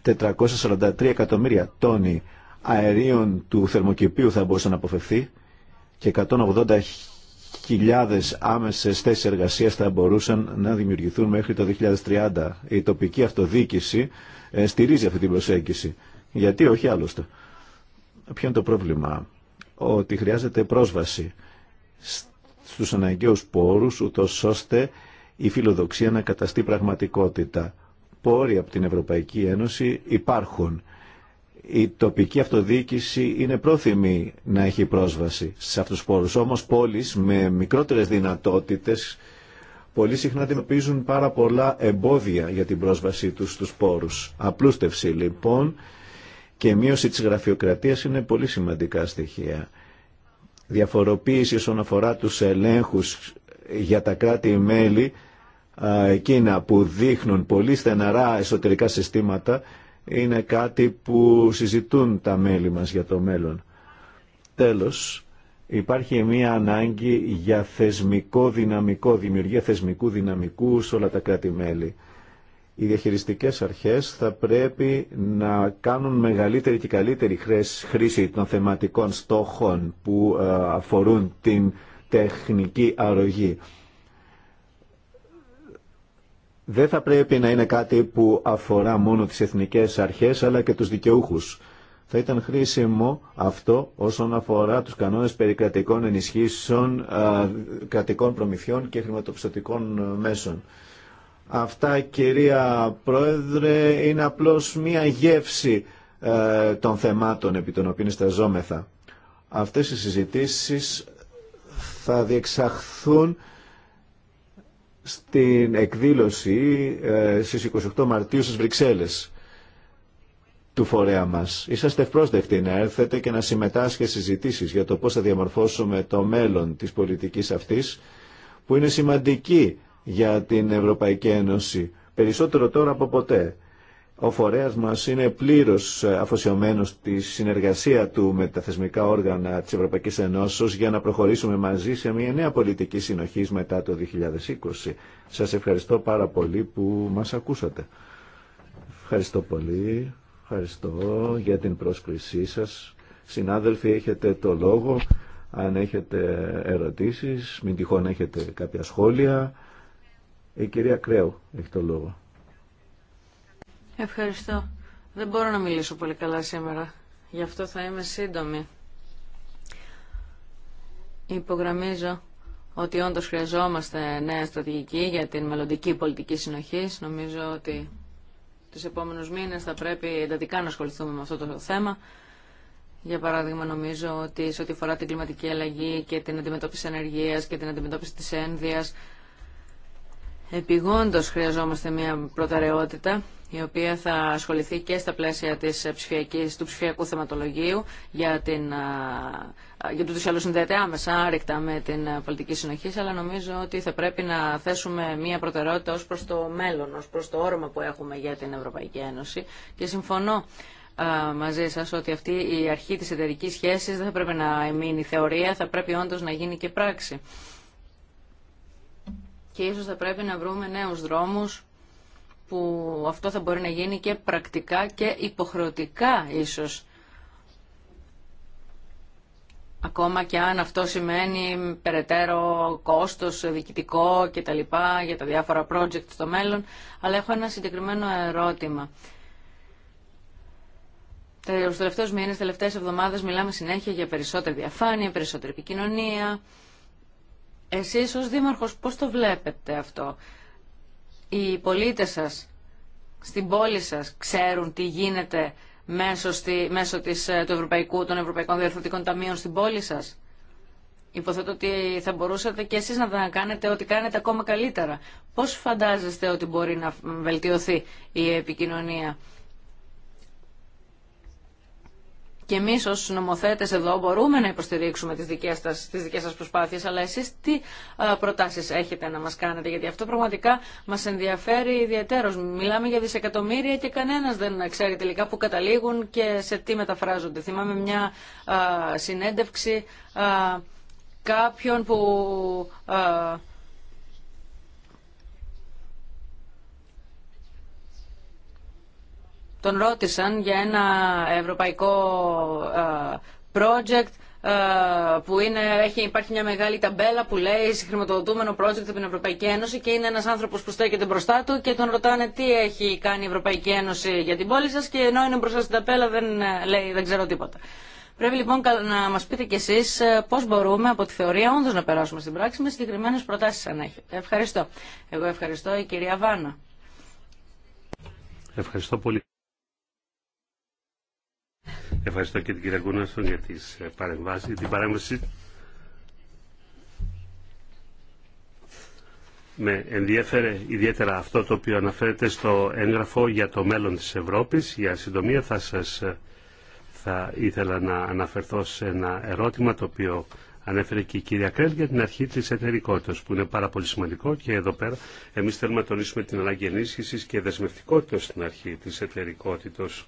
443 εκατομμύρια τόνοι αερίων του θερμοκηπίου θα μπορούσε να αποφευθεί και 180.000 άμεσες θέσεις εργασίας θα μπορούσαν να δημιουργηθούν μέχρι το 2030. Η τοπική αυτοδίκηση ε, στηρίζει αυτή την προσέγγιση. Γιατί όχι άλλωστε. Ποιο είναι το πρόβλημα. Ότι χρειάζεται πρόσβαση στους αναγκαίους πόρους ούτως ώστε η φιλοδοξία να καταστεί πραγματικότητα. Πόροι από την Ευρωπαϊκή Ένωση υπάρχουν η τοπική αυτοδιοίκηση είναι πρόθυμη να έχει πρόσβαση σε αυτούς τους πόρους. Όμως πόλεις με μικρότερες δυνατότητες πολύ συχνά αντιμετωπίζουν πάρα πολλά εμπόδια για την πρόσβασή τους στους πόρους. Απλούστευση λοιπόν και μείωση της γραφειοκρατίας είναι πολύ σημαντικά στοιχεία. Διαφοροποίηση όσον αφορά τους ελέγχους για τα κράτη-μέλη εκείνα που δείχνουν πολύ στεναρά εσωτερικά συστήματα είναι κάτι που συζητούν τα μέλη μας για το μέλλον. Τέλος, υπάρχει μια ανάγκη για θεσμικό δυναμικό, δημιουργία θεσμικού δυναμικού σε όλα τα κράτη-μέλη. Οι διαχειριστικές αρχές θα πρέπει να κάνουν μεγαλύτερη και καλύτερη χρήση των θεματικών στόχων που ε, αφορούν την τεχνική αρρωγή δεν θα πρέπει να είναι κάτι που αφορά μόνο τις εθνικές αρχές αλλά και τους δικαιούχους. Θα ήταν χρήσιμο αυτό όσον αφορά τους κανόνες περί κρατικών ενισχύσεων, κρατικών προμηθειών και χρηματοπιστωτικών μέσων. Αυτά κυρία Πρόεδρε είναι απλώς μία γεύση ε, των θεμάτων επί των οποίων σταζόμεθα. Αυτές οι συζητήσεις θα διεξαχθούν στην εκδήλωση ε, στις 28 Μαρτίου στις Βρυξέλλες του φορέα μας. Είσαστε ευπρόσδεκτοι να έρθετε και να συμμετάσχετε στις συζητήσεις για το πώς θα διαμορφώσουμε το μέλλον της πολιτικής αυτής που είναι σημαντική για την Ευρωπαϊκή Ένωση περισσότερο τώρα από ποτέ. Ο φορέα μας είναι πλήρω ε, αφοσιωμένο στη συνεργασία του με τα θεσμικά όργανα της Ευρωπαϊκή Ένωσης για να προχωρήσουμε μαζί σε μια νέα πολιτική συνοχής μετά το 2020. Σας ευχαριστώ πάρα πολύ που μας ακούσατε. Ευχαριστώ πολύ. Ευχαριστώ για την πρόσκλησή σας. Συνάδελφοι, έχετε το λόγο. Αν έχετε ερωτήσεις, μην τυχόν έχετε κάποια σχόλια. Η κυρία Κρέου έχει το λόγο. Ευχαριστώ. Δεν μπορώ να μιλήσω πολύ καλά σήμερα. Γι' αυτό θα είμαι σύντομη. Υπογραμμίζω ότι όντω χρειαζόμαστε νέα στρατηγική για την μελλοντική πολιτική συνοχή. Νομίζω ότι του επόμενου μήνε θα πρέπει εντατικά να ασχοληθούμε με αυτό το θέμα. Για παράδειγμα, νομίζω ότι σε ό,τι αφορά την κλιματική αλλαγή και την αντιμετώπιση ενεργεία και την αντιμετώπιση τη ένδυα, Επιγόντως χρειαζόμαστε μια προτεραιότητα η οποία θα ασχοληθεί και στα πλαίσια της ψηφιακής, του ψηφιακού θεματολογίου για την για το συνδέεται άμεσα, άρρηκτα με την πολιτική συνοχή, αλλά νομίζω ότι θα πρέπει να θέσουμε μία προτεραιότητα ως προς το μέλλον, ως προς το όρομα που έχουμε για την Ευρωπαϊκή Ένωση και συμφωνώ μαζί σας ότι αυτή η αρχή της εταιρική σχέσης δεν θα πρέπει να μείνει θεωρία, θα πρέπει όντως να γίνει και πράξη και ίσως θα πρέπει να βρούμε νέους δρόμους που αυτό θα μπορεί να γίνει και πρακτικά και υποχρεωτικά ίσως. Ακόμα και αν αυτό σημαίνει περαιτέρω κόστος διοικητικό και τα λοιπά για τα διάφορα project στο μέλλον. Αλλά έχω ένα συγκεκριμένο ερώτημα. Τους τελευταίους μήνες, τελευταίες εβδομάδες μιλάμε συνέχεια για περισσότερη διαφάνεια, περισσότερη επικοινωνία, εσείς ως δήμαρχος πώς το βλέπετε αυτό. Οι πολίτες σας στην πόλη σας ξέρουν τι γίνεται μέσω, της, ε, των Ευρωπαϊκών Διορθωτικών Ταμείων στην πόλη σας. Υποθέτω ότι θα μπορούσατε και εσείς να τα κάνετε ό,τι κάνετε ακόμα καλύτερα. Πώς φαντάζεστε ότι μπορεί να βελτιωθεί η επικοινωνία και εμεί ω νομοθέτε εδώ μπορούμε να υποστηρίξουμε τι δικέ τις σα προσπάθειε, αλλά εσεί τι προτάσει έχετε να μα κάνετε, γιατί αυτό πραγματικά μα ενδιαφέρει ιδιαίτερω. Μιλάμε για δισεκατομμύρια και κανένα δεν ξέρει τελικά που καταλήγουν και σε τι μεταφράζονται. Θυμάμαι μια συνέντευξη κάποιον που τον ρώτησαν για ένα ευρωπαϊκό ε, project ε, που είναι, έχει, υπάρχει μια μεγάλη ταμπέλα που λέει συγχρηματοδοτούμενο project από την Ευρωπαϊκή Ένωση και είναι ένας άνθρωπος που στέκεται μπροστά του και τον ρωτάνε τι έχει κάνει η Ευρωπαϊκή Ένωση για την πόλη σας και ενώ είναι μπροστά στην ταμπέλα δεν ε, λέει δεν ξέρω τίποτα. Πρέπει λοιπόν να μας πείτε κι εσείς πώς μπορούμε από τη θεωρία όντω να περάσουμε στην πράξη με συγκεκριμένε προτάσεις αν έχετε. Ευχαριστώ. Εγώ ευχαριστώ η κυρία Βάνα. Ευχαριστώ πολύ. Ευχαριστώ και την κυρία Γκούναστον για τις ε, παρεμβάσεις, την παρέμβαση. Με ενδιέφερε ιδιαίτερα αυτό το οποίο αναφέρεται στο έγγραφο για το μέλλον της Ευρώπης. Για συντομία θα σας ε, θα ήθελα να αναφερθώ σε ένα ερώτημα το οποίο ανέφερε και η κυρία Κρέλ για την αρχή της εταιρικότητας που είναι πάρα πολύ σημαντικό και εδώ πέρα εμείς θέλουμε να τονίσουμε την ανάγκη ενίσχυσης και δεσμευτικότητα στην αρχή της εταιρικότητας.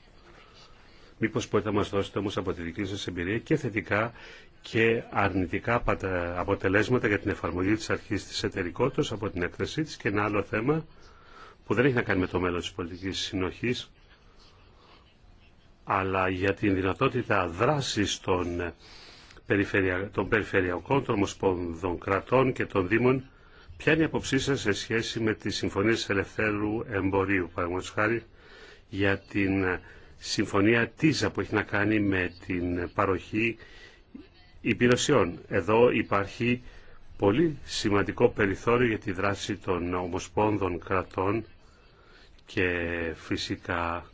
Μήπω μπορείτε να μας δώσετε όμω από τη δική σα εμπειρία και θετικά και αρνητικά αποτελέσματα για την εφαρμογή τη αρχή τη εταιρικότητας από την έκθεσή τη και ένα άλλο θέμα που δεν έχει να κάνει με το μέλλον τη πολιτική συνοχή, αλλά για την δυνατότητα δράσης των, περιφερεια... των περιφερειακών, των ομοσπονδων κρατών και των δήμων Ποια είναι η αποψή σα σε σχέση με τις συμφωνίες ελευθέρου εμπορίου, παραδείγματος χάρη, για την συμφωνία ΤΙΖΑ που έχει να κάνει με την παροχή υπηρεσιών. Εδώ υπάρχει πολύ σημαντικό περιθώριο για τη δράση των ομοσπόνδων κρατών και φυσικά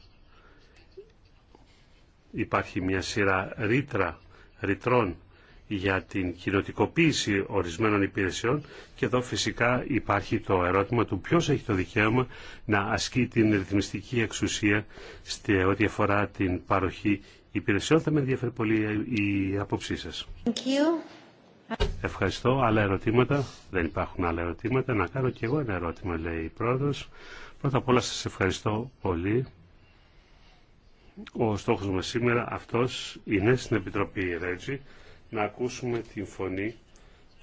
υπάρχει μια σειρά ρήτρα, ρητρών για την κοινοτικοποίηση ορισμένων υπηρεσιών και εδώ φυσικά υπάρχει το ερώτημα του ποιος έχει το δικαίωμα να ασκεί την ρυθμιστική εξουσία σε ό,τι αφορά την παροχή υπηρεσιών. Θα με ενδιαφέρει πολύ η άποψή σας. Ευχαριστώ. Άλλα ερωτήματα. Δεν υπάρχουν άλλα ερωτήματα. Να κάνω και εγώ ένα ερώτημα, λέει η πρόεδρος. Πρώτα απ' όλα σας ευχαριστώ πολύ. Ο στόχος μας σήμερα αυτός είναι στην Επιτροπή Ρέτζη να ακούσουμε την φωνή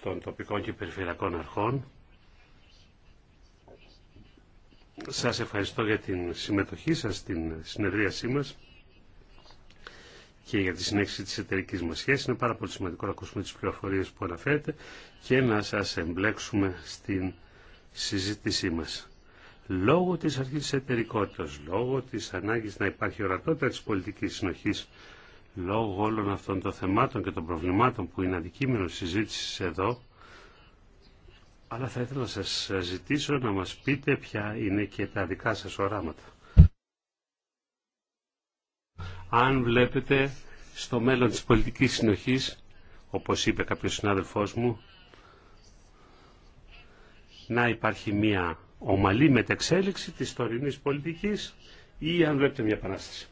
των τοπικών και περιφερειακών αρχών. Σας ευχαριστώ για την συμμετοχή σας στην συνεδρίασή μας και για τη συνέχιση της εταιρική μας σχέσης. Είναι πάρα πολύ σημαντικό να ακούσουμε τις πληροφορίες που αναφέρετε και να σας εμπλέξουμε στην συζήτησή μας. Λόγω της αρχής της λόγω της ανάγκης να υπάρχει ορατότητα της πολιτικής συνοχής Λόγω όλων αυτών των θεμάτων και των προβλημάτων που είναι αντικείμενο συζήτηση εδώ, αλλά θα ήθελα να σας ζητήσω να μας πείτε ποια είναι και τα δικά σας οράματα. Αν βλέπετε στο μέλλον της πολιτικής συνοχής, όπως είπε κάποιος συνάδελφός μου, να υπάρχει μια ομαλή μετεξέλιξη της τωρινής πολιτικής ή αν βλέπετε μια επανάσταση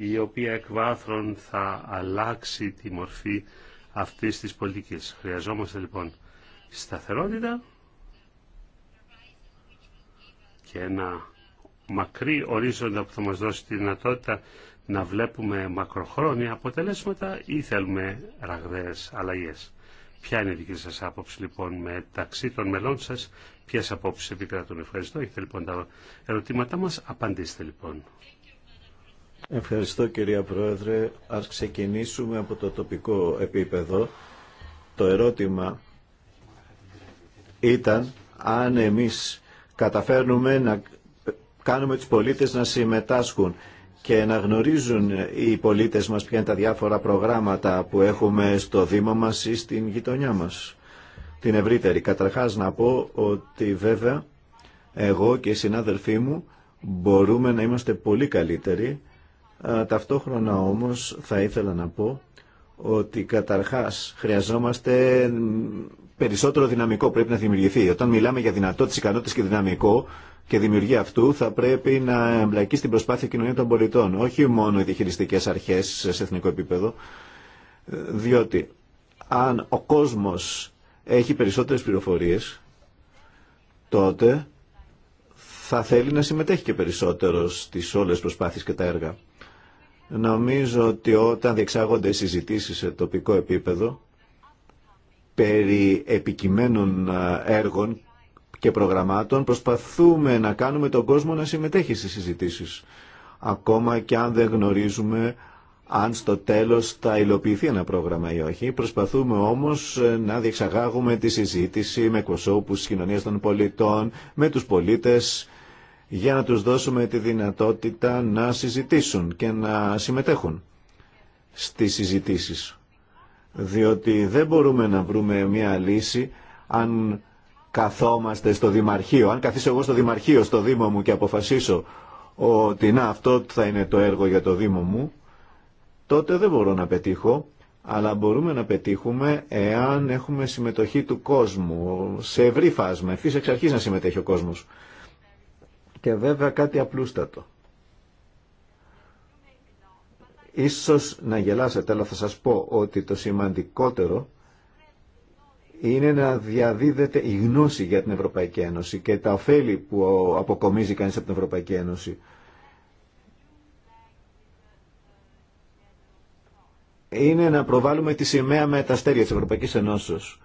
η οποία εκ βάθρων θα αλλάξει τη μορφή αυτής της πολιτικής. Χρειαζόμαστε λοιπόν σταθερότητα και ένα μακρύ ορίζοντα που θα μας δώσει τη δυνατότητα να βλέπουμε μακροχρόνια αποτελέσματα ή θέλουμε ραγδαίες αλλαγές. Ποια είναι η δική σας άποψη λοιπόν μεταξύ των μελών σας, ποιες απόψεις επικρατούν. Ευχαριστώ. Έχετε λοιπόν τα ερωτήματά μας. Απαντήστε λοιπόν. Ευχαριστώ κυρία Πρόεδρε. Ας ξεκινήσουμε από το τοπικό επίπεδο. Το ερώτημα ήταν αν εμείς καταφέρνουμε να κάνουμε τους πολίτες να συμμετάσχουν και να γνωρίζουν οι πολίτες μας ποια είναι τα διάφορα προγράμματα που έχουμε στο Δήμο μας ή στην γειτονιά μας. Την ευρύτερη. Καταρχάς να πω ότι βέβαια εγώ και οι συνάδελφοί μου μπορούμε να είμαστε πολύ καλύτεροι Ταυτόχρονα όμως θα ήθελα να πω ότι καταρχάς χρειαζόμαστε περισσότερο δυναμικό πρέπει να δημιουργηθεί. Όταν μιλάμε για δυνατότητες, ικανότητες και δυναμικό και δημιουργία αυτού θα πρέπει να εμπλακεί στην προσπάθεια κοινωνία των πολιτών. Όχι μόνο οι διαχειριστικές αρχές σε εθνικό επίπεδο, διότι αν ο κόσμος έχει περισσότερες πληροφορίες, τότε θα θέλει να συμμετέχει και περισσότερο στις όλες τις προσπάθειες και τα έργα. Νομίζω ότι όταν διεξάγονται συζητήσεις σε τοπικό επίπεδο περί επικειμένων έργων και προγραμμάτων προσπαθούμε να κάνουμε τον κόσμο να συμμετέχει στις συζητήσεις. Ακόμα και αν δεν γνωρίζουμε αν στο τέλος θα υλοποιηθεί ένα πρόγραμμα ή όχι. Προσπαθούμε όμως ε, να διεξαγάγουμε τη συζήτηση με κοσόπους κοινωνίας των πολιτών, με τους πολίτες, για να τους δώσουμε τη δυνατότητα να συζητήσουν και να συμμετέχουν στις συζητήσεις. Διότι δεν μπορούμε να βρούμε μια λύση αν καθόμαστε στο Δημαρχείο. Αν καθίσω εγώ στο Δημαρχείο, στο Δήμο μου και αποφασίσω ότι να αυτό θα είναι το έργο για το Δήμο μου, τότε δεν μπορώ να πετύχω, αλλά μπορούμε να πετύχουμε εάν έχουμε συμμετοχή του κόσμου, σε ευρύ φάσμα, ευθύ εξ αρχής να συμμετέχει ο κόσμος και βέβαια κάτι απλούστατο. Ίσως να γελάσετε, αλλά θα σας πω ότι το σημαντικότερο είναι να διαδίδεται η γνώση για την Ευρωπαϊκή Ένωση και τα ωφέλη που αποκομίζει κανείς από την Ευρωπαϊκή Ένωση. Είναι να προβάλλουμε τη σημαία με τα αστέρια της Ευρωπαϊκής Ενώσεως.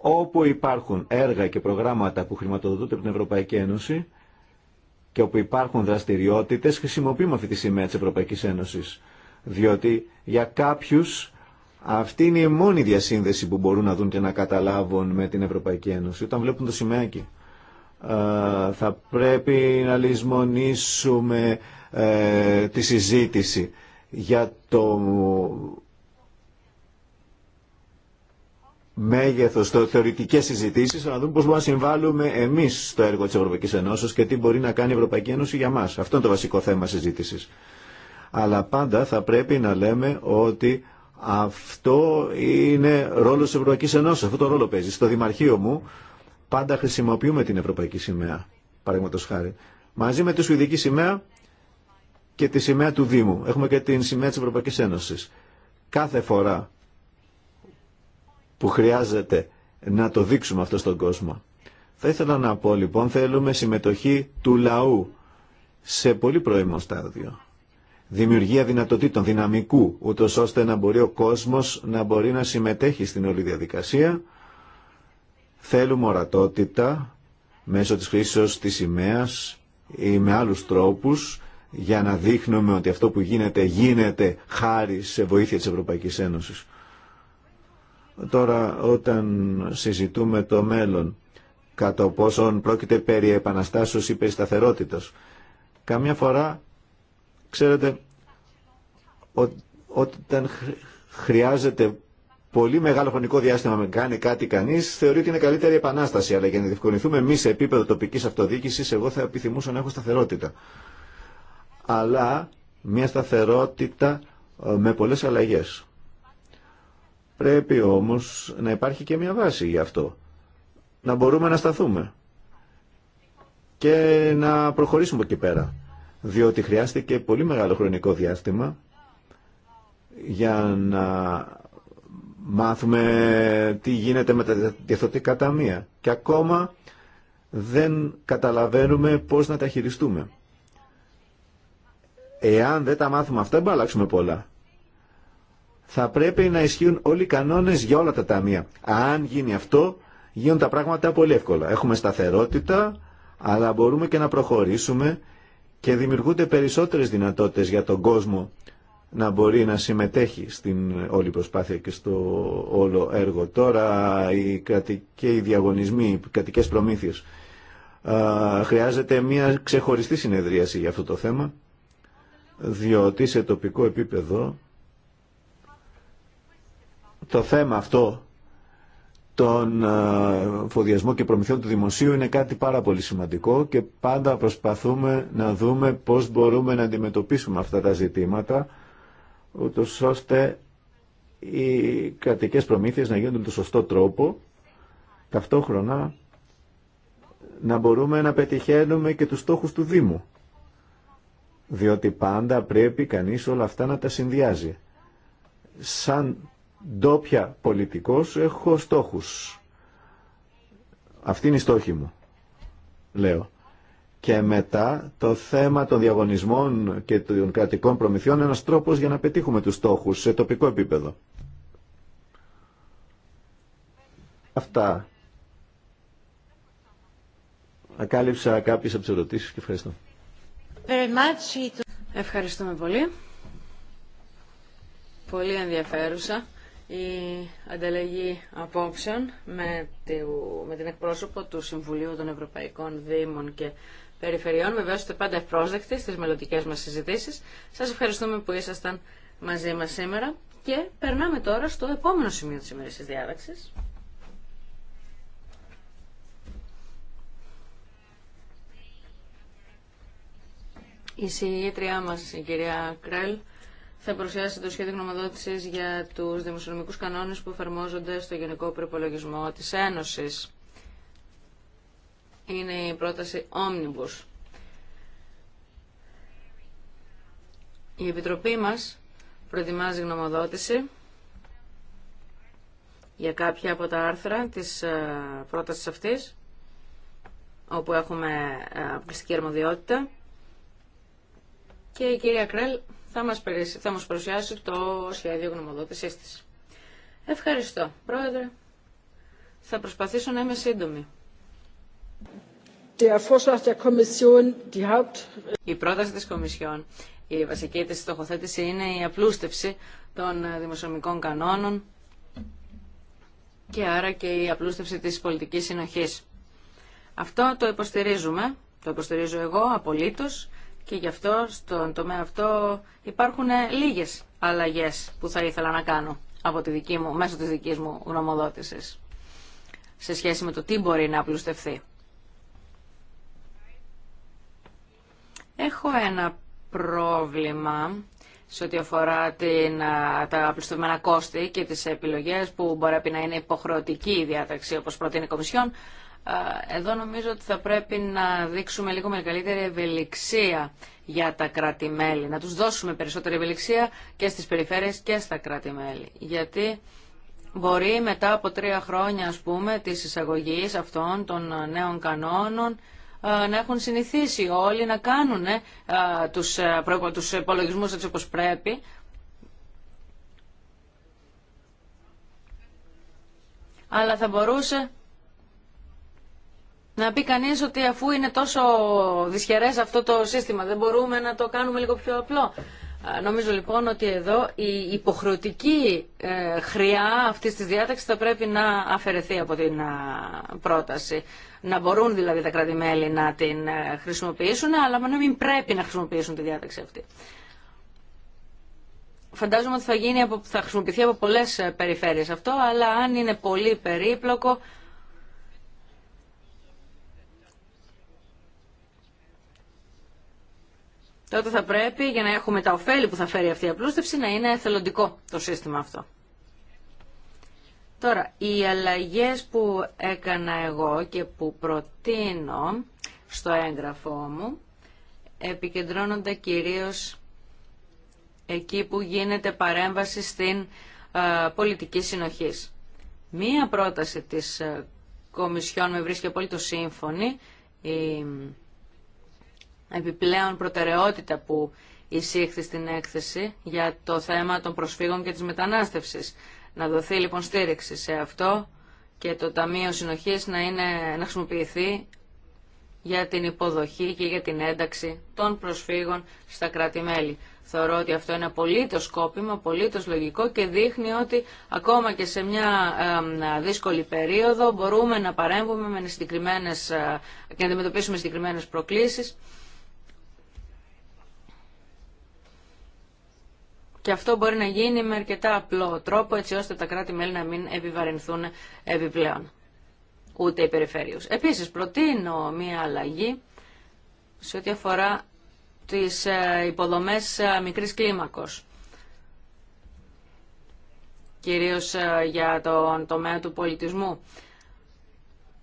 Όπου υπάρχουν έργα και προγράμματα που χρηματοδοτούνται από την Ευρωπαϊκή Ένωση, και όπου υπάρχουν δραστηριότητε χρησιμοποιούμε αυτή τη σημαία τη Ευρωπαϊκή Ένωση. Διότι για κάποιου αυτή είναι η μόνη διασύνδεση που μπορούν να δουν και να καταλάβουν με την Ευρωπαϊκή Ένωση. Όταν βλέπουν το σημαίακι ε, θα πρέπει να λησμονήσουμε ε, τη συζήτηση για το μέγεθος, θεωρητικέ θεωρητικές συζητήσεις, να δούμε πώ μπορούμε να συμβάλλουμε εμεί στο έργο τη Ευρωπαϊκή Ένωση και τι μπορεί να κάνει η Ευρωπαϊκή Ένωση για μας. Αυτό είναι το βασικό θέμα συζήτηση. Αλλά πάντα θα πρέπει να λέμε ότι αυτό είναι ρόλο τη Ευρωπαϊκή Ένωση, αυτό το ρόλο παίζει. Στο Δημαρχείο μου πάντα χρησιμοποιούμε την Ευρωπαϊκή Σημαία, παραδείγματο χάρη. Μαζί με τη Σουηδική Σημαία και τη Σημαία του Δήμου. Έχουμε και την Σημαία τη Ευρωπαϊκή Ένωση. Κάθε φορά που χρειάζεται να το δείξουμε αυτό στον κόσμο. Θα ήθελα να πω λοιπόν, θέλουμε συμμετοχή του λαού σε πολύ πρώιμο στάδιο. Δημιουργία δυνατοτήτων, δυναμικού, ούτως ώστε να μπορεί ο κόσμος να μπορεί να συμμετέχει στην όλη διαδικασία. Θέλουμε ορατότητα μέσω της χρήσης της σημαίας ή με άλλους τρόπους για να δείχνουμε ότι αυτό που γίνεται γίνεται χάρη σε βοήθεια της Ευρωπαϊκής Ένωσης. Τώρα όταν συζητούμε το μέλλον, κατά πόσον πρόκειται περί επαναστάσεως ή περί σταθερότητας, καμιά φορά, ξέρετε, όταν χρειάζεται πολύ μεγάλο χρονικό διάστημα να κάνει κάτι κανεις θεωρεί ότι είναι καλύτερη επανάσταση. Αλλά για να διευκολυνθούμε εμεί σε επίπεδο τοπικής αυτοδιοίκησης, εγώ θα επιθυμούσα να έχω σταθερότητα. Αλλά μια σταθερότητα ε, με πολλές αλλαγέ. Πρέπει όμως να υπάρχει και μια βάση γι' αυτό. Να μπορούμε να σταθούμε και να προχωρήσουμε εκεί πέρα. Διότι χρειάστηκε πολύ μεγάλο χρονικό διάστημα για να μάθουμε τι γίνεται με τα διαθωτικά ταμεία. Και ακόμα δεν καταλαβαίνουμε πώς να τα χειριστούμε. Εάν δεν τα μάθουμε αυτά, δεν αλλάξουμε πολλά θα πρέπει να ισχύουν όλοι οι κανόνες για όλα τα ταμεία. Αν γίνει αυτό, γίνουν τα πράγματα πολύ εύκολα. Έχουμε σταθερότητα, αλλά μπορούμε και να προχωρήσουμε και δημιουργούνται περισσότερες δυνατότητες για τον κόσμο να μπορεί να συμμετέχει στην όλη προσπάθεια και στο όλο έργο. Τώρα οι και οι διαγωνισμοί, οι κρατικές προμήθειες. Χρειάζεται μια ξεχωριστή συνεδρίαση για αυτό το θέμα, διότι σε τοπικό επίπεδο το θέμα αυτό των ε, φοδιασμών και προμηθειών του δημοσίου είναι κάτι πάρα πολύ σημαντικό και πάντα προσπαθούμε να δούμε πώς μπορούμε να αντιμετωπίσουμε αυτά τα ζητήματα ούτως ώστε οι κρατικές προμήθειες να γίνονται με τον σωστό τρόπο ταυτόχρονα να μπορούμε να πετυχαίνουμε και τους στόχους του Δήμου διότι πάντα πρέπει κανείς όλα αυτά να τα συνδυάζει σαν ντόπια πολιτικός έχω στόχους. Αυτή είναι η στόχη μου, λέω. Και μετά το θέμα των διαγωνισμών και των κρατικών προμηθειών είναι ένας τρόπος για να πετύχουμε τους στόχους σε τοπικό επίπεδο. Αυτά. Ακάλυψα κάποιες από τις ερωτήσεις και ευχαριστώ. Ευχαριστούμε πολύ. Πολύ ενδιαφέρουσα η ανταλλαγή απόψεων με, την εκπρόσωπο του Συμβουλίου των Ευρωπαϊκών Δήμων και Περιφερειών. Βεβαίως είστε πάντα ευπρόσδεκτοι στις μελλοντικέ μας συζητήσει. Σας ευχαριστούμε που ήσασταν μαζί μας σήμερα και περνάμε τώρα στο επόμενο σημείο της σημερινής διάταξη. Η συγγήτριά μας, η κυρία Κρέλ, θα παρουσιάσει το σχέδιο γνωμοδότηση για τους δημοσιονομικούς κανόνες που εφαρμόζονται στο Γενικό Προπολογισμό της Ένωσης. Είναι η πρόταση Omnibus. Η Επιτροπή μας προετοιμάζει γνωμοδότηση για κάποια από τα άρθρα της ε, πρότασης αυτής, όπου έχουμε ε, αποκλειστική αρμοδιότητα. Και η κυρία Κρέλ θα μας, θα παρουσιάσει το σχέδιο γνωμοδότησής της. Ευχαριστώ. Πρόεδρε, θα προσπαθήσω να είμαι σύντομη. Η πρόταση της Κομισιόν, η βασική της στοχοθέτηση είναι η απλούστευση των ε, δημοσιονομικών κανόνων και άρα και η απλούστευση της πολιτικής συνοχής. Αυτό το υποστηρίζουμε, το υποστηρίζω εγώ απολύτως και γι' αυτό στον τομέα αυτό υπάρχουν λίγες αλλαγές που θα ήθελα να κάνω από τη δική μου, μέσω της δικής μου γνωμοδότησης σε σχέση με το τι μπορεί να απλουστευθεί. Έχω ένα πρόβλημα σε ό,τι αφορά την, τα απλουστευμένα κόστη και τις επιλογές που μπορεί να είναι υποχρεωτική η διάταξη όπως προτείνει η Κομισιόν. Εδώ νομίζω ότι θα πρέπει να δείξουμε λίγο μεγαλύτερη ευελιξία για τα κράτη-μέλη, να τους δώσουμε περισσότερη ευελιξία και στις περιφέρειες και στα κράτη-μέλη. Γιατί μπορεί μετά από τρία χρόνια, ας πούμε, της εισαγωγής αυτών των νέων κανόνων, ε, να έχουν συνηθίσει όλοι να κάνουν ε, τους, ε, τους υπολογισμούς έτσι όπως πρέπει. Αλλά θα μπορούσε να πει κανείς ότι αφού είναι τόσο δυσχερές αυτό το σύστημα δεν μπορούμε να το κάνουμε λίγο πιο απλό. Νομίζω λοιπόν ότι εδώ η υποχρεωτική χρειά αυτής της διάταξης θα πρέπει να αφαιρεθεί από την πρόταση να μπορούν δηλαδή τα κράτη-μέλη να την ε, χρησιμοποιήσουν, αλλά να μην πρέπει να χρησιμοποιήσουν τη διάταξη αυτή. Φαντάζομαι ότι θα, γίνει από, θα χρησιμοποιηθεί από πολλέ ε, περιφέρειες αυτό, αλλά αν είναι πολύ περίπλοκο, τότε θα πρέπει για να έχουμε τα ωφέλη που θα φέρει αυτή η απλούστευση να είναι εθελοντικό το σύστημα αυτό. Τώρα, οι αλλαγές που έκανα εγώ και που προτείνω στο έγγραφό μου επικεντρώνονται κυρίως εκεί που γίνεται παρέμβαση στην ε, πολιτική συνοχής. Μία πρόταση της ε, Κομισιόν με βρίσκει το σύμφωνη, η επιπλέον προτεραιότητα που εισήχθη στην έκθεση για το θέμα των προσφύγων και της μετανάστευσης. Να δοθεί λοιπόν στήριξη σε αυτό και το Ταμείο Συνοχής να, είναι, να χρησιμοποιηθεί για την υποδοχή και για την ένταξη των προσφύγων στα κράτη-μέλη. Θεωρώ ότι αυτό είναι απολύτως σκόπιμο, απολύτως λογικό και δείχνει ότι ακόμα και σε μια δύσκολη περίοδο μπορούμε να παρέμβουμε με ε, και να αντιμετωπίσουμε συγκεκριμένες προκλήσεις. Και αυτό μπορεί να γίνει με αρκετά απλό τρόπο, έτσι ώστε τα κράτη-μέλη να μην επιβαρυνθούν επιπλέον, ούτε οι περιφέρειους. Επίσης, προτείνω μία αλλαγή σε ό,τι αφορά τις ε, υποδομές ε, μικρής κλίμακος. Κυρίως ε, για τον τομέα του πολιτισμού.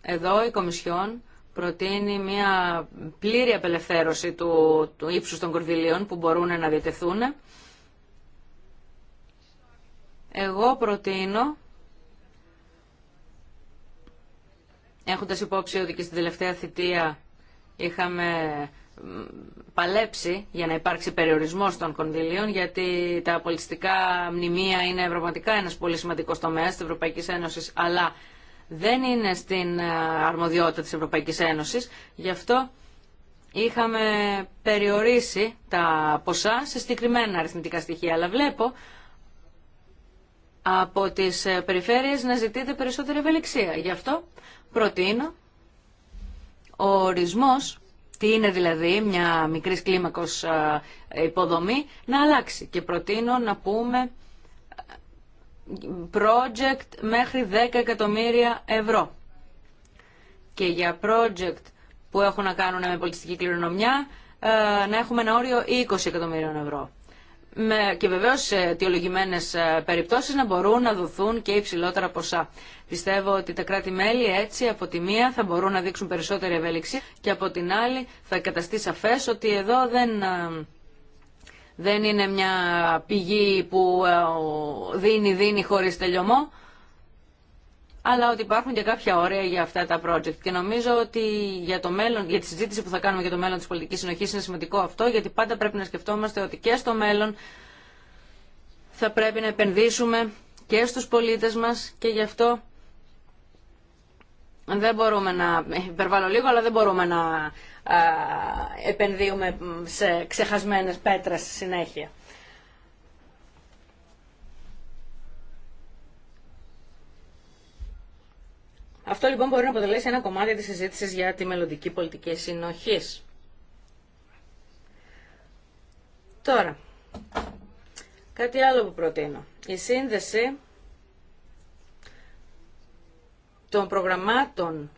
Εδώ η Κομισιόν προτείνει μια πλήρη απελευθέρωση του, του ύψους των κορδιλίων που μπορούν να διατεθούν εγώ προτείνω, έχοντας υπόψη ότι και στην τελευταία θητεία είχαμε παλέψει για να υπάρξει περιορισμός των κονδυλίων γιατί τα πολιτιστικά μνημεία είναι πραγματικά ένας πολύ σημαντικός τομέας της Ευρωπαϊκής Ένωσης αλλά δεν είναι στην ε, αρμοδιότητα της Ευρωπαϊκής Ένωσης γι' αυτό είχαμε περιορίσει τα ποσά σε συγκεκριμένα αριθμητικά στοιχεία αλλά βλέπω από τις ε, περιφέρειες να ζητείτε περισσότερη ευελιξία. Γι' αυτό προτείνω ο ορισμός, τι είναι δηλαδή μια μικρής κλίμακος υποδομή, να αλλάξει. Και προτείνω να πούμε ε, project μέχρι 10 εκατομμύρια ευρώ. Και για project που έχουν να κάνουν με πολιτιστική κληρονομιά, ε, να έχουμε ένα όριο 20 εκατομμύριων ευρώ και βεβαίως σε αιτιολογημένες ε, περιπτώσεις να μπορούν να δοθούν και υψηλότερα ποσά. Πιστεύω ότι τα κράτη-μέλη έτσι από τη μία θα μπορούν να δείξουν περισσότερη ευελιξη και από την άλλη θα καταστεί σαφέ ότι εδώ δεν. Ε, δεν είναι μια πηγή που δίνει-δίνει χωρίς τελειωμό αλλά ότι υπάρχουν και κάποια όρια για αυτά τα project. Και νομίζω ότι για, το μέλλον, για τη συζήτηση που θα κάνουμε για το μέλλον τη πολιτική συνοχή, είναι σημαντικό αυτό, γιατί πάντα πρέπει να σκεφτόμαστε ότι και στο μέλλον θα πρέπει να επενδύσουμε και στους πολίτες μας και γι' αυτό δεν μπορούμε να, υπερβάλλω λίγο, αλλά δεν μπορούμε να επενδύουμε σε ξεχασμένες πέτρες συνέχεια. Αυτό λοιπόν μπορεί να αποτελέσει ένα κομμάτι της συζήτηση για τη μελλοντική πολιτική συνοχή. Τώρα, κάτι άλλο που προτείνω. Η σύνδεση των προγραμμάτων,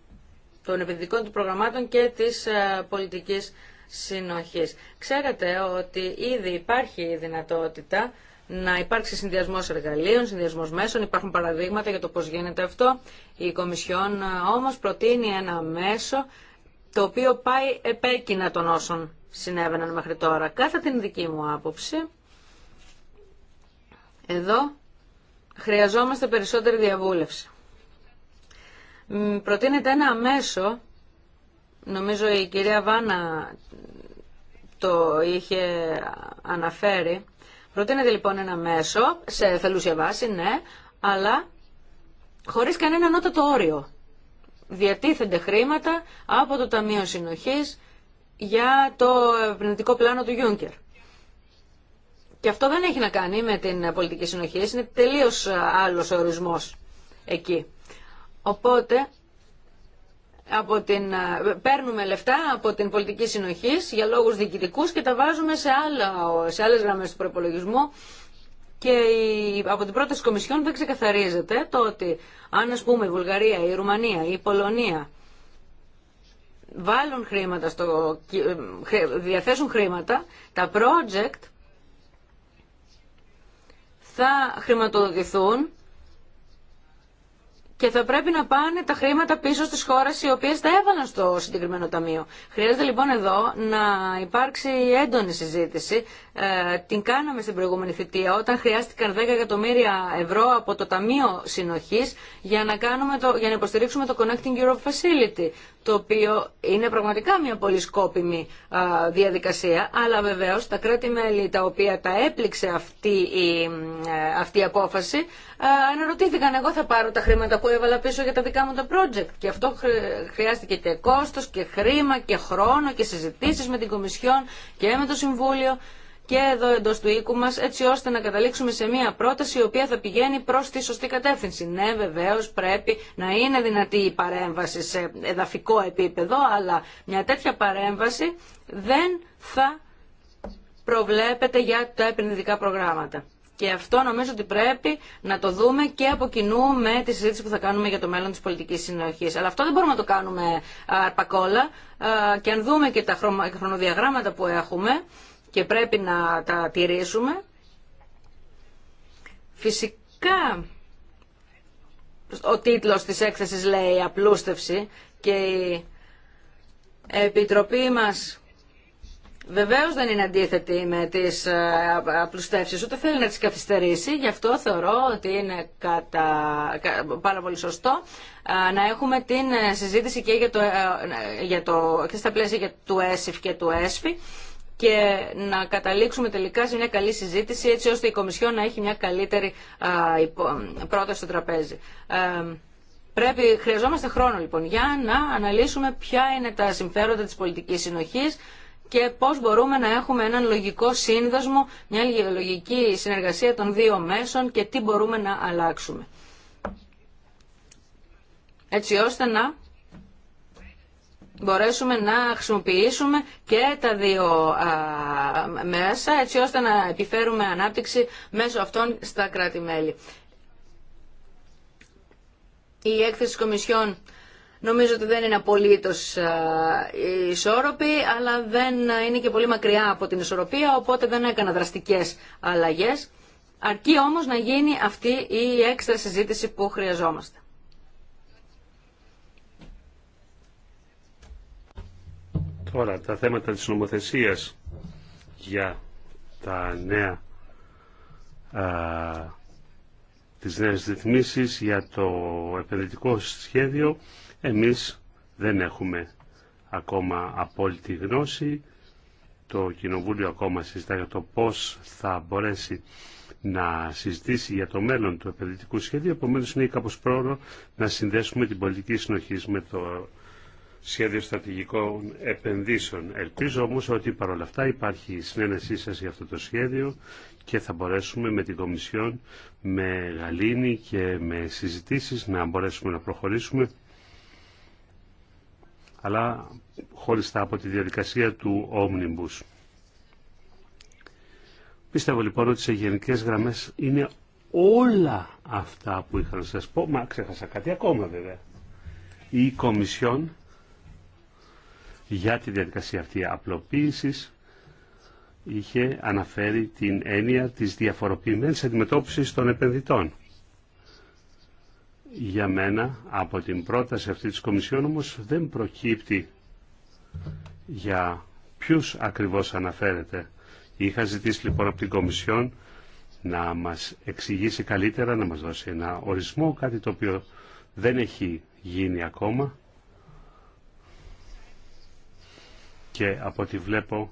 των επενδυτικών του προγραμμάτων και της ε, πολιτικής συνοχής. Ξέρετε ότι ήδη υπάρχει η δυνατότητα να υπάρξει συνδυασμό εργαλείων, συνδυασμό μέσων. Υπάρχουν παραδείγματα για το πώ γίνεται αυτό. Η Κομισιόν ε, όμω προτείνει ένα μέσο το οποίο πάει επέκεινα των όσων συνέβαιναν μέχρι τώρα. Κάθε την δική μου άποψη, εδώ χρειαζόμαστε περισσότερη διαβούλευση. Προτείνεται ένα μέσο, νομίζω η κυρία Βάνα το είχε αναφέρει, Προτείνεται λοιπόν ένα μέσο, σε θελούσια βάση, ναι, αλλά χωρίς κανένα ανώτατο όριο. Διατίθενται χρήματα από το Ταμείο Συνοχής για το πνευματικό πλάνο του Γιούγκερ. Και αυτό δεν έχει να κάνει με την πολιτική συνοχή, είναι τελείως άλλος ορισμός εκεί. Οπότε από την, ε, παίρνουμε λεφτά από την πολιτική συνοχή για λόγους διοικητικού και τα βάζουμε σε, άλλα, σε άλλες γραμμές του προπολογισμού και από την πρόταση Κομισιόν δεν ξεκαθαρίζεται το ότι αν ας πούμε η Βουλγαρία, η Ρουμανία, η Πολωνία βάλουν χρήματα στο, ε, διαθέσουν χρήματα, τα project θα χρηματοδοτηθούν και θα πρέπει να πάνε τα χρήματα πίσω στις χώρες οι οποίες τα έβαλαν στο συγκεκριμένο ταμείο. Χρειάζεται λοιπόν εδώ να υπάρξει έντονη συζήτηση. Ε, την κάναμε στην προηγούμενη θητεία όταν χρειάστηκαν 10 εκατομμύρια ευρώ από το Ταμείο Συνοχής για να, κάνουμε το, για να υποστηρίξουμε το Connecting Europe Facility το οποίο είναι πραγματικά μια πολύ σκόπιμη διαδικασία, αλλά βεβαίως τα κράτη-μέλη τα οποία τα έπληξε αυτή η, ε, αυτή η απόφαση α, ε, αναρωτήθηκαν εγώ θα πάρω τα χρήματα που έβαλα πίσω για τα δικά μου τα project. Και αυτό χρειάστηκε και κόστο και χρήμα και χρόνο και συζητήσει με την Κομισιόν και με το Συμβούλιο και εδώ εντό του οίκου μα, έτσι ώστε να καταλήξουμε σε μια πρόταση η οποία θα πηγαίνει προ τη σωστή κατεύθυνση. Ναι, βεβαίω πρέπει να είναι δυνατή η παρέμβαση σε εδαφικό επίπεδο, αλλά μια τέτοια παρέμβαση δεν θα προβλέπεται για τα επενδυτικά προγράμματα. Και αυτό νομίζω ότι πρέπει να το δούμε και από κοινού με τη συζήτηση που θα κάνουμε για το μέλλον της πολιτικής συνοχή. Αλλά αυτό δεν μπορούμε να το κάνουμε αρπακόλα και αν δούμε και τα χρονοδιαγράμματα που έχουμε και πρέπει να τα τηρήσουμε. Φυσικά ο τίτλος της έκθεσης λέει απλούστευση και η Επιτροπή μας Βεβαίω δεν είναι αντίθετη με τι ε, απλουστεύσει, ούτε θέλει να τι καθυστερήσει. Γι' αυτό θεωρώ ότι είναι κατα... πάρα πολύ σωστό ε, να έχουμε την ε, συζήτηση και, για το, για και στα πλαίσια του ΕΣΥΦ και του ΕΣΦΗ και να καταλήξουμε τελικά σε μια καλή συζήτηση έτσι ώστε η Κομισιόν να έχει μια καλύτερη πρόταση στο τραπέζι. χρειαζόμαστε χρόνο λοιπόν για να αναλύσουμε ποια είναι τα συμφέροντα της πολιτικής συνοχής και πώς μπορούμε να έχουμε έναν λογικό σύνδεσμο, μια λογική συνεργασία των δύο μέσων και τι μπορούμε να αλλάξουμε. Έτσι ώστε να μπορέσουμε να χρησιμοποιήσουμε και τα δύο μέσα έτσι ώστε να επιφέρουμε ανάπτυξη μέσω αυτών στα κράτη-μέλη. Η έκθεση της Νομίζω ότι δεν είναι απολύτω ε, ισόρροπη, αλλά δεν ε, είναι και πολύ μακριά από την ισορροπία, οπότε δεν έκανα δραστικέ αλλαγέ. Αρκεί όμω να γίνει αυτή η έξτρα συζήτηση που χρειαζόμαστε. Τώρα τα θέματα της νομοθεσίας για τα νέα α, τις νέες ρυθμίσεις για το επενδυτικό σχέδιο εμείς δεν έχουμε ακόμα απόλυτη γνώση. Το Κοινοβούλιο ακόμα συζητά για το πώς θα μπορέσει να συζητήσει για το μέλλον του επενδυτικού σχεδίου. Επομένως είναι κάπως πρόοδο να συνδέσουμε την πολιτική συνοχή με το σχέδιο στρατηγικών επενδύσεων. Ελπίζω όμως ότι παρόλα αυτά υπάρχει συνένεσή σας για αυτό το σχέδιο και θα μπορέσουμε με την Κομισιόν, με γαλήνη και με συζητήσεις να μπορέσουμε να προχωρήσουμε αλλά χωριστά από τη διαδικασία του Omnibus. Πιστεύω λοιπόν ότι σε γενικές γραμμές είναι όλα αυτά που είχα να σας πω, μα ξέχασα κάτι ακόμα βέβαια. Η Κομισιόν για τη διαδικασία αυτή απλοποίησης είχε αναφέρει την έννοια της διαφοροποιημένης αντιμετώπισης των επενδυτών. Για μένα από την πρόταση αυτή της Κομισιόν όμως δεν προκύπτει για ποιους ακριβώς αναφέρεται. Είχα ζητήσει λοιπόν από την Κομισιόν να μας εξηγήσει καλύτερα, να μας δώσει ένα ορισμό, κάτι το οποίο δεν έχει γίνει ακόμα. Και από ό,τι βλέπω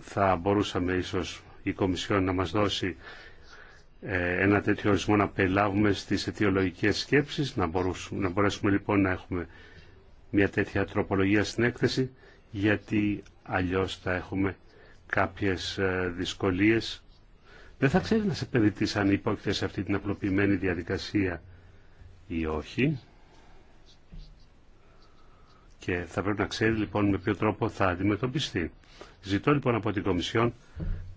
θα μπορούσαμε ίσως η Κομισιόν να μας δώσει ε, ένα τέτοιο ορισμό να περιλάβουμε στις αιτιολογικές σκέψεις, να, μπορούσουμε, να μπορέσουμε λοιπόν να έχουμε μια τέτοια τροπολογία στην έκθεση, γιατί αλλιώς θα έχουμε κάποιες ε, δυσκολίες. Δεν θα ξέρει να σε παιδιτής αν υπόκειται σε αυτή την απλοποιημένη διαδικασία ή όχι. Και θα πρέπει να ξέρει λοιπόν με ποιο τρόπο θα αντιμετωπιστεί. Ζητώ λοιπόν από την Κομισιόν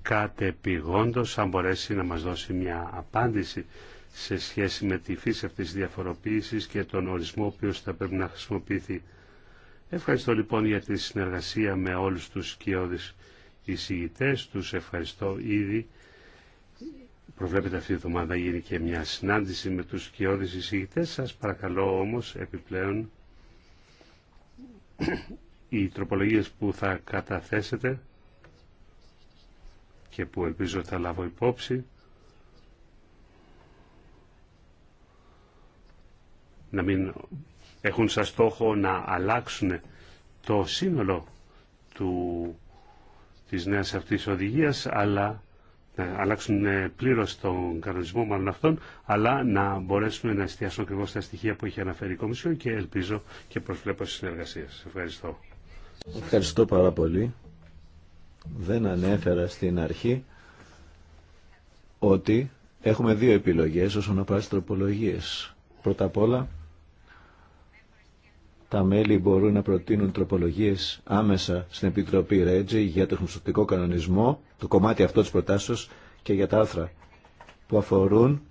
κατεπηγόντως αν μπορέσει να μας δώσει μια απάντηση σε σχέση με τη φύση αυτής της διαφοροποίησης και τον ορισμό ο οποίος θα πρέπει να χρησιμοποιηθεί. Ευχαριστώ λοιπόν για τη συνεργασία με όλους τους σκιώδεις εισηγητές. Τους ευχαριστώ ήδη. Προβλέπετε αυτή η εβδομάδα γίνει και μια συνάντηση με τους σκιώδεις εισηγητές. Σας παρακαλώ όμως επιπλέον οι τροπολογίες που θα καταθέσετε και που ελπίζω θα λάβω υπόψη. Να μην έχουν σαν στόχο να αλλάξουν το σύνολο του, της νέας αυτής οδηγίας, αλλά να αλλάξουν ε, πλήρω τον κανονισμό μάλλον αυτών, αλλά να μπορέσουν να εστιάσουμε ακριβώ τα στοιχεία που έχει αναφέρει η Κομισιόν και ελπίζω και προσβλέπω συνεργασίας. συνεργασίες. Ευχαριστώ. Ευχαριστώ πάρα πολύ. Δεν ανέφερα στην αρχή ότι έχουμε δύο επιλογές όσον αφορά τις τροπολογίες. Πρώτα απ' όλα, τα μέλη μπορούν να προτείνουν τροπολογίες άμεσα στην Επιτροπή Ρέτζι για το χρησιμοποιητικό κανονισμό, το κομμάτι αυτό της προτάσεως και για τα άρθρα που αφορούν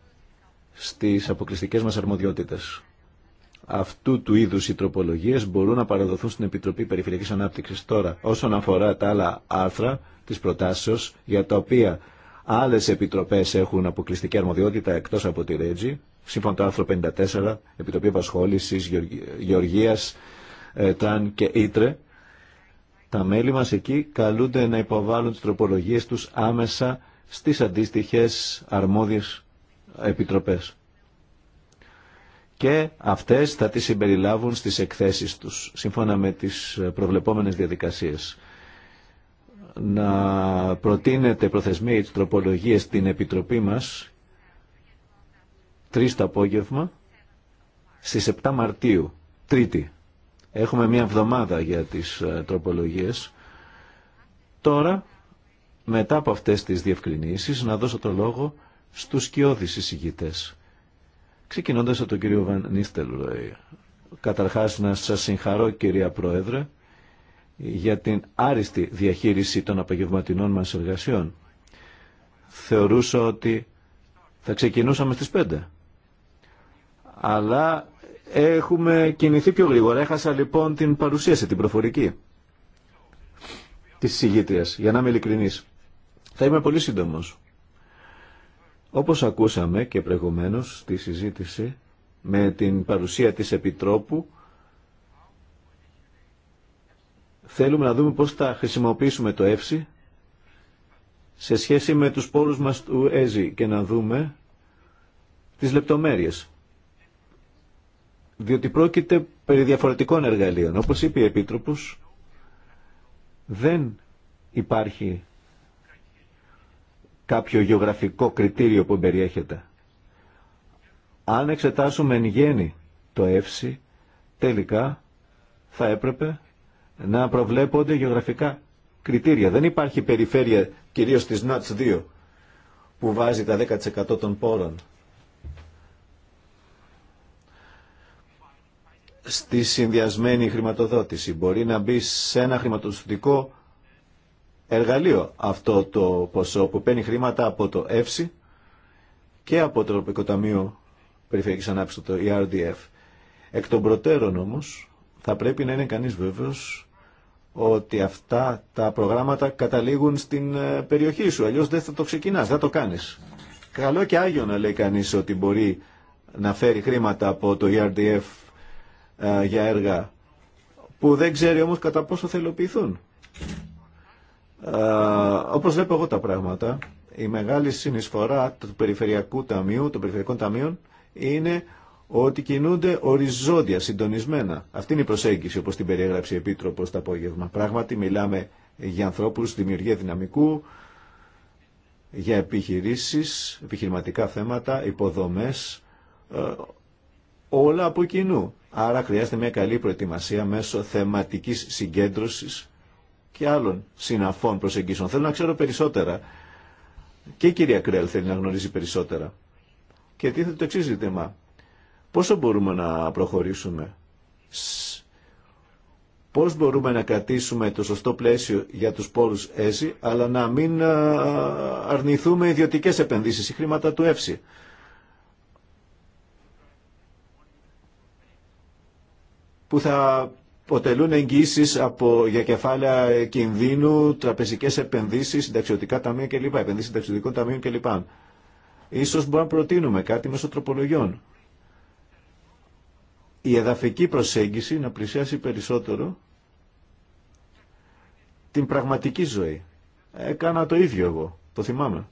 στις αποκλειστικές μας αρμοδιότητες αυτού του είδους οι τροπολογίες μπορούν να παραδοθούν στην Επιτροπή Περιφερειακής Ανάπτυξης. Τώρα, όσον αφορά τα άλλα άρθρα της προτάσεως, για τα οποία άλλες επιτροπές έχουν αποκλειστική αρμοδιότητα εκτός από τη Ρέτζη, σύμφωνα το άρθρο 54, Επιτροπή Επασχόλησης, Γεωργίας, ε, Τραν και Ήτρε, τα μέλη μας εκεί καλούνται να υποβάλουν τις τροπολογίες τους άμεσα στις αντίστοιχες αρμόδιες επιτροπές και αυτές θα τις συμπεριλάβουν στις εκθέσεις τους, σύμφωνα με τις προβλεπόμενες διαδικασίες. Να προτείνετε προθεσμίες τροπολογίες στην Επιτροπή μας 3 το απόγευμα στις 7 Μαρτίου, Τρίτη. Έχουμε μία εβδομάδα για τις ε, τροπολογίες. Τώρα, μετά από αυτές τις διευκρινήσεις, να δώσω το λόγο στους κοιόδης εισηγητές Ξεκινώντας από τον κύριο Βαν Νίστελροϊ, καταρχάς να σας συγχαρώ κυρία Πρόεδρε για την άριστη διαχείριση των απογευματινών μας εργασιών. Θεωρούσα ότι θα ξεκινούσαμε στις 5. Αλλά έχουμε κινηθεί πιο γρήγορα. Έχασα λοιπόν την παρουσίαση, την προφορική της συγγήτριας, για να είμαι ειλικρινής. Θα είμαι πολύ σύντομος. Όπως ακούσαμε και προηγουμένως στη συζήτηση με την παρουσία της Επιτρόπου, θέλουμε να δούμε πώς θα χρησιμοποιήσουμε το ΕΦΣΙ σε σχέση με τους πόρους μας του ΕΖΙ και να δούμε τις λεπτομέρειες. Διότι πρόκειται περί διαφορετικών εργαλείων. Όπως είπε η Επίτροπος, δεν υπάρχει κάποιο γεωγραφικό κριτήριο που περιέχεται. Αν εξετάσουμε εν γέννη το εύση, τελικά θα έπρεπε να προβλέπονται γεωγραφικά κριτήρια. Δεν υπάρχει περιφέρεια, κυρίως της ΝΑΤΣ 2, που βάζει τα 10% των πόρων. Στη συνδυασμένη χρηματοδότηση μπορεί να μπει σε ένα χρηματοδοτικό εργαλείο αυτό το ποσό που παίρνει χρήματα από το ΕΦΣΙ και από το Ευρωπαϊκό Ταμείο Περιφερειακής Ανάπτυξης, το ERDF. Εκ των προτέρων όμως θα πρέπει να είναι κανείς βέβαιος ότι αυτά τα προγράμματα καταλήγουν στην ε, περιοχή σου, αλλιώς δεν θα το ξεκινάς, δεν το κάνεις. Καλό και άγιο να λέει κανείς ότι μπορεί να φέρει χρήματα από το ERDF ε, για έργα που δεν ξέρει όμως κατά πόσο θα ε, όπως βλέπω εγώ τα πράγματα, η μεγάλη συνεισφορά του Περιφερειακού Ταμείου, των Περιφερειακών Ταμείων, είναι ότι κινούνται οριζόντια, συντονισμένα. Αυτή είναι η προσέγγιση, όπως την περιέγραψε η Επίτροπο το απόγευμα. Πράγματι, μιλάμε για ανθρώπους, δημιουργία δυναμικού, για επιχειρήσεις, επιχειρηματικά θέματα, υποδομές, ε, όλα από κοινού. Άρα χρειάζεται μια καλή προετοιμασία μέσω θεματικής συγκέντρωσης και άλλων συναφών προσεγγίσεων. Θέλω να ξέρω περισσότερα. Και η κυρία Κρέλ θέλει να γνωρίζει περισσότερα. Και τίθεται το εξή ζήτημα. Πόσο μπορούμε να προχωρήσουμε. Πώ μπορούμε να κρατήσουμε το σωστό πλαίσιο για τους πόρου ΕΣΥ, αλλά να μην αρνηθούμε ιδιωτικέ επενδύσει ή χρήματα του ΕΦΣΥ. που θα αποτελούν εγγύσει για κεφάλαια κινδύνου, τραπεζικέ επενδύσει, συνταξιωτικά ταμεία κλπ. Επενδύσει συνταξιωτικών ταμείων κλπ. σω μπορούμε να προτείνουμε κάτι μέσω τροπολογιών. Η εδαφική προσέγγιση να πλησιάσει περισσότερο την πραγματική ζωή. Έκανα το ίδιο εγώ, το θυμάμαι.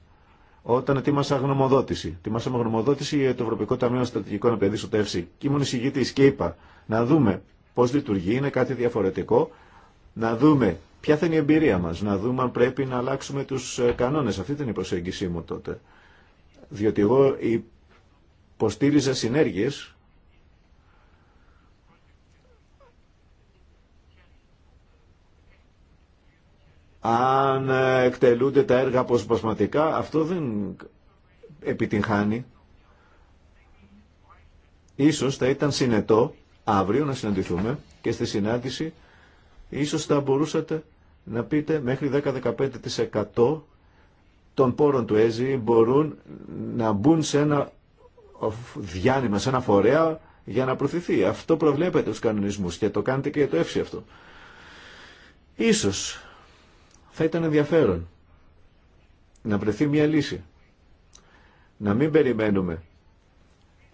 Όταν ετοίμασα γνωμοδότηση. Ετοίμασαμε γνωμοδότηση για το Ευρωπαϊκό Ταμείο Στρατηγικών Επενδύσεων, το ΕΦΣΥ. Και ήμουν εισηγητή και είπα να δούμε πώς λειτουργεί, είναι κάτι διαφορετικό. Να δούμε ποια θα είναι η εμπειρία μας, να δούμε αν πρέπει να αλλάξουμε τους ε, κανόνες. Αυτή ήταν η προσέγγιση μου τότε. Διότι εγώ υποστήριζα συνέργειες αν ε, εκτελούνται τα έργα αποσπασματικά, αυτό δεν επιτυγχάνει. Ίσως θα ήταν συνετό αύριο να συναντηθούμε και στη συνάντηση ίσως θα μπορούσατε να πείτε μέχρι 10-15% των πόρων του ΕΖΗ μπορούν να μπουν σε ένα διάνυμα, σε ένα φορέα για να προωθηθεί. Αυτό προβλέπετε τους κανονισμούς και το κάνετε και το εύση αυτό. Ίσως θα ήταν ενδιαφέρον να βρεθεί μια λύση. Να μην περιμένουμε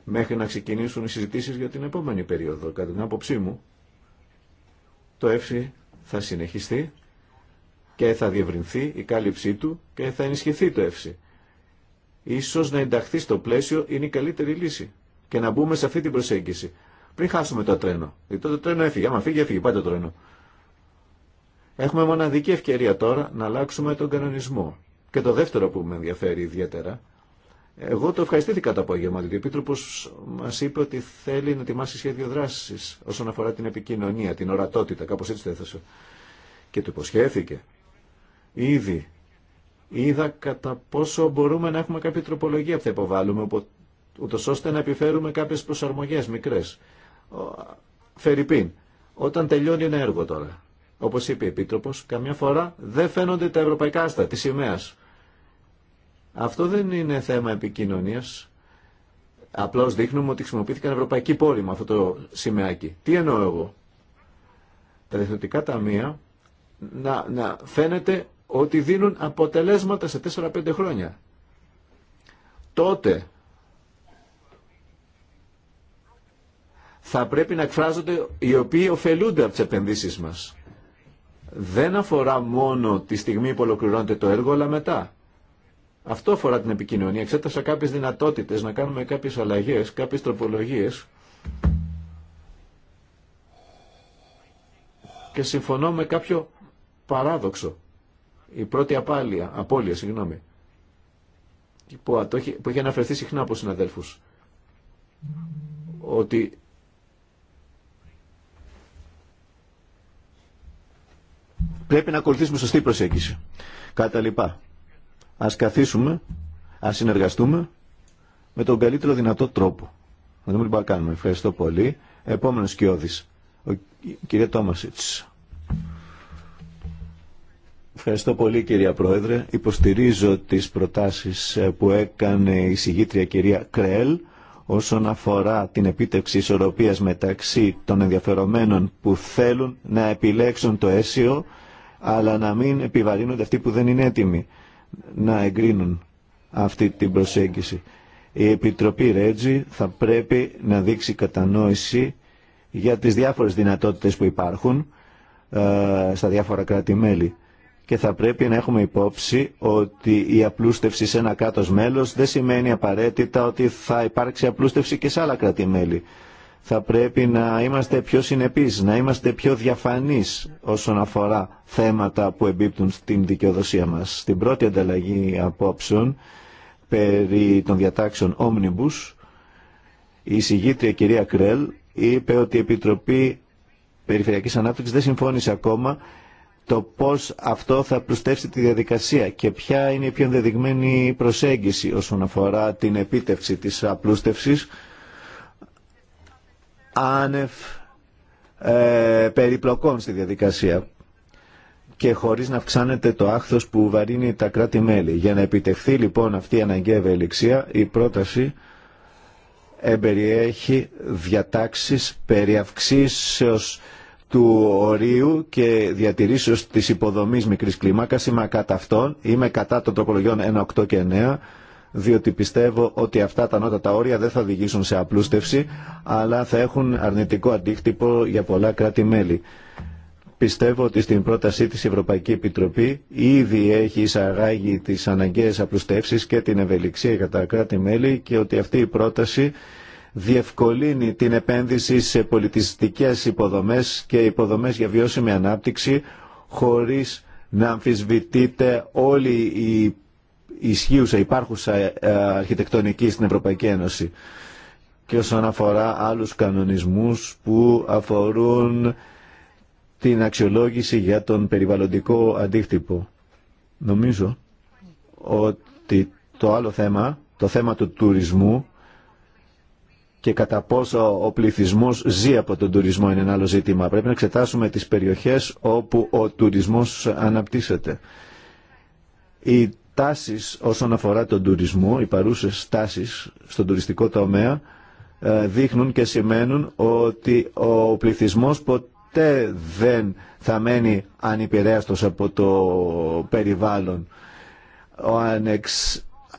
μέχρι να ξεκινήσουν οι συζητήσεις για την επόμενη περίοδο. Κατά την άποψή μου, το ΕΦΣΙ θα συνεχιστεί και θα διευρυνθεί η κάλυψή του και θα ενισχυθεί το ΕΦΣΙ. Ίσως να ενταχθεί στο πλαίσιο είναι η καλύτερη λύση και να μπούμε σε αυτή την προσέγγιση. Πριν χάσουμε το τρένο. Γιατί το τρένο έφυγε. Άμα φύγει, έφυγε. Πάντα το τρένο. Έχουμε μοναδική ευκαιρία τώρα να αλλάξουμε τον κανονισμό. Και το δεύτερο που με ενδιαφέρει ιδιαίτερα εγώ το ευχαριστήθηκα το απόγευμα διότι ο Επίτροπο μα είπε ότι θέλει να ετοιμάσει σχέδιο δράση όσον αφορά την επικοινωνία, την ορατότητα, κάπω έτσι το έθεσε. Και το υποσχέθηκε. Ήδη είδα κατά πόσο μπορούμε να έχουμε κάποια τροπολογία που θα υποβάλουμε, ούτω ώστε να επιφέρουμε κάποιε προσαρμογέ μικρέ. Φερρυπίν, όταν τελειώνει ένα έργο τώρα, όπω είπε ο Επίτροπο, καμιά φορά δεν φαίνονται τα ευρωπαϊκά άστα τη σημαία αυτό δεν είναι θέμα επικοινωνία. Απλώ δείχνουμε ότι χρησιμοποιήθηκαν ευρωπαϊκή πόλη με αυτό το σημαίακι. Τι εννοώ εγώ. Τα διευθυντικά ταμεία να, να φαίνεται ότι δίνουν αποτελέσματα σε 4-5 χρόνια. Τότε θα πρέπει να εκφράζονται οι οποίοι ωφελούνται από τις επενδύσεις μας. Δεν αφορά μόνο τη στιγμή που ολοκληρώνεται το έργο, αλλά μετά. Αυτό αφορά την επικοινωνία. Εξέτασα κάποιες δυνατότητες να κάνουμε κάποιες αλλαγές, κάποιες τροπολογίες και συμφωνώ με κάποιο παράδοξο. Η πρώτη απάλεια, απώλεια, συγγνώμη, που, που έχει αναφερθεί συχνά από συναδέλφους, ότι πρέπει να ακολουθήσουμε σωστή προσέγγιση. Κατά λοιπά. Ας καθίσουμε, ας συνεργαστούμε με τον καλύτερο δυνατό τρόπο. Δεν δούμε μπορούμε να κάνουμε. Ευχαριστώ πολύ. Επόμενος κοιόδης, ο κυρία Τόμασιτς. Ευχαριστώ πολύ κυρία Πρόεδρε. Υποστηρίζω τις προτάσεις που έκανε η συγγήτρια κυρία Κρέλ όσον αφορά την επίτευξη ισορροπίας μεταξύ των ενδιαφερομένων που θέλουν να επιλέξουν το αίσιο αλλά να μην επιβαρύνονται αυτοί που δεν είναι έτοιμοι να εγκρίνουν αυτή την προσέγγιση. Η Επιτροπή Ρέτζη θα πρέπει να δείξει κατανόηση για τις διάφορες δυνατότητες που υπάρχουν ε, στα διάφορα κράτη-μέλη. Και θα πρέπει να έχουμε υπόψη ότι η απλούστευση σε ένα κάτω μέλος δεν σημαίνει απαραίτητα ότι θα υπάρξει απλούστευση και σε άλλα κράτη-μέλη θα πρέπει να είμαστε πιο συνεπείς, να είμαστε πιο διαφανείς όσον αφορά θέματα που εμπίπτουν στην δικαιοδοσία μας. Στην πρώτη ανταλλαγή απόψεων περί των διατάξεων Omnibus, η συγγήτρια κυρία Κρέλ είπε ότι η Επιτροπή Περιφερειακής Ανάπτυξης δεν συμφώνησε ακόμα το πώς αυτό θα πλουστεύσει τη διαδικασία και ποια είναι η πιο ενδεδειγμένη προσέγγιση όσον αφορά την επίτευξη της απλούστευσης άνευ ε, περιπλοκών στη διαδικασία και χωρίς να αυξάνεται το άχθος που βαρύνει τα κράτη-μέλη. Για να επιτευχθεί λοιπόν αυτή η αναγκαία ευελιξία, η πρόταση εμπεριέχει διατάξεις περί αυξήσεως του ορίου και διατηρήσεως της υποδομής μικρής κλίμακας. Είμαι κατά αυτών, είμαι κατά των τροπολογιών 1, 8 και 9 διότι πιστεύω ότι αυτά τα ανώτατα όρια δεν θα οδηγήσουν σε απλούστευση, αλλά θα έχουν αρνητικό αντίκτυπο για πολλά κράτη-μέλη. Πιστεύω ότι στην πρότασή της Ευρωπαϊκή Επιτροπή ήδη έχει εισαγάγει τις αναγκαίες απλουστεύσεις και την ευελιξία για τα κράτη-μέλη και ότι αυτή η πρόταση διευκολύνει την επένδυση σε πολιτιστικές υποδομές και υποδομές για βιώσιμη ανάπτυξη χωρίς να αμφισβητείται όλη η ισχύουσα, υπάρχουσα ε, ε, αρχιτεκτονική στην Ευρωπαϊκή Ένωση και όσον αφορά άλλους κανονισμούς που αφορούν την αξιολόγηση για τον περιβαλλοντικό αντίκτυπο. Νομίζω ότι το άλλο θέμα, το θέμα του τουρισμού και κατά πόσο ο πληθυσμός ζει από τον τουρισμό είναι ένα άλλο ζήτημα. Πρέπει να εξετάσουμε τις περιοχές όπου ο τουρισμός αναπτύσσεται τάσεις όσον αφορά τον τουρισμό, οι παρούσες τάσεις στον τουριστικό τομέα ε, δείχνουν και σημαίνουν ότι ο πληθυσμός ποτέ δεν θα μένει ανυπηρέαστος από το περιβάλλον. Ο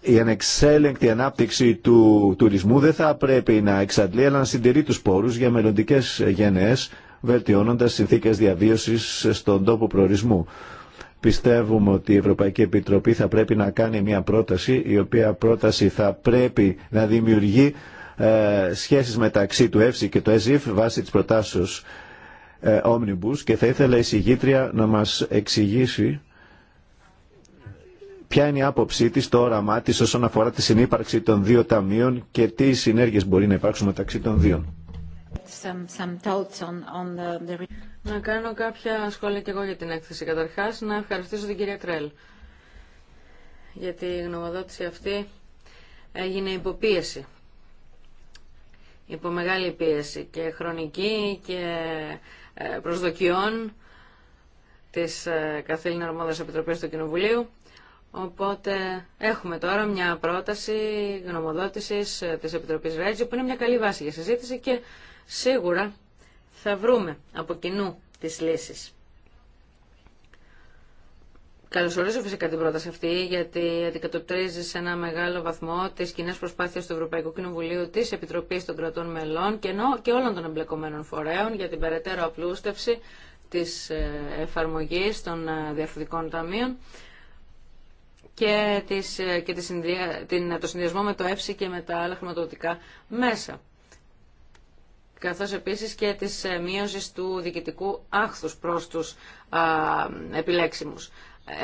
η ανεξέλεγκτη ανάπτυξη του τουρισμού δεν θα πρέπει να εξαντλεί αλλά να συντηρεί τους πόρους για μελλοντικές γενναίες βελτιώνοντας συνθήκες διαβίωσης στον τόπο προορισμού. Πιστεύουμε ότι η Ευρωπαϊκή Επιτροπή θα πρέπει να κάνει μια πρόταση η οποία πρόταση θα πρέπει να δημιουργεί ε, σχέσεις μεταξύ του ΕΦΣΙ και του ΕΖΙΦ βάσει της προτάσεως ε, Omnibus και θα ήθελα η συγγήτρια να μας εξηγήσει ποια είναι η άποψή της, το όραμά της όσον αφορά τη συνύπαρξη των δύο ταμείων και τι συνέργειες μπορεί να υπάρξουν μεταξύ των δύο. Να κάνω κάποια σχόλια και εγώ για την έκθεση. Καταρχάς, να ευχαριστήσω την κυρία Κρέλ γιατί η γνωμοδότηση αυτή έγινε υποπίεση. Υπό μεγάλη πίεση και χρονική και ε, προσδοκιών της ε, Καθήλυνα Ορμόδα Επιτροπής του Κοινοβουλίου. Οπότε έχουμε τώρα μια πρόταση γνωμοδότησης ε, της Επιτροπής Ρέτζη που είναι μια καλή βάση για συζήτηση και σίγουρα θα βρούμε από κοινού τις λύσεις. Καλωσορίζω φυσικά την πρόταση αυτή, γιατί αντικατοπτρίζει σε ένα μεγάλο βαθμό τι κοινέ προσπάθειε του Ευρωπαϊκού Κοινοβουλίου, τη Επιτροπή των Κρατών Μελών και, ενώ και όλων των εμπλεκομένων φορέων για την περαιτέρω απλούστευση τη ε, εφαρμογή των ε, διαφορετικών ταμείων και, ε, και το συνδυασμό με το ΕΦΣΙ και με τα άλλα χρηματοδοτικά μέσα καθώς επίσης και της ε, μείωσης του διοικητικού άχθους προς τους επιλέξιμους.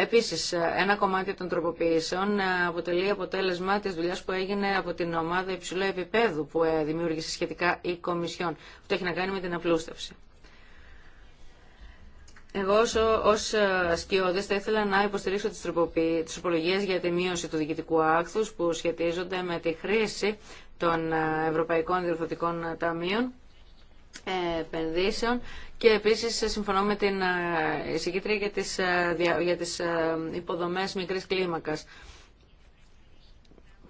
Επίσης, ε, ένα κομμάτι των τροποποιήσεων ε, αποτελεί αποτέλεσμα της δουλειάς που έγινε από την ομάδα υψηλού επίπεδου που δημιούργησε σχετικά η Κομισιόν. Αυτό έχει να κάνει με την απλούστευση. Εγώ ω σκιώδης θα ήθελα να υποστηρίξω τις τροπολογίε για τη μείωση του διοικητικού άκθους που σχετίζονται με τη χρήση των Ευρωπαϊκών Διορθωτικών Ταμείων επενδύσεων και επίσης συμφωνώ με την ε, εισηγήτρια για τις, ε, για τις ε, υποδομές μικρής κλίμακας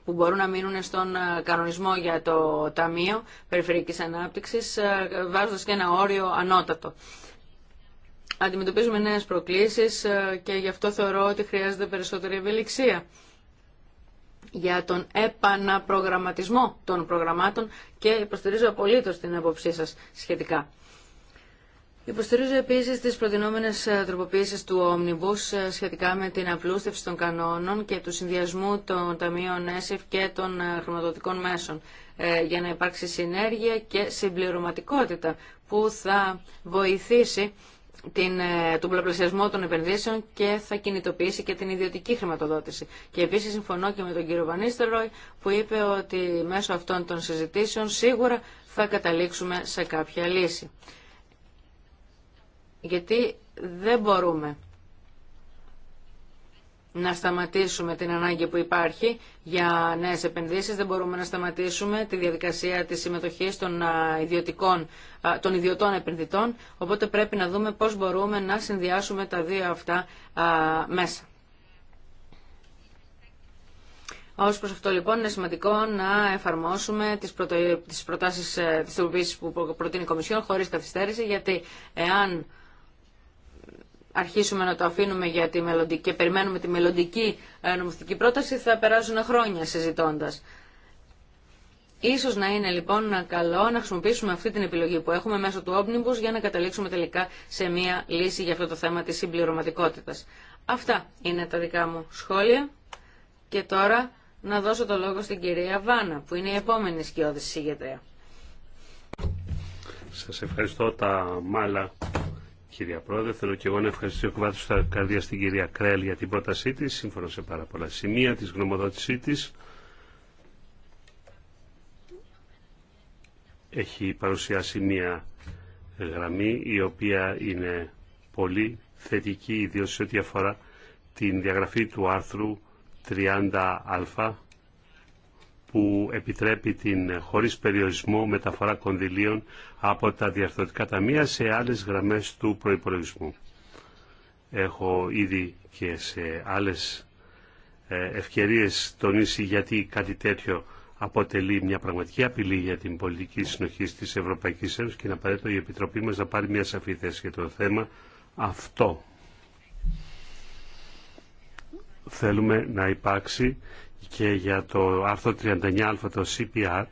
που μπορούν να μείνουν στον κανονισμό για το Ταμείο Περιφερειακής Ανάπτυξης βάζοντας και ένα όριο ανώτατο. Αντιμετωπίζουμε νέες προκλήσεις και γι' αυτό θεωρώ ότι χρειάζεται περισσότερη ευελιξία για τον επαναπρογραμματισμό των προγραμμάτων και υποστηρίζω απολύτως την άποψή σας σχετικά. Υποστηρίζω επίσης τις προτινόμενες ε, τροποποίησεις του Omnibus ε, σχετικά με την απλούστευση των κανόνων και του συνδυασμού των ταμείων ΕΣΕΦ και των ε, χρηματοδοτικών μέσων για να υπάρξει συνέργεια και συμπληρωματικότητα που θα βοηθήσει την, ε, τον πλαπλασιασμό των επενδύσεων και θα κινητοποιήσει και την ιδιωτική χρηματοδότηση. Και επίση συμφωνώ και με τον κύριο Βανίστερόι που είπε ότι μέσω αυτών των συζητήσεων σίγουρα θα καταλήξουμε σε κάποια λύση. Γιατί δεν μπορούμε να σταματήσουμε την ανάγκη που υπάρχει για νέε επενδύσει. Δεν μπορούμε να σταματήσουμε τη διαδικασία της συμμετοχή των, των ιδιωτών επενδυτών. Οπότε πρέπει να δούμε πώς μπορούμε να συνδυάσουμε τα δύο αυτά μέσα. Ως προς αυτό λοιπόν είναι σημαντικό να εφαρμόσουμε τις, πρωτο... τις προτάσεις ε, της που προτείνει η Κομισιόν χωρίς καθυστέρηση γιατί εάν αρχίσουμε να το αφήνουμε για τη μελλοντική, και περιμένουμε τη μελλοντική ε, νομοθετική πρόταση, θα περάσουν χρόνια συζητώντας. Ίσως να είναι λοιπόν καλό να χρησιμοποιήσουμε αυτή την επιλογή που έχουμε μέσω του Omnibus για να καταλήξουμε τελικά σε μια λύση για αυτό το θέμα της συμπληρωματικότητας. Αυτά είναι τα δικά μου σχόλια και τώρα να δώσω το λόγο στην κυρία Βάνα που είναι η επόμενη σκιώδηση συγγετρία. Σας ευχαριστώ τα μάλα Κυρία Πρόεδρε, θέλω και εγώ να ευχαριστήσω εκ βάθου στα καρδιά στην κυρία Κρέλ για την πρότασή τη, σύμφωνα σε πάρα πολλά σημεία τη γνωμοδότησή τη. Έχει παρουσιάσει μια γραμμή η οποία είναι πολύ θετική, ιδίω σε ό,τι αφορά την διαγραφή του άρθρου 30α που επιτρέπει την χωρίς περιορισμό μεταφορά κονδυλίων από τα διαρθρωτικά ταμεία σε άλλες γραμμές του προϋπολογισμού. Έχω ήδη και σε άλλες ε, ευκαιρίες τονίσει γιατί κάτι τέτοιο αποτελεί μια πραγματική απειλή για την πολιτική συνοχή της Ευρωπαϊκής Ένωσης και να απαραίτητο η Επιτροπή μας να πάρει μια σαφή θέση για το θέμα αυτό. Θέλουμε να υπάρξει και για το άρθρο 39α το CPR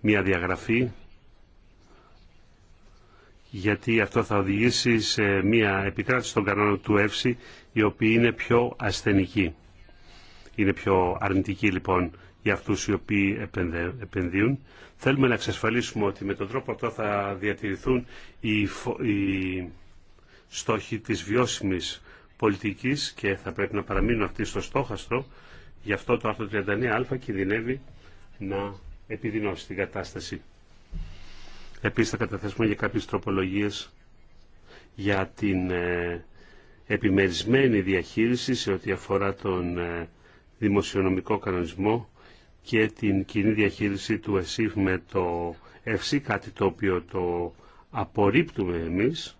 μια διαγραφή γιατί αυτό θα οδηγήσει σε μια επικράτηση των κανόνων του ΕΦΣΥ η οποία είναι πιο ασθενική. Είναι πιο αρνητική λοιπόν για αυτούς οι οποίοι επενδύουν. Θέλουμε να εξασφαλίσουμε ότι με τον τρόπο αυτό θα διατηρηθούν οι, φο... οι στόχοι της βιώσιμης πολιτικής και θα πρέπει να παραμείνουν αυτοί στο στόχαστρο Γι' αυτό το άρθρο 39α κινδυνεύει να επιδεινώσει την κατάσταση. Επίσης θα καταθέσουμε για κάποιες τροπολογίες για την ε, επιμερισμένη διαχείριση σε ό,τι αφορά τον ε, δημοσιονομικό κανονισμό και την κοινή διαχείριση του ΕΣΥΦ με το ΕΦΣΥ, κάτι το οποίο το απορρίπτουμε εμείς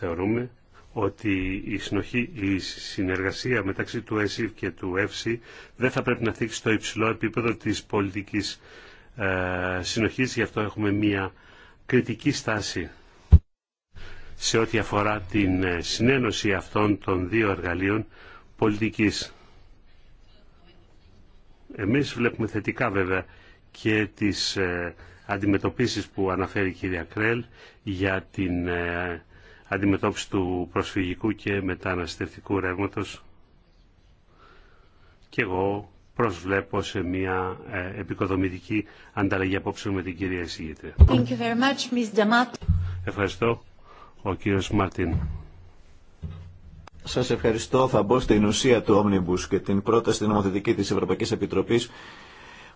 θεωρούμε ότι η, η συνεργασία μεταξύ του ΈΣΥ και του ΕΦΣΥ δεν θα πρέπει να θίξει στο υψηλό επίπεδο της πολιτικής ε, συνοχής. Γι' αυτό έχουμε μία κριτική στάση σε ό,τι αφορά την ε, συνένωση αυτών των δύο εργαλείων πολιτικής. Εμείς βλέπουμε θετικά βέβαια και τις ε, αντιμετωπίσεις που αναφέρει η κυρία Κρέλ για την ε, αντιμετώπιση του προσφυγικού και μεταναστευτικού ρεύματος και εγώ προσβλέπω σε μια ε, επικοδομητική ανταλλαγή απόψεων με την κυρία Εισηγήτρια. Ευχαριστώ. Ο κύριος Μάρτιν. Σας ευχαριστώ. Θα μπω στην ουσία του Omnibus και την πρόταση νομοθετική της Ευρωπαϊκής Επιτροπής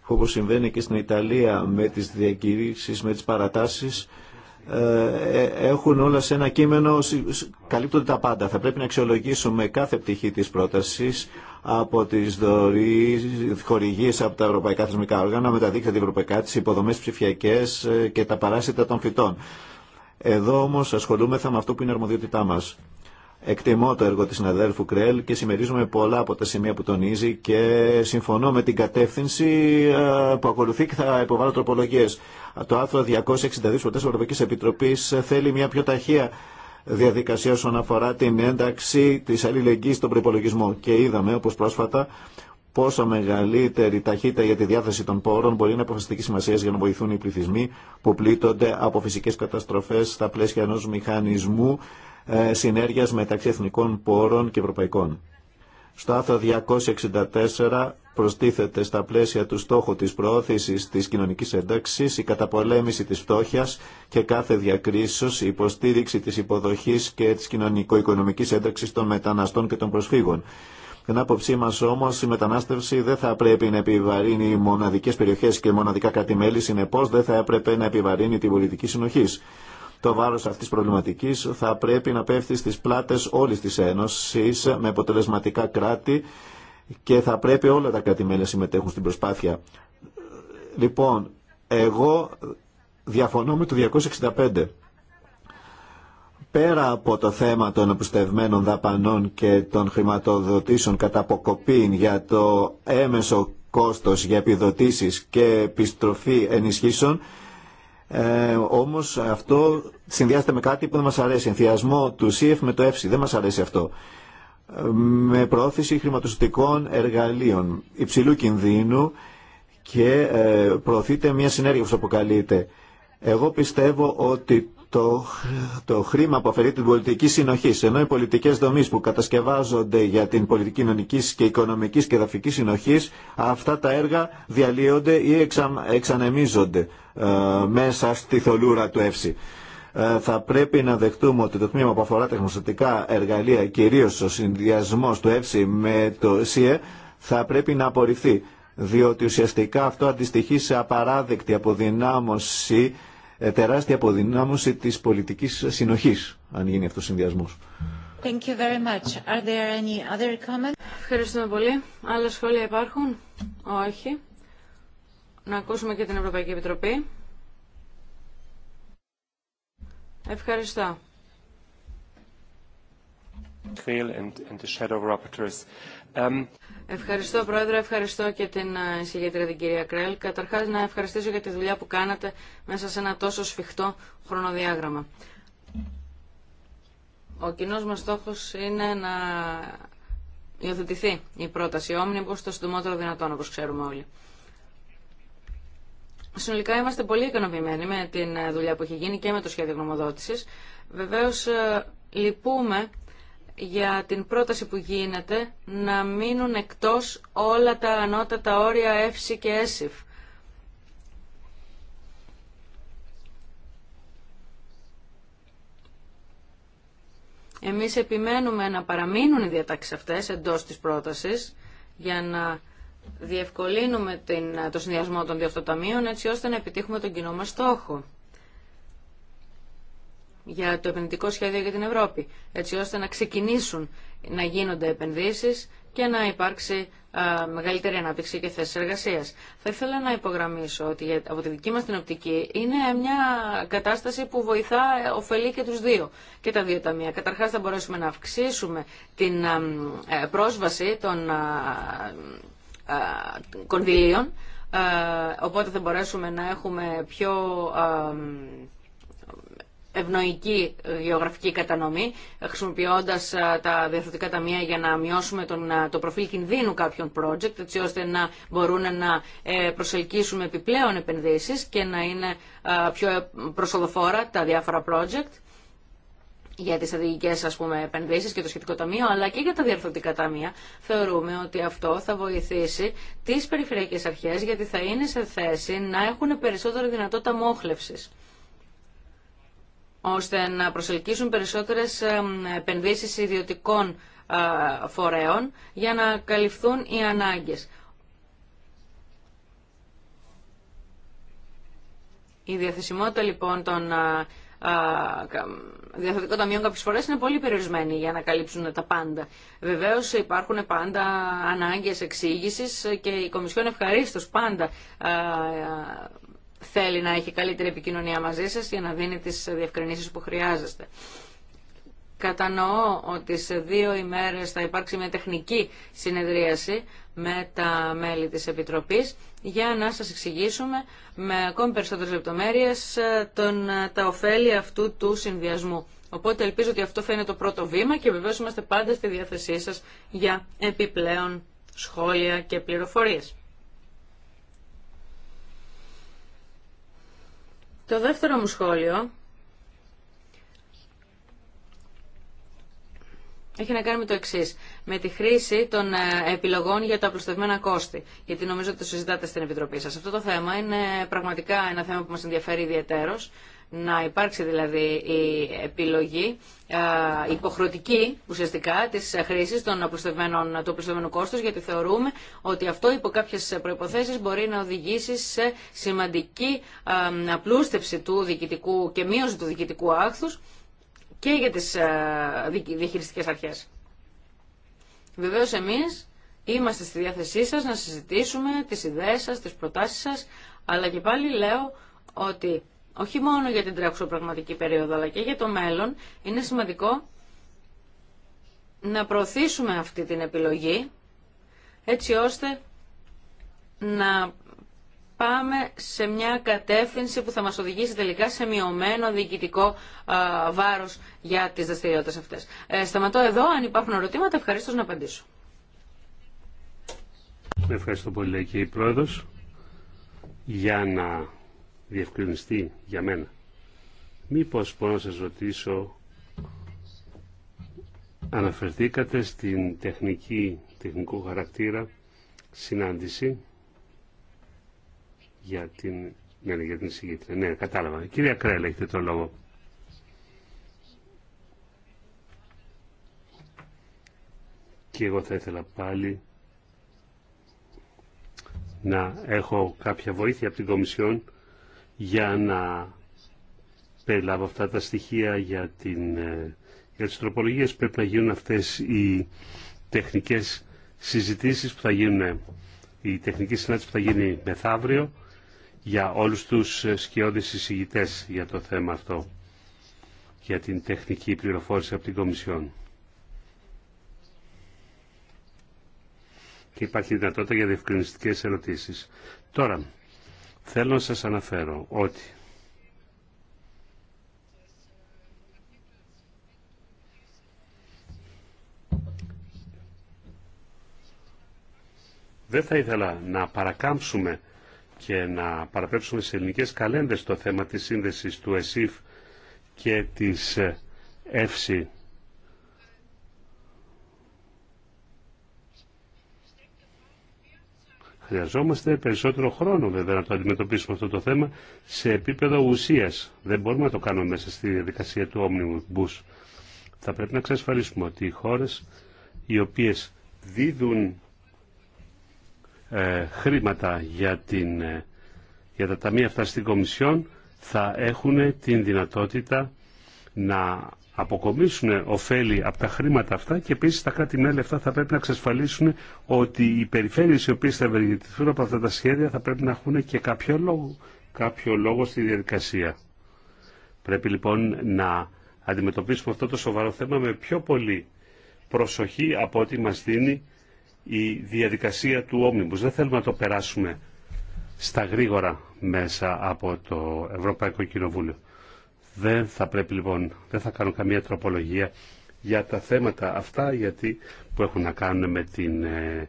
που όπως συμβαίνει και στην Ιταλία με τις διακηρύξεις, με τις παρατάσεις ε, ε, έχουν όλα σε ένα κείμενο, καλύπτονται τα πάντα. Θα πρέπει να αξιολογήσουμε κάθε πτυχή της πρότασης από τις χορηγίες από τα ευρωπαϊκά θεσμικά όργανα, με τα δίκτυα της ευρωπαϊκά, τις υποδομές ψηφιακές ε, και τα παράσιτα των φυτών. Εδώ όμως ασχολούμεθα με αυτό που είναι αρμοδιότητά μας. Εκτιμώ το έργο της συναδέλφου Κρέλ και συμμερίζομαι πολλά από τα σημεία που τονίζει και συμφωνώ με την κατεύθυνση ε, που ακολουθεί και θα υποβάλω τροπολογίες. Το άρθρο 262 της Ευρωπαϊκής Επιτροπής θέλει μια πιο ταχεία διαδικασία όσον αφορά την ένταξη της αλληλεγγύη στον προπολογισμό. Και είδαμε, όπως πρόσφατα, πόσο μεγαλύτερη ταχύτητα για τη διάθεση των πόρων μπορεί να είναι αποφασιστική σημασία για να βοηθούν οι πληθυσμοί που πλήττονται από φυσικέ καταστροφέ στα πλαίσια ενό μηχανισμού ε, συνέργειας μεταξύ εθνικών πόρων και ευρωπαϊκών. Στο άρθρο 264 προστίθεται στα πλαίσια του στόχου της προώθησης της κοινωνικής ένταξης η καταπολέμηση της φτώχειας και κάθε διακρίσεως η υποστήριξη της υποδοχής και της κοινωνικο-οικονομικής ένταξης των μεταναστών και των προσφύγων. Την άποψή μα όμω, η μετανάστευση δεν θα πρέπει να επιβαρύνει μοναδικέ περιοχέ και μοναδικά κράτη-μέλη. Συνεπώ, δεν θα έπρεπε να επιβαρύνει την πολιτική συνοχή. Το βάρο αυτή τη προβληματικής θα πρέπει να πέφτει στις πλάτες όλη τη Ένωσης με αποτελεσματικά κράτη και θα πρέπει όλα τα κράτη-μέλη να συμμετέχουν στην προσπάθεια. Λοιπόν, εγώ διαφωνώ με το 265 πέρα από το θέμα των εμπιστευμένων δαπανών και των χρηματοδοτήσεων κατά αποκοπή για το έμεσο κόστος για επιδοτήσεις και επιστροφή ενισχύσεων, ε, Όμω αυτό συνδυάζεται με κάτι που δεν μα αρέσει. Ενθιασμό του ΣΥΕΦ με το ΕΦΣΥ Δεν μα αρέσει αυτό. Ε, με προώθηση χρηματοσυντικών εργαλείων υψηλού κινδύνου και ε, προωθείται μια συνέργεια που αποκαλείται. Εγώ πιστεύω ότι το, το χρήμα που αφαιρεί την πολιτική συνοχή, ενώ οι πολιτικέ δομέ που κατασκευάζονται για την πολιτική κοινωνική και οικονομική και εδαφική συνοχή, αυτά τα έργα διαλύονται ή εξα, εξανεμίζονται ε, μέσα στη θολούρα του ΕΦΣΥ. Ε, θα πρέπει να δεχτούμε ότι το τμήμα που αφορά τεχνωστατικά εργαλεία, κυρίω ο συνδυασμό του ΕΦΣΥ με το ΣΥΕ, θα πρέπει να απορριφθεί. Διότι ουσιαστικά αυτό αντιστοιχεί σε απαράδεκτη αποδυνάμωση ε, τεράστια αποδυνάμωση της πολιτικής συνοχής, αν γίνει αυτός ο συνδυασμός. Thank Ευχαριστούμε πολύ. Άλλα σχόλια υπάρχουν? Όχι. Να ακούσουμε και την Ευρωπαϊκή Επιτροπή. Ευχαριστώ. And, the shadow rapporteurs. Ευχαριστώ Πρόεδρε, ευχαριστώ και την ε, εισηγήτρια την κυρία Κρέλ. Καταρχάς να ευχαριστήσω για τη δουλειά που κάνατε μέσα σε ένα τόσο σφιχτό χρονοδιάγραμμα. Ο κοινό μας στόχος είναι να υιοθετηθεί η πρόταση όμνιμπος το συντομότερο δυνατόν όπως ξέρουμε όλοι. Συνολικά είμαστε πολύ ικανοποιημένοι με την ε, δουλειά που έχει γίνει και με το σχέδιο γνωμοδότησης. Βεβαίως ε, λυπούμε για την πρόταση που γίνεται να μείνουν εκτός όλα τα ανώτατα όρια ΕΦΣΙ και ΕΣΥΦ. Εμείς επιμένουμε να παραμείνουν οι διατάξεις αυτές εντός της πρότασης για να διευκολύνουμε την, το συνδυασμό των δύο έτσι ώστε να επιτύχουμε τον κοινό μας στόχο για το επενδυτικό σχέδιο για την Ευρώπη, έτσι ώστε να ξεκινήσουν να γίνονται επενδύσεις και να υπάρξει μεγαλύτερη ανάπτυξη και θέσεις εργασίας. Θα ήθελα να υπογραμμίσω ότι από τη δική μας την οπτική είναι μια κατάσταση που βοηθά, ωφελεί και τους δύο και τα δύο ταμεία. Καταρχά, θα μπορέσουμε να αυξήσουμε την ε, πρόσβαση των κονδυλίων, οπότε θα μπορέσουμε να έχουμε πιο ευνοϊκή ε, γεωγραφική κατανομή, ε, χρησιμοποιώντα ε, τα διαθετικά ταμεία για να μειώσουμε τον, το προφίλ κινδύνου κάποιων project, έτσι ώστε να μπορούν να προσελκύσουμε επιπλέον επενδύσει και να είναι πιο προσοδοφόρα τα διάφορα project για τις αδειγικές ας πούμε, επενδύσεις και το σχετικό ταμείο, αλλά και για τα διαρθρωτικά ταμεία, θεωρούμε ότι αυτό θα βοηθήσει τις περιφερειακές αρχές, γιατί θα είναι σε θέση να έχουν περισσότερη δυνατότητα μόχλευσης ώστε να προσελκύσουν περισσότερες επενδύσεις ιδιωτικών φορέων για να καλυφθούν οι ανάγκες. Η διαθεσιμότητα λοιπόν των διαθετικών ταμείων κάποιε φορέ είναι πολύ περιορισμένη για να καλύψουν τα πάντα. Βεβαίω υπάρχουν πάντα ανάγκε εξήγηση και η Κομισιόν ευχαρίστω πάντα θέλει να έχει καλύτερη επικοινωνία μαζί σας για να δίνει τις διευκρινήσεις που χρειάζεστε. Κατανοώ ότι σε δύο ημέρες θα υπάρξει μια τεχνική συνεδρίαση με τα μέλη της Επιτροπής για να σας εξηγήσουμε με ακόμη περισσότερες λεπτομέρειες ε, τον, ε, τα ωφέλη αυτού του συνδυασμού. Οπότε ελπίζω ότι αυτό θα είναι το πρώτο βήμα και βεβαίως είμαστε πάντα στη διάθεσή σας για επιπλέον σχόλια και πληροφορίες. Το δεύτερο μου σχόλιο έχει να κάνει με το εξή. Με τη χρήση των ε, επιλογών για τα απλουστευμένα κόστη. Γιατί νομίζω ότι το συζητάτε στην Επιτροπή σα. Αυτό το θέμα είναι πραγματικά ένα θέμα που μα ενδιαφέρει ιδιαίτερω να υπάρξει δηλαδή η επιλογή υποχρεωτική ουσιαστικά τη χρήση των του απλουστευμένου κόστους γιατί θεωρούμε ότι αυτό υπό κάποιες προποθέσει μπορεί να οδηγήσει σε σημαντική απλούστευση του διοικητικού και μείωση του διοικητικού άκθου και για τις διαχειριστικέ αρχές. Βεβαίως εμείς είμαστε στη διάθεσή σας να συζητήσουμε τις ιδέες σας, τις προτάσεις σας αλλά και πάλι λέω ότι όχι μόνο για την τρέχουσα πραγματική περίοδο, αλλά και για το μέλλον, είναι σημαντικό να προωθήσουμε αυτή την επιλογή, έτσι ώστε να πάμε σε μια κατεύθυνση που θα μας οδηγήσει τελικά σε μειωμένο διοικητικό βάρος για τις δραστηριότητε αυτές. Ε, σταματώ εδώ. Αν υπάρχουν ερωτήματα, ευχαρίστω να απαντήσω. Ευχαριστώ πολύ, κύριε Πρόεδρος. Για να διευκρινιστεί για μένα. Μήπως μπορώ να σας ρωτήσω, αναφερθήκατε στην τεχνική, τεχνικού χαρακτήρα συνάντηση για την, ναι, ναι για την συγκεκριμένη. Ναι, κατάλαβα. Κυρία Κρέλα, έχετε τον λόγο. Και εγώ θα ήθελα πάλι να έχω κάποια βοήθεια από την Κομισιόν για να περιλάβω αυτά τα στοιχεία για, την, ε, για τις τροπολογίες. Πρέπει να γίνουν αυτές οι τεχνικές συζητήσεις που θα γίνουν, ε, η τεχνική συνάντηση που θα γίνει μεθαύριο για όλους τους ε, σκιώδεις εισηγητές για το θέμα αυτό, για την τεχνική πληροφόρηση από την Κομισιόν. Και υπάρχει δυνατότητα για διευκρινιστικές ερωτήσεις. Τώρα, Θέλω να σας αναφέρω ότι δεν θα ήθελα να παρακάμψουμε και να παραπέψουμε σε ελληνικές καλέντες το θέμα της σύνδεσης του ΕΣΥΦ και της ΕΦΣΥ Χρειαζόμαστε περισσότερο χρόνο βέβαια να το αντιμετωπίσουμε αυτό το θέμα σε επίπεδο ουσίας. Δεν μπορούμε να το κάνουμε μέσα στη διαδικασία του Omnibus. Θα πρέπει να εξασφαλίσουμε ότι οι χώρε οι οποίες δίδουν ε, χρήματα για, την, ε, για τα ταμεία αυτά στην Κομισιόν θα έχουν την δυνατότητα να αποκομίσουν ωφέλη από τα χρήματα αυτά και επίση τα κράτη-μέλη αυτά θα πρέπει να εξασφαλίσουν ότι οι περιφέρειε οι οποίε θα ευεργετηθούν από αυτά τα σχέδια θα πρέπει να έχουν και κάποιο λόγο, κάποιο λόγο στη διαδικασία. Πρέπει λοιπόν να αντιμετωπίσουμε αυτό το σοβαρό θέμα με πιο πολύ προσοχή από ό,τι μας δίνει η διαδικασία του όμιμπους. Δεν θέλουμε να το περάσουμε στα γρήγορα μέσα από το Ευρωπαϊκό Κοινοβούλιο. Δεν θα πρέπει λοιπόν, δεν θα κάνω καμία τροπολογία για τα θέματα αυτά γιατί, που έχουν να κάνουν με την, ε,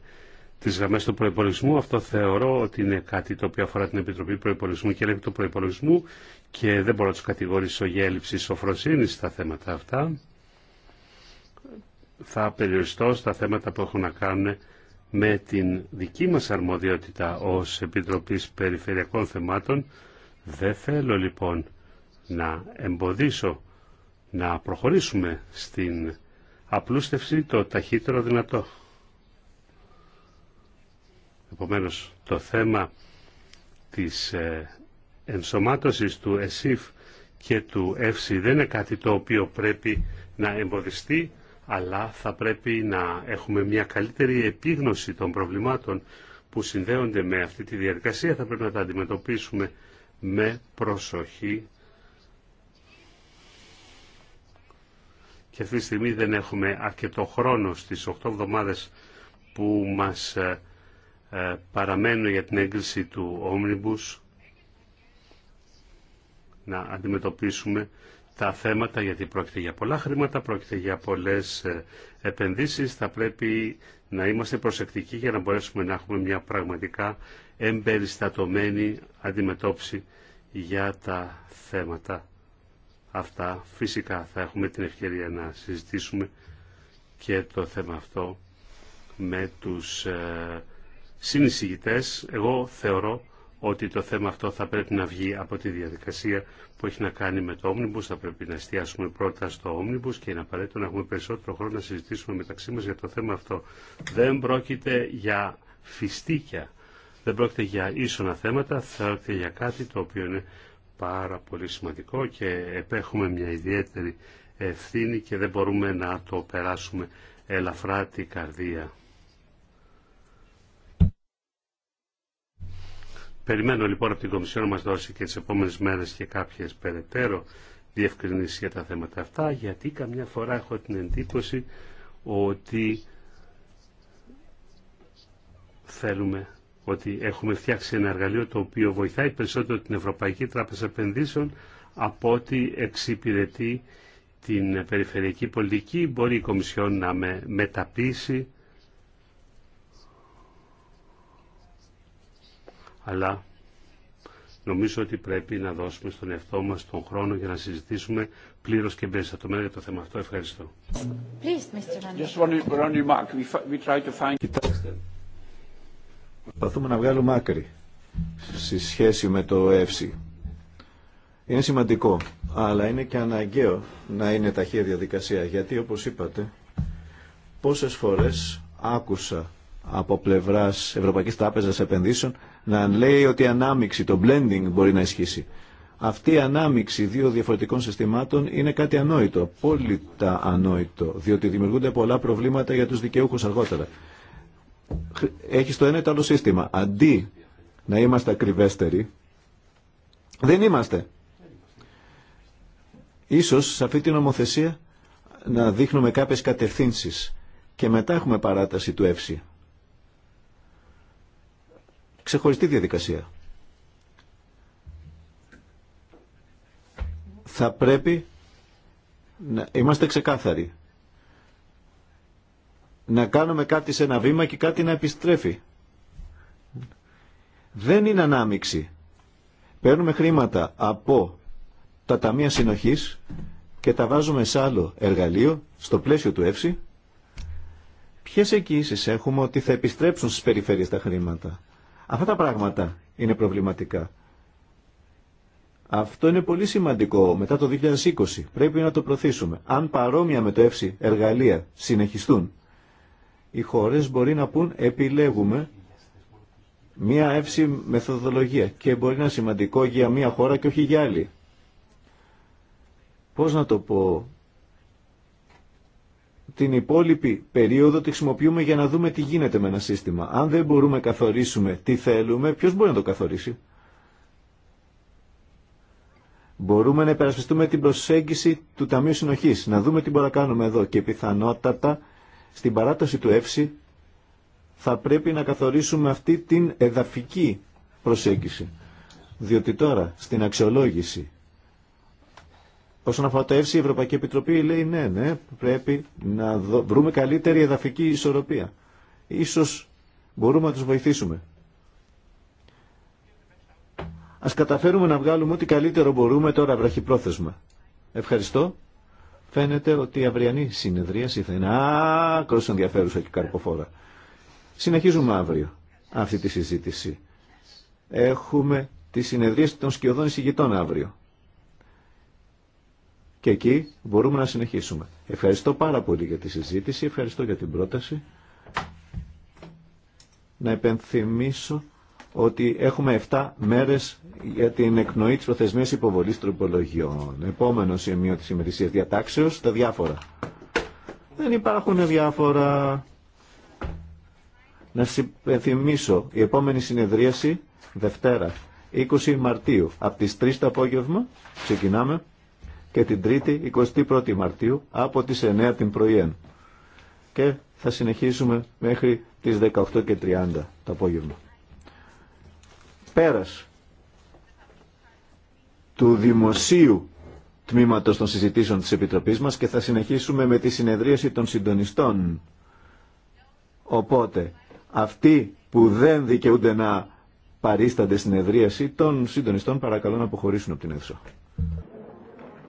τις γραμμές του προϋπολογισμού. Αυτό θεωρώ ότι είναι κάτι το οποίο αφορά την Επιτροπή Προϋπολογισμού και Ελέγχου του Προϋπολογισμού και δεν μπορώ να τους κατηγορήσω για έλλειψη σοφροσύνης στα θέματα αυτά. Θα περιοριστώ στα θέματα που έχουν να κάνουν με την δική μας αρμοδιότητα ως Επιτροπής Περιφερειακών Θεμάτων. Δεν θέλω λοιπόν να εμποδίσω να προχωρήσουμε στην απλούστευση το ταχύτερο δυνατό. Επομένως, το θέμα της ε, ενσωμάτωσης του ΕΣΥΦ και του ΕΦΣΥ δεν είναι κάτι το οποίο πρέπει να εμποδιστεί, αλλά θα πρέπει να έχουμε μια καλύτερη επίγνωση των προβλημάτων που συνδέονται με αυτή τη διαδικασία. Θα πρέπει να τα αντιμετωπίσουμε με προσοχή και αυτή τη στιγμή δεν έχουμε αρκετό χρόνο στις 8 εβδομάδες που μας ε, ε, παραμένουν για την έγκριση του Omnibus να αντιμετωπίσουμε τα θέματα γιατί πρόκειται για πολλά χρήματα, πρόκειται για πολλές ε, επενδύσεις. Θα πρέπει να είμαστε προσεκτικοί για να μπορέσουμε να έχουμε μια πραγματικά εμπεριστατωμένη αντιμετώπιση για τα θέματα αυτά φυσικά θα έχουμε την ευκαιρία να συζητήσουμε και το θέμα αυτό με τους ε, Εγώ θεωρώ ότι το θέμα αυτό θα πρέπει να βγει από τη διαδικασία που έχει να κάνει με το Omnibus. Θα πρέπει να εστιάσουμε πρώτα στο Omnibus και είναι απαραίτητο να έχουμε περισσότερο χρόνο να συζητήσουμε μεταξύ μας για το θέμα αυτό. Δεν πρόκειται για φιστίκια, δεν πρόκειται για ίσονα θέματα, θα πρόκειται για κάτι το οποίο είναι πάρα πολύ σημαντικό και επέχουμε μια ιδιαίτερη ευθύνη και δεν μπορούμε να το περάσουμε ελαφρά την καρδία. Περιμένω λοιπόν από την Κομισιόν να μας δώσει και τις επόμενες μέρες και κάποιες περαιτέρω διευκρινήσεις για τα θέματα αυτά, γιατί καμιά φορά έχω την εντύπωση ότι θέλουμε ότι έχουμε φτιάξει ένα εργαλείο το οποίο βοηθάει περισσότερο την Ευρωπαϊκή Τράπεζα Επενδύσεων από ότι εξυπηρετεί την περιφερειακή πολιτική. Μπορεί η Κομισιόν να με μεταπίσει, αλλά νομίζω ότι πρέπει να δώσουμε στον εαυτό μας τον χρόνο για να συζητήσουμε πλήρως και περισσότερο για το θέμα αυτό. Ευχαριστώ. Please, Mr. Προσπαθούμε να βγάλουμε άκρη στη σχέση με το ΕΦΣΙ. Είναι σημαντικό, αλλά είναι και αναγκαίο να είναι ταχεία διαδικασία, γιατί όπως είπατε, πόσες φορές άκουσα από πλευράς Ευρωπαϊκής Τράπεζας Επενδύσεων να λέει ότι η ανάμιξη, το blending μπορεί να ισχύσει. Αυτή η ανάμιξη δύο διαφορετικών συστημάτων είναι κάτι ανόητο, απόλυτα ανόητο, διότι δημιουργούνται πολλά προβλήματα για τους δικαιούχους αργότερα έχει το ένα ή το άλλο σύστημα. Αντί να είμαστε ακριβέστεροι, δεν είμαστε. Ίσως σε αυτή την νομοθεσία να δείχνουμε κάποιες κατευθύνσεις και μετά έχουμε παράταση του έψι Ξεχωριστή διαδικασία. Θα πρέπει να είμαστε ξεκάθαροι να κάνουμε κάτι σε ένα βήμα και κάτι να επιστρέφει. Δεν είναι ανάμιξη. Παίρνουμε χρήματα από τα ταμεία συνοχής και τα βάζουμε σε άλλο εργαλείο, στο πλαίσιο του ΕΦΣΥ. Ποιες εγγυήσεις έχουμε ότι θα επιστρέψουν στις περιφέρειες τα χρήματα. Αυτά τα πράγματα είναι προβληματικά. Αυτό είναι πολύ σημαντικό μετά το 2020. Πρέπει να το προθήσουμε. Αν παρόμοια με το ΕΦΣΥ εργαλεία συνεχιστούν οι χώρες μπορεί να πούν επιλέγουμε μία εύση μεθοδολογία και μπορεί να είναι σημαντικό για μία χώρα και όχι για άλλη. Πώς να το πω, την υπόλοιπη περίοδο τη χρησιμοποιούμε για να δούμε τι γίνεται με ένα σύστημα. Αν δεν μπορούμε να καθορίσουμε τι θέλουμε, ποιος μπορεί να το καθορίσει. Μπορούμε να υπερασπιστούμε την προσέγγιση του Ταμείου Συνοχής, να δούμε τι μπορούμε να κάνουμε εδώ και πιθανότατα στην παράταση του ΕΦΣΙ θα πρέπει να καθορίσουμε αυτή την εδαφική προσέγγιση. Διότι τώρα στην αξιολόγηση Όσον αφορά το ΕΦΣΙ, η Ευρωπαϊκή Επιτροπή λέει ναι, ναι, πρέπει να βρούμε καλύτερη εδαφική ισορροπία. Ίσως μπορούμε να τους βοηθήσουμε. Ας καταφέρουμε να βγάλουμε ό,τι καλύτερο μπορούμε τώρα βραχυπρόθεσμα. Ευχαριστώ. Φαίνεται ότι η αυριανή συνεδρία θα είναι άκρο ενδιαφέρουσα και καρποφόρα. Συνεχίζουμε αύριο αυτή τη συζήτηση. Έχουμε τη συνεδρίαση των σκιωδών εισηγητών αύριο. Και εκεί μπορούμε να συνεχίσουμε. Ευχαριστώ πάρα πολύ για τη συζήτηση, ευχαριστώ για την πρόταση. Να επενθυμίσω ότι έχουμε 7 μέρες για την εκνοή της προθεσμίας υποβολής τροπολογιών. Επόμενο σημείο της ημερησίας διατάξεως, τα διάφορα. Δεν υπάρχουν διάφορα. Να σας υπενθυμίσω, η επόμενη συνεδρίαση, Δευτέρα, 20 Μαρτίου, από τις 3 το απόγευμα, ξεκινάμε, και την Τρίτη, 21 Μαρτίου, από τις 9 την πρωιέν. Και θα συνεχίσουμε μέχρι τις 18.30 το απόγευμα πέρας του δημοσίου τμήματος των συζητήσεων της Επιτροπής μας και θα συνεχίσουμε με τη συνεδρίαση των συντονιστών. Οπότε, αυτοί που δεν δικαιούνται να παρίστανται συνεδρίαση των συντονιστών παρακαλώ να αποχωρήσουν από την αίθουσα.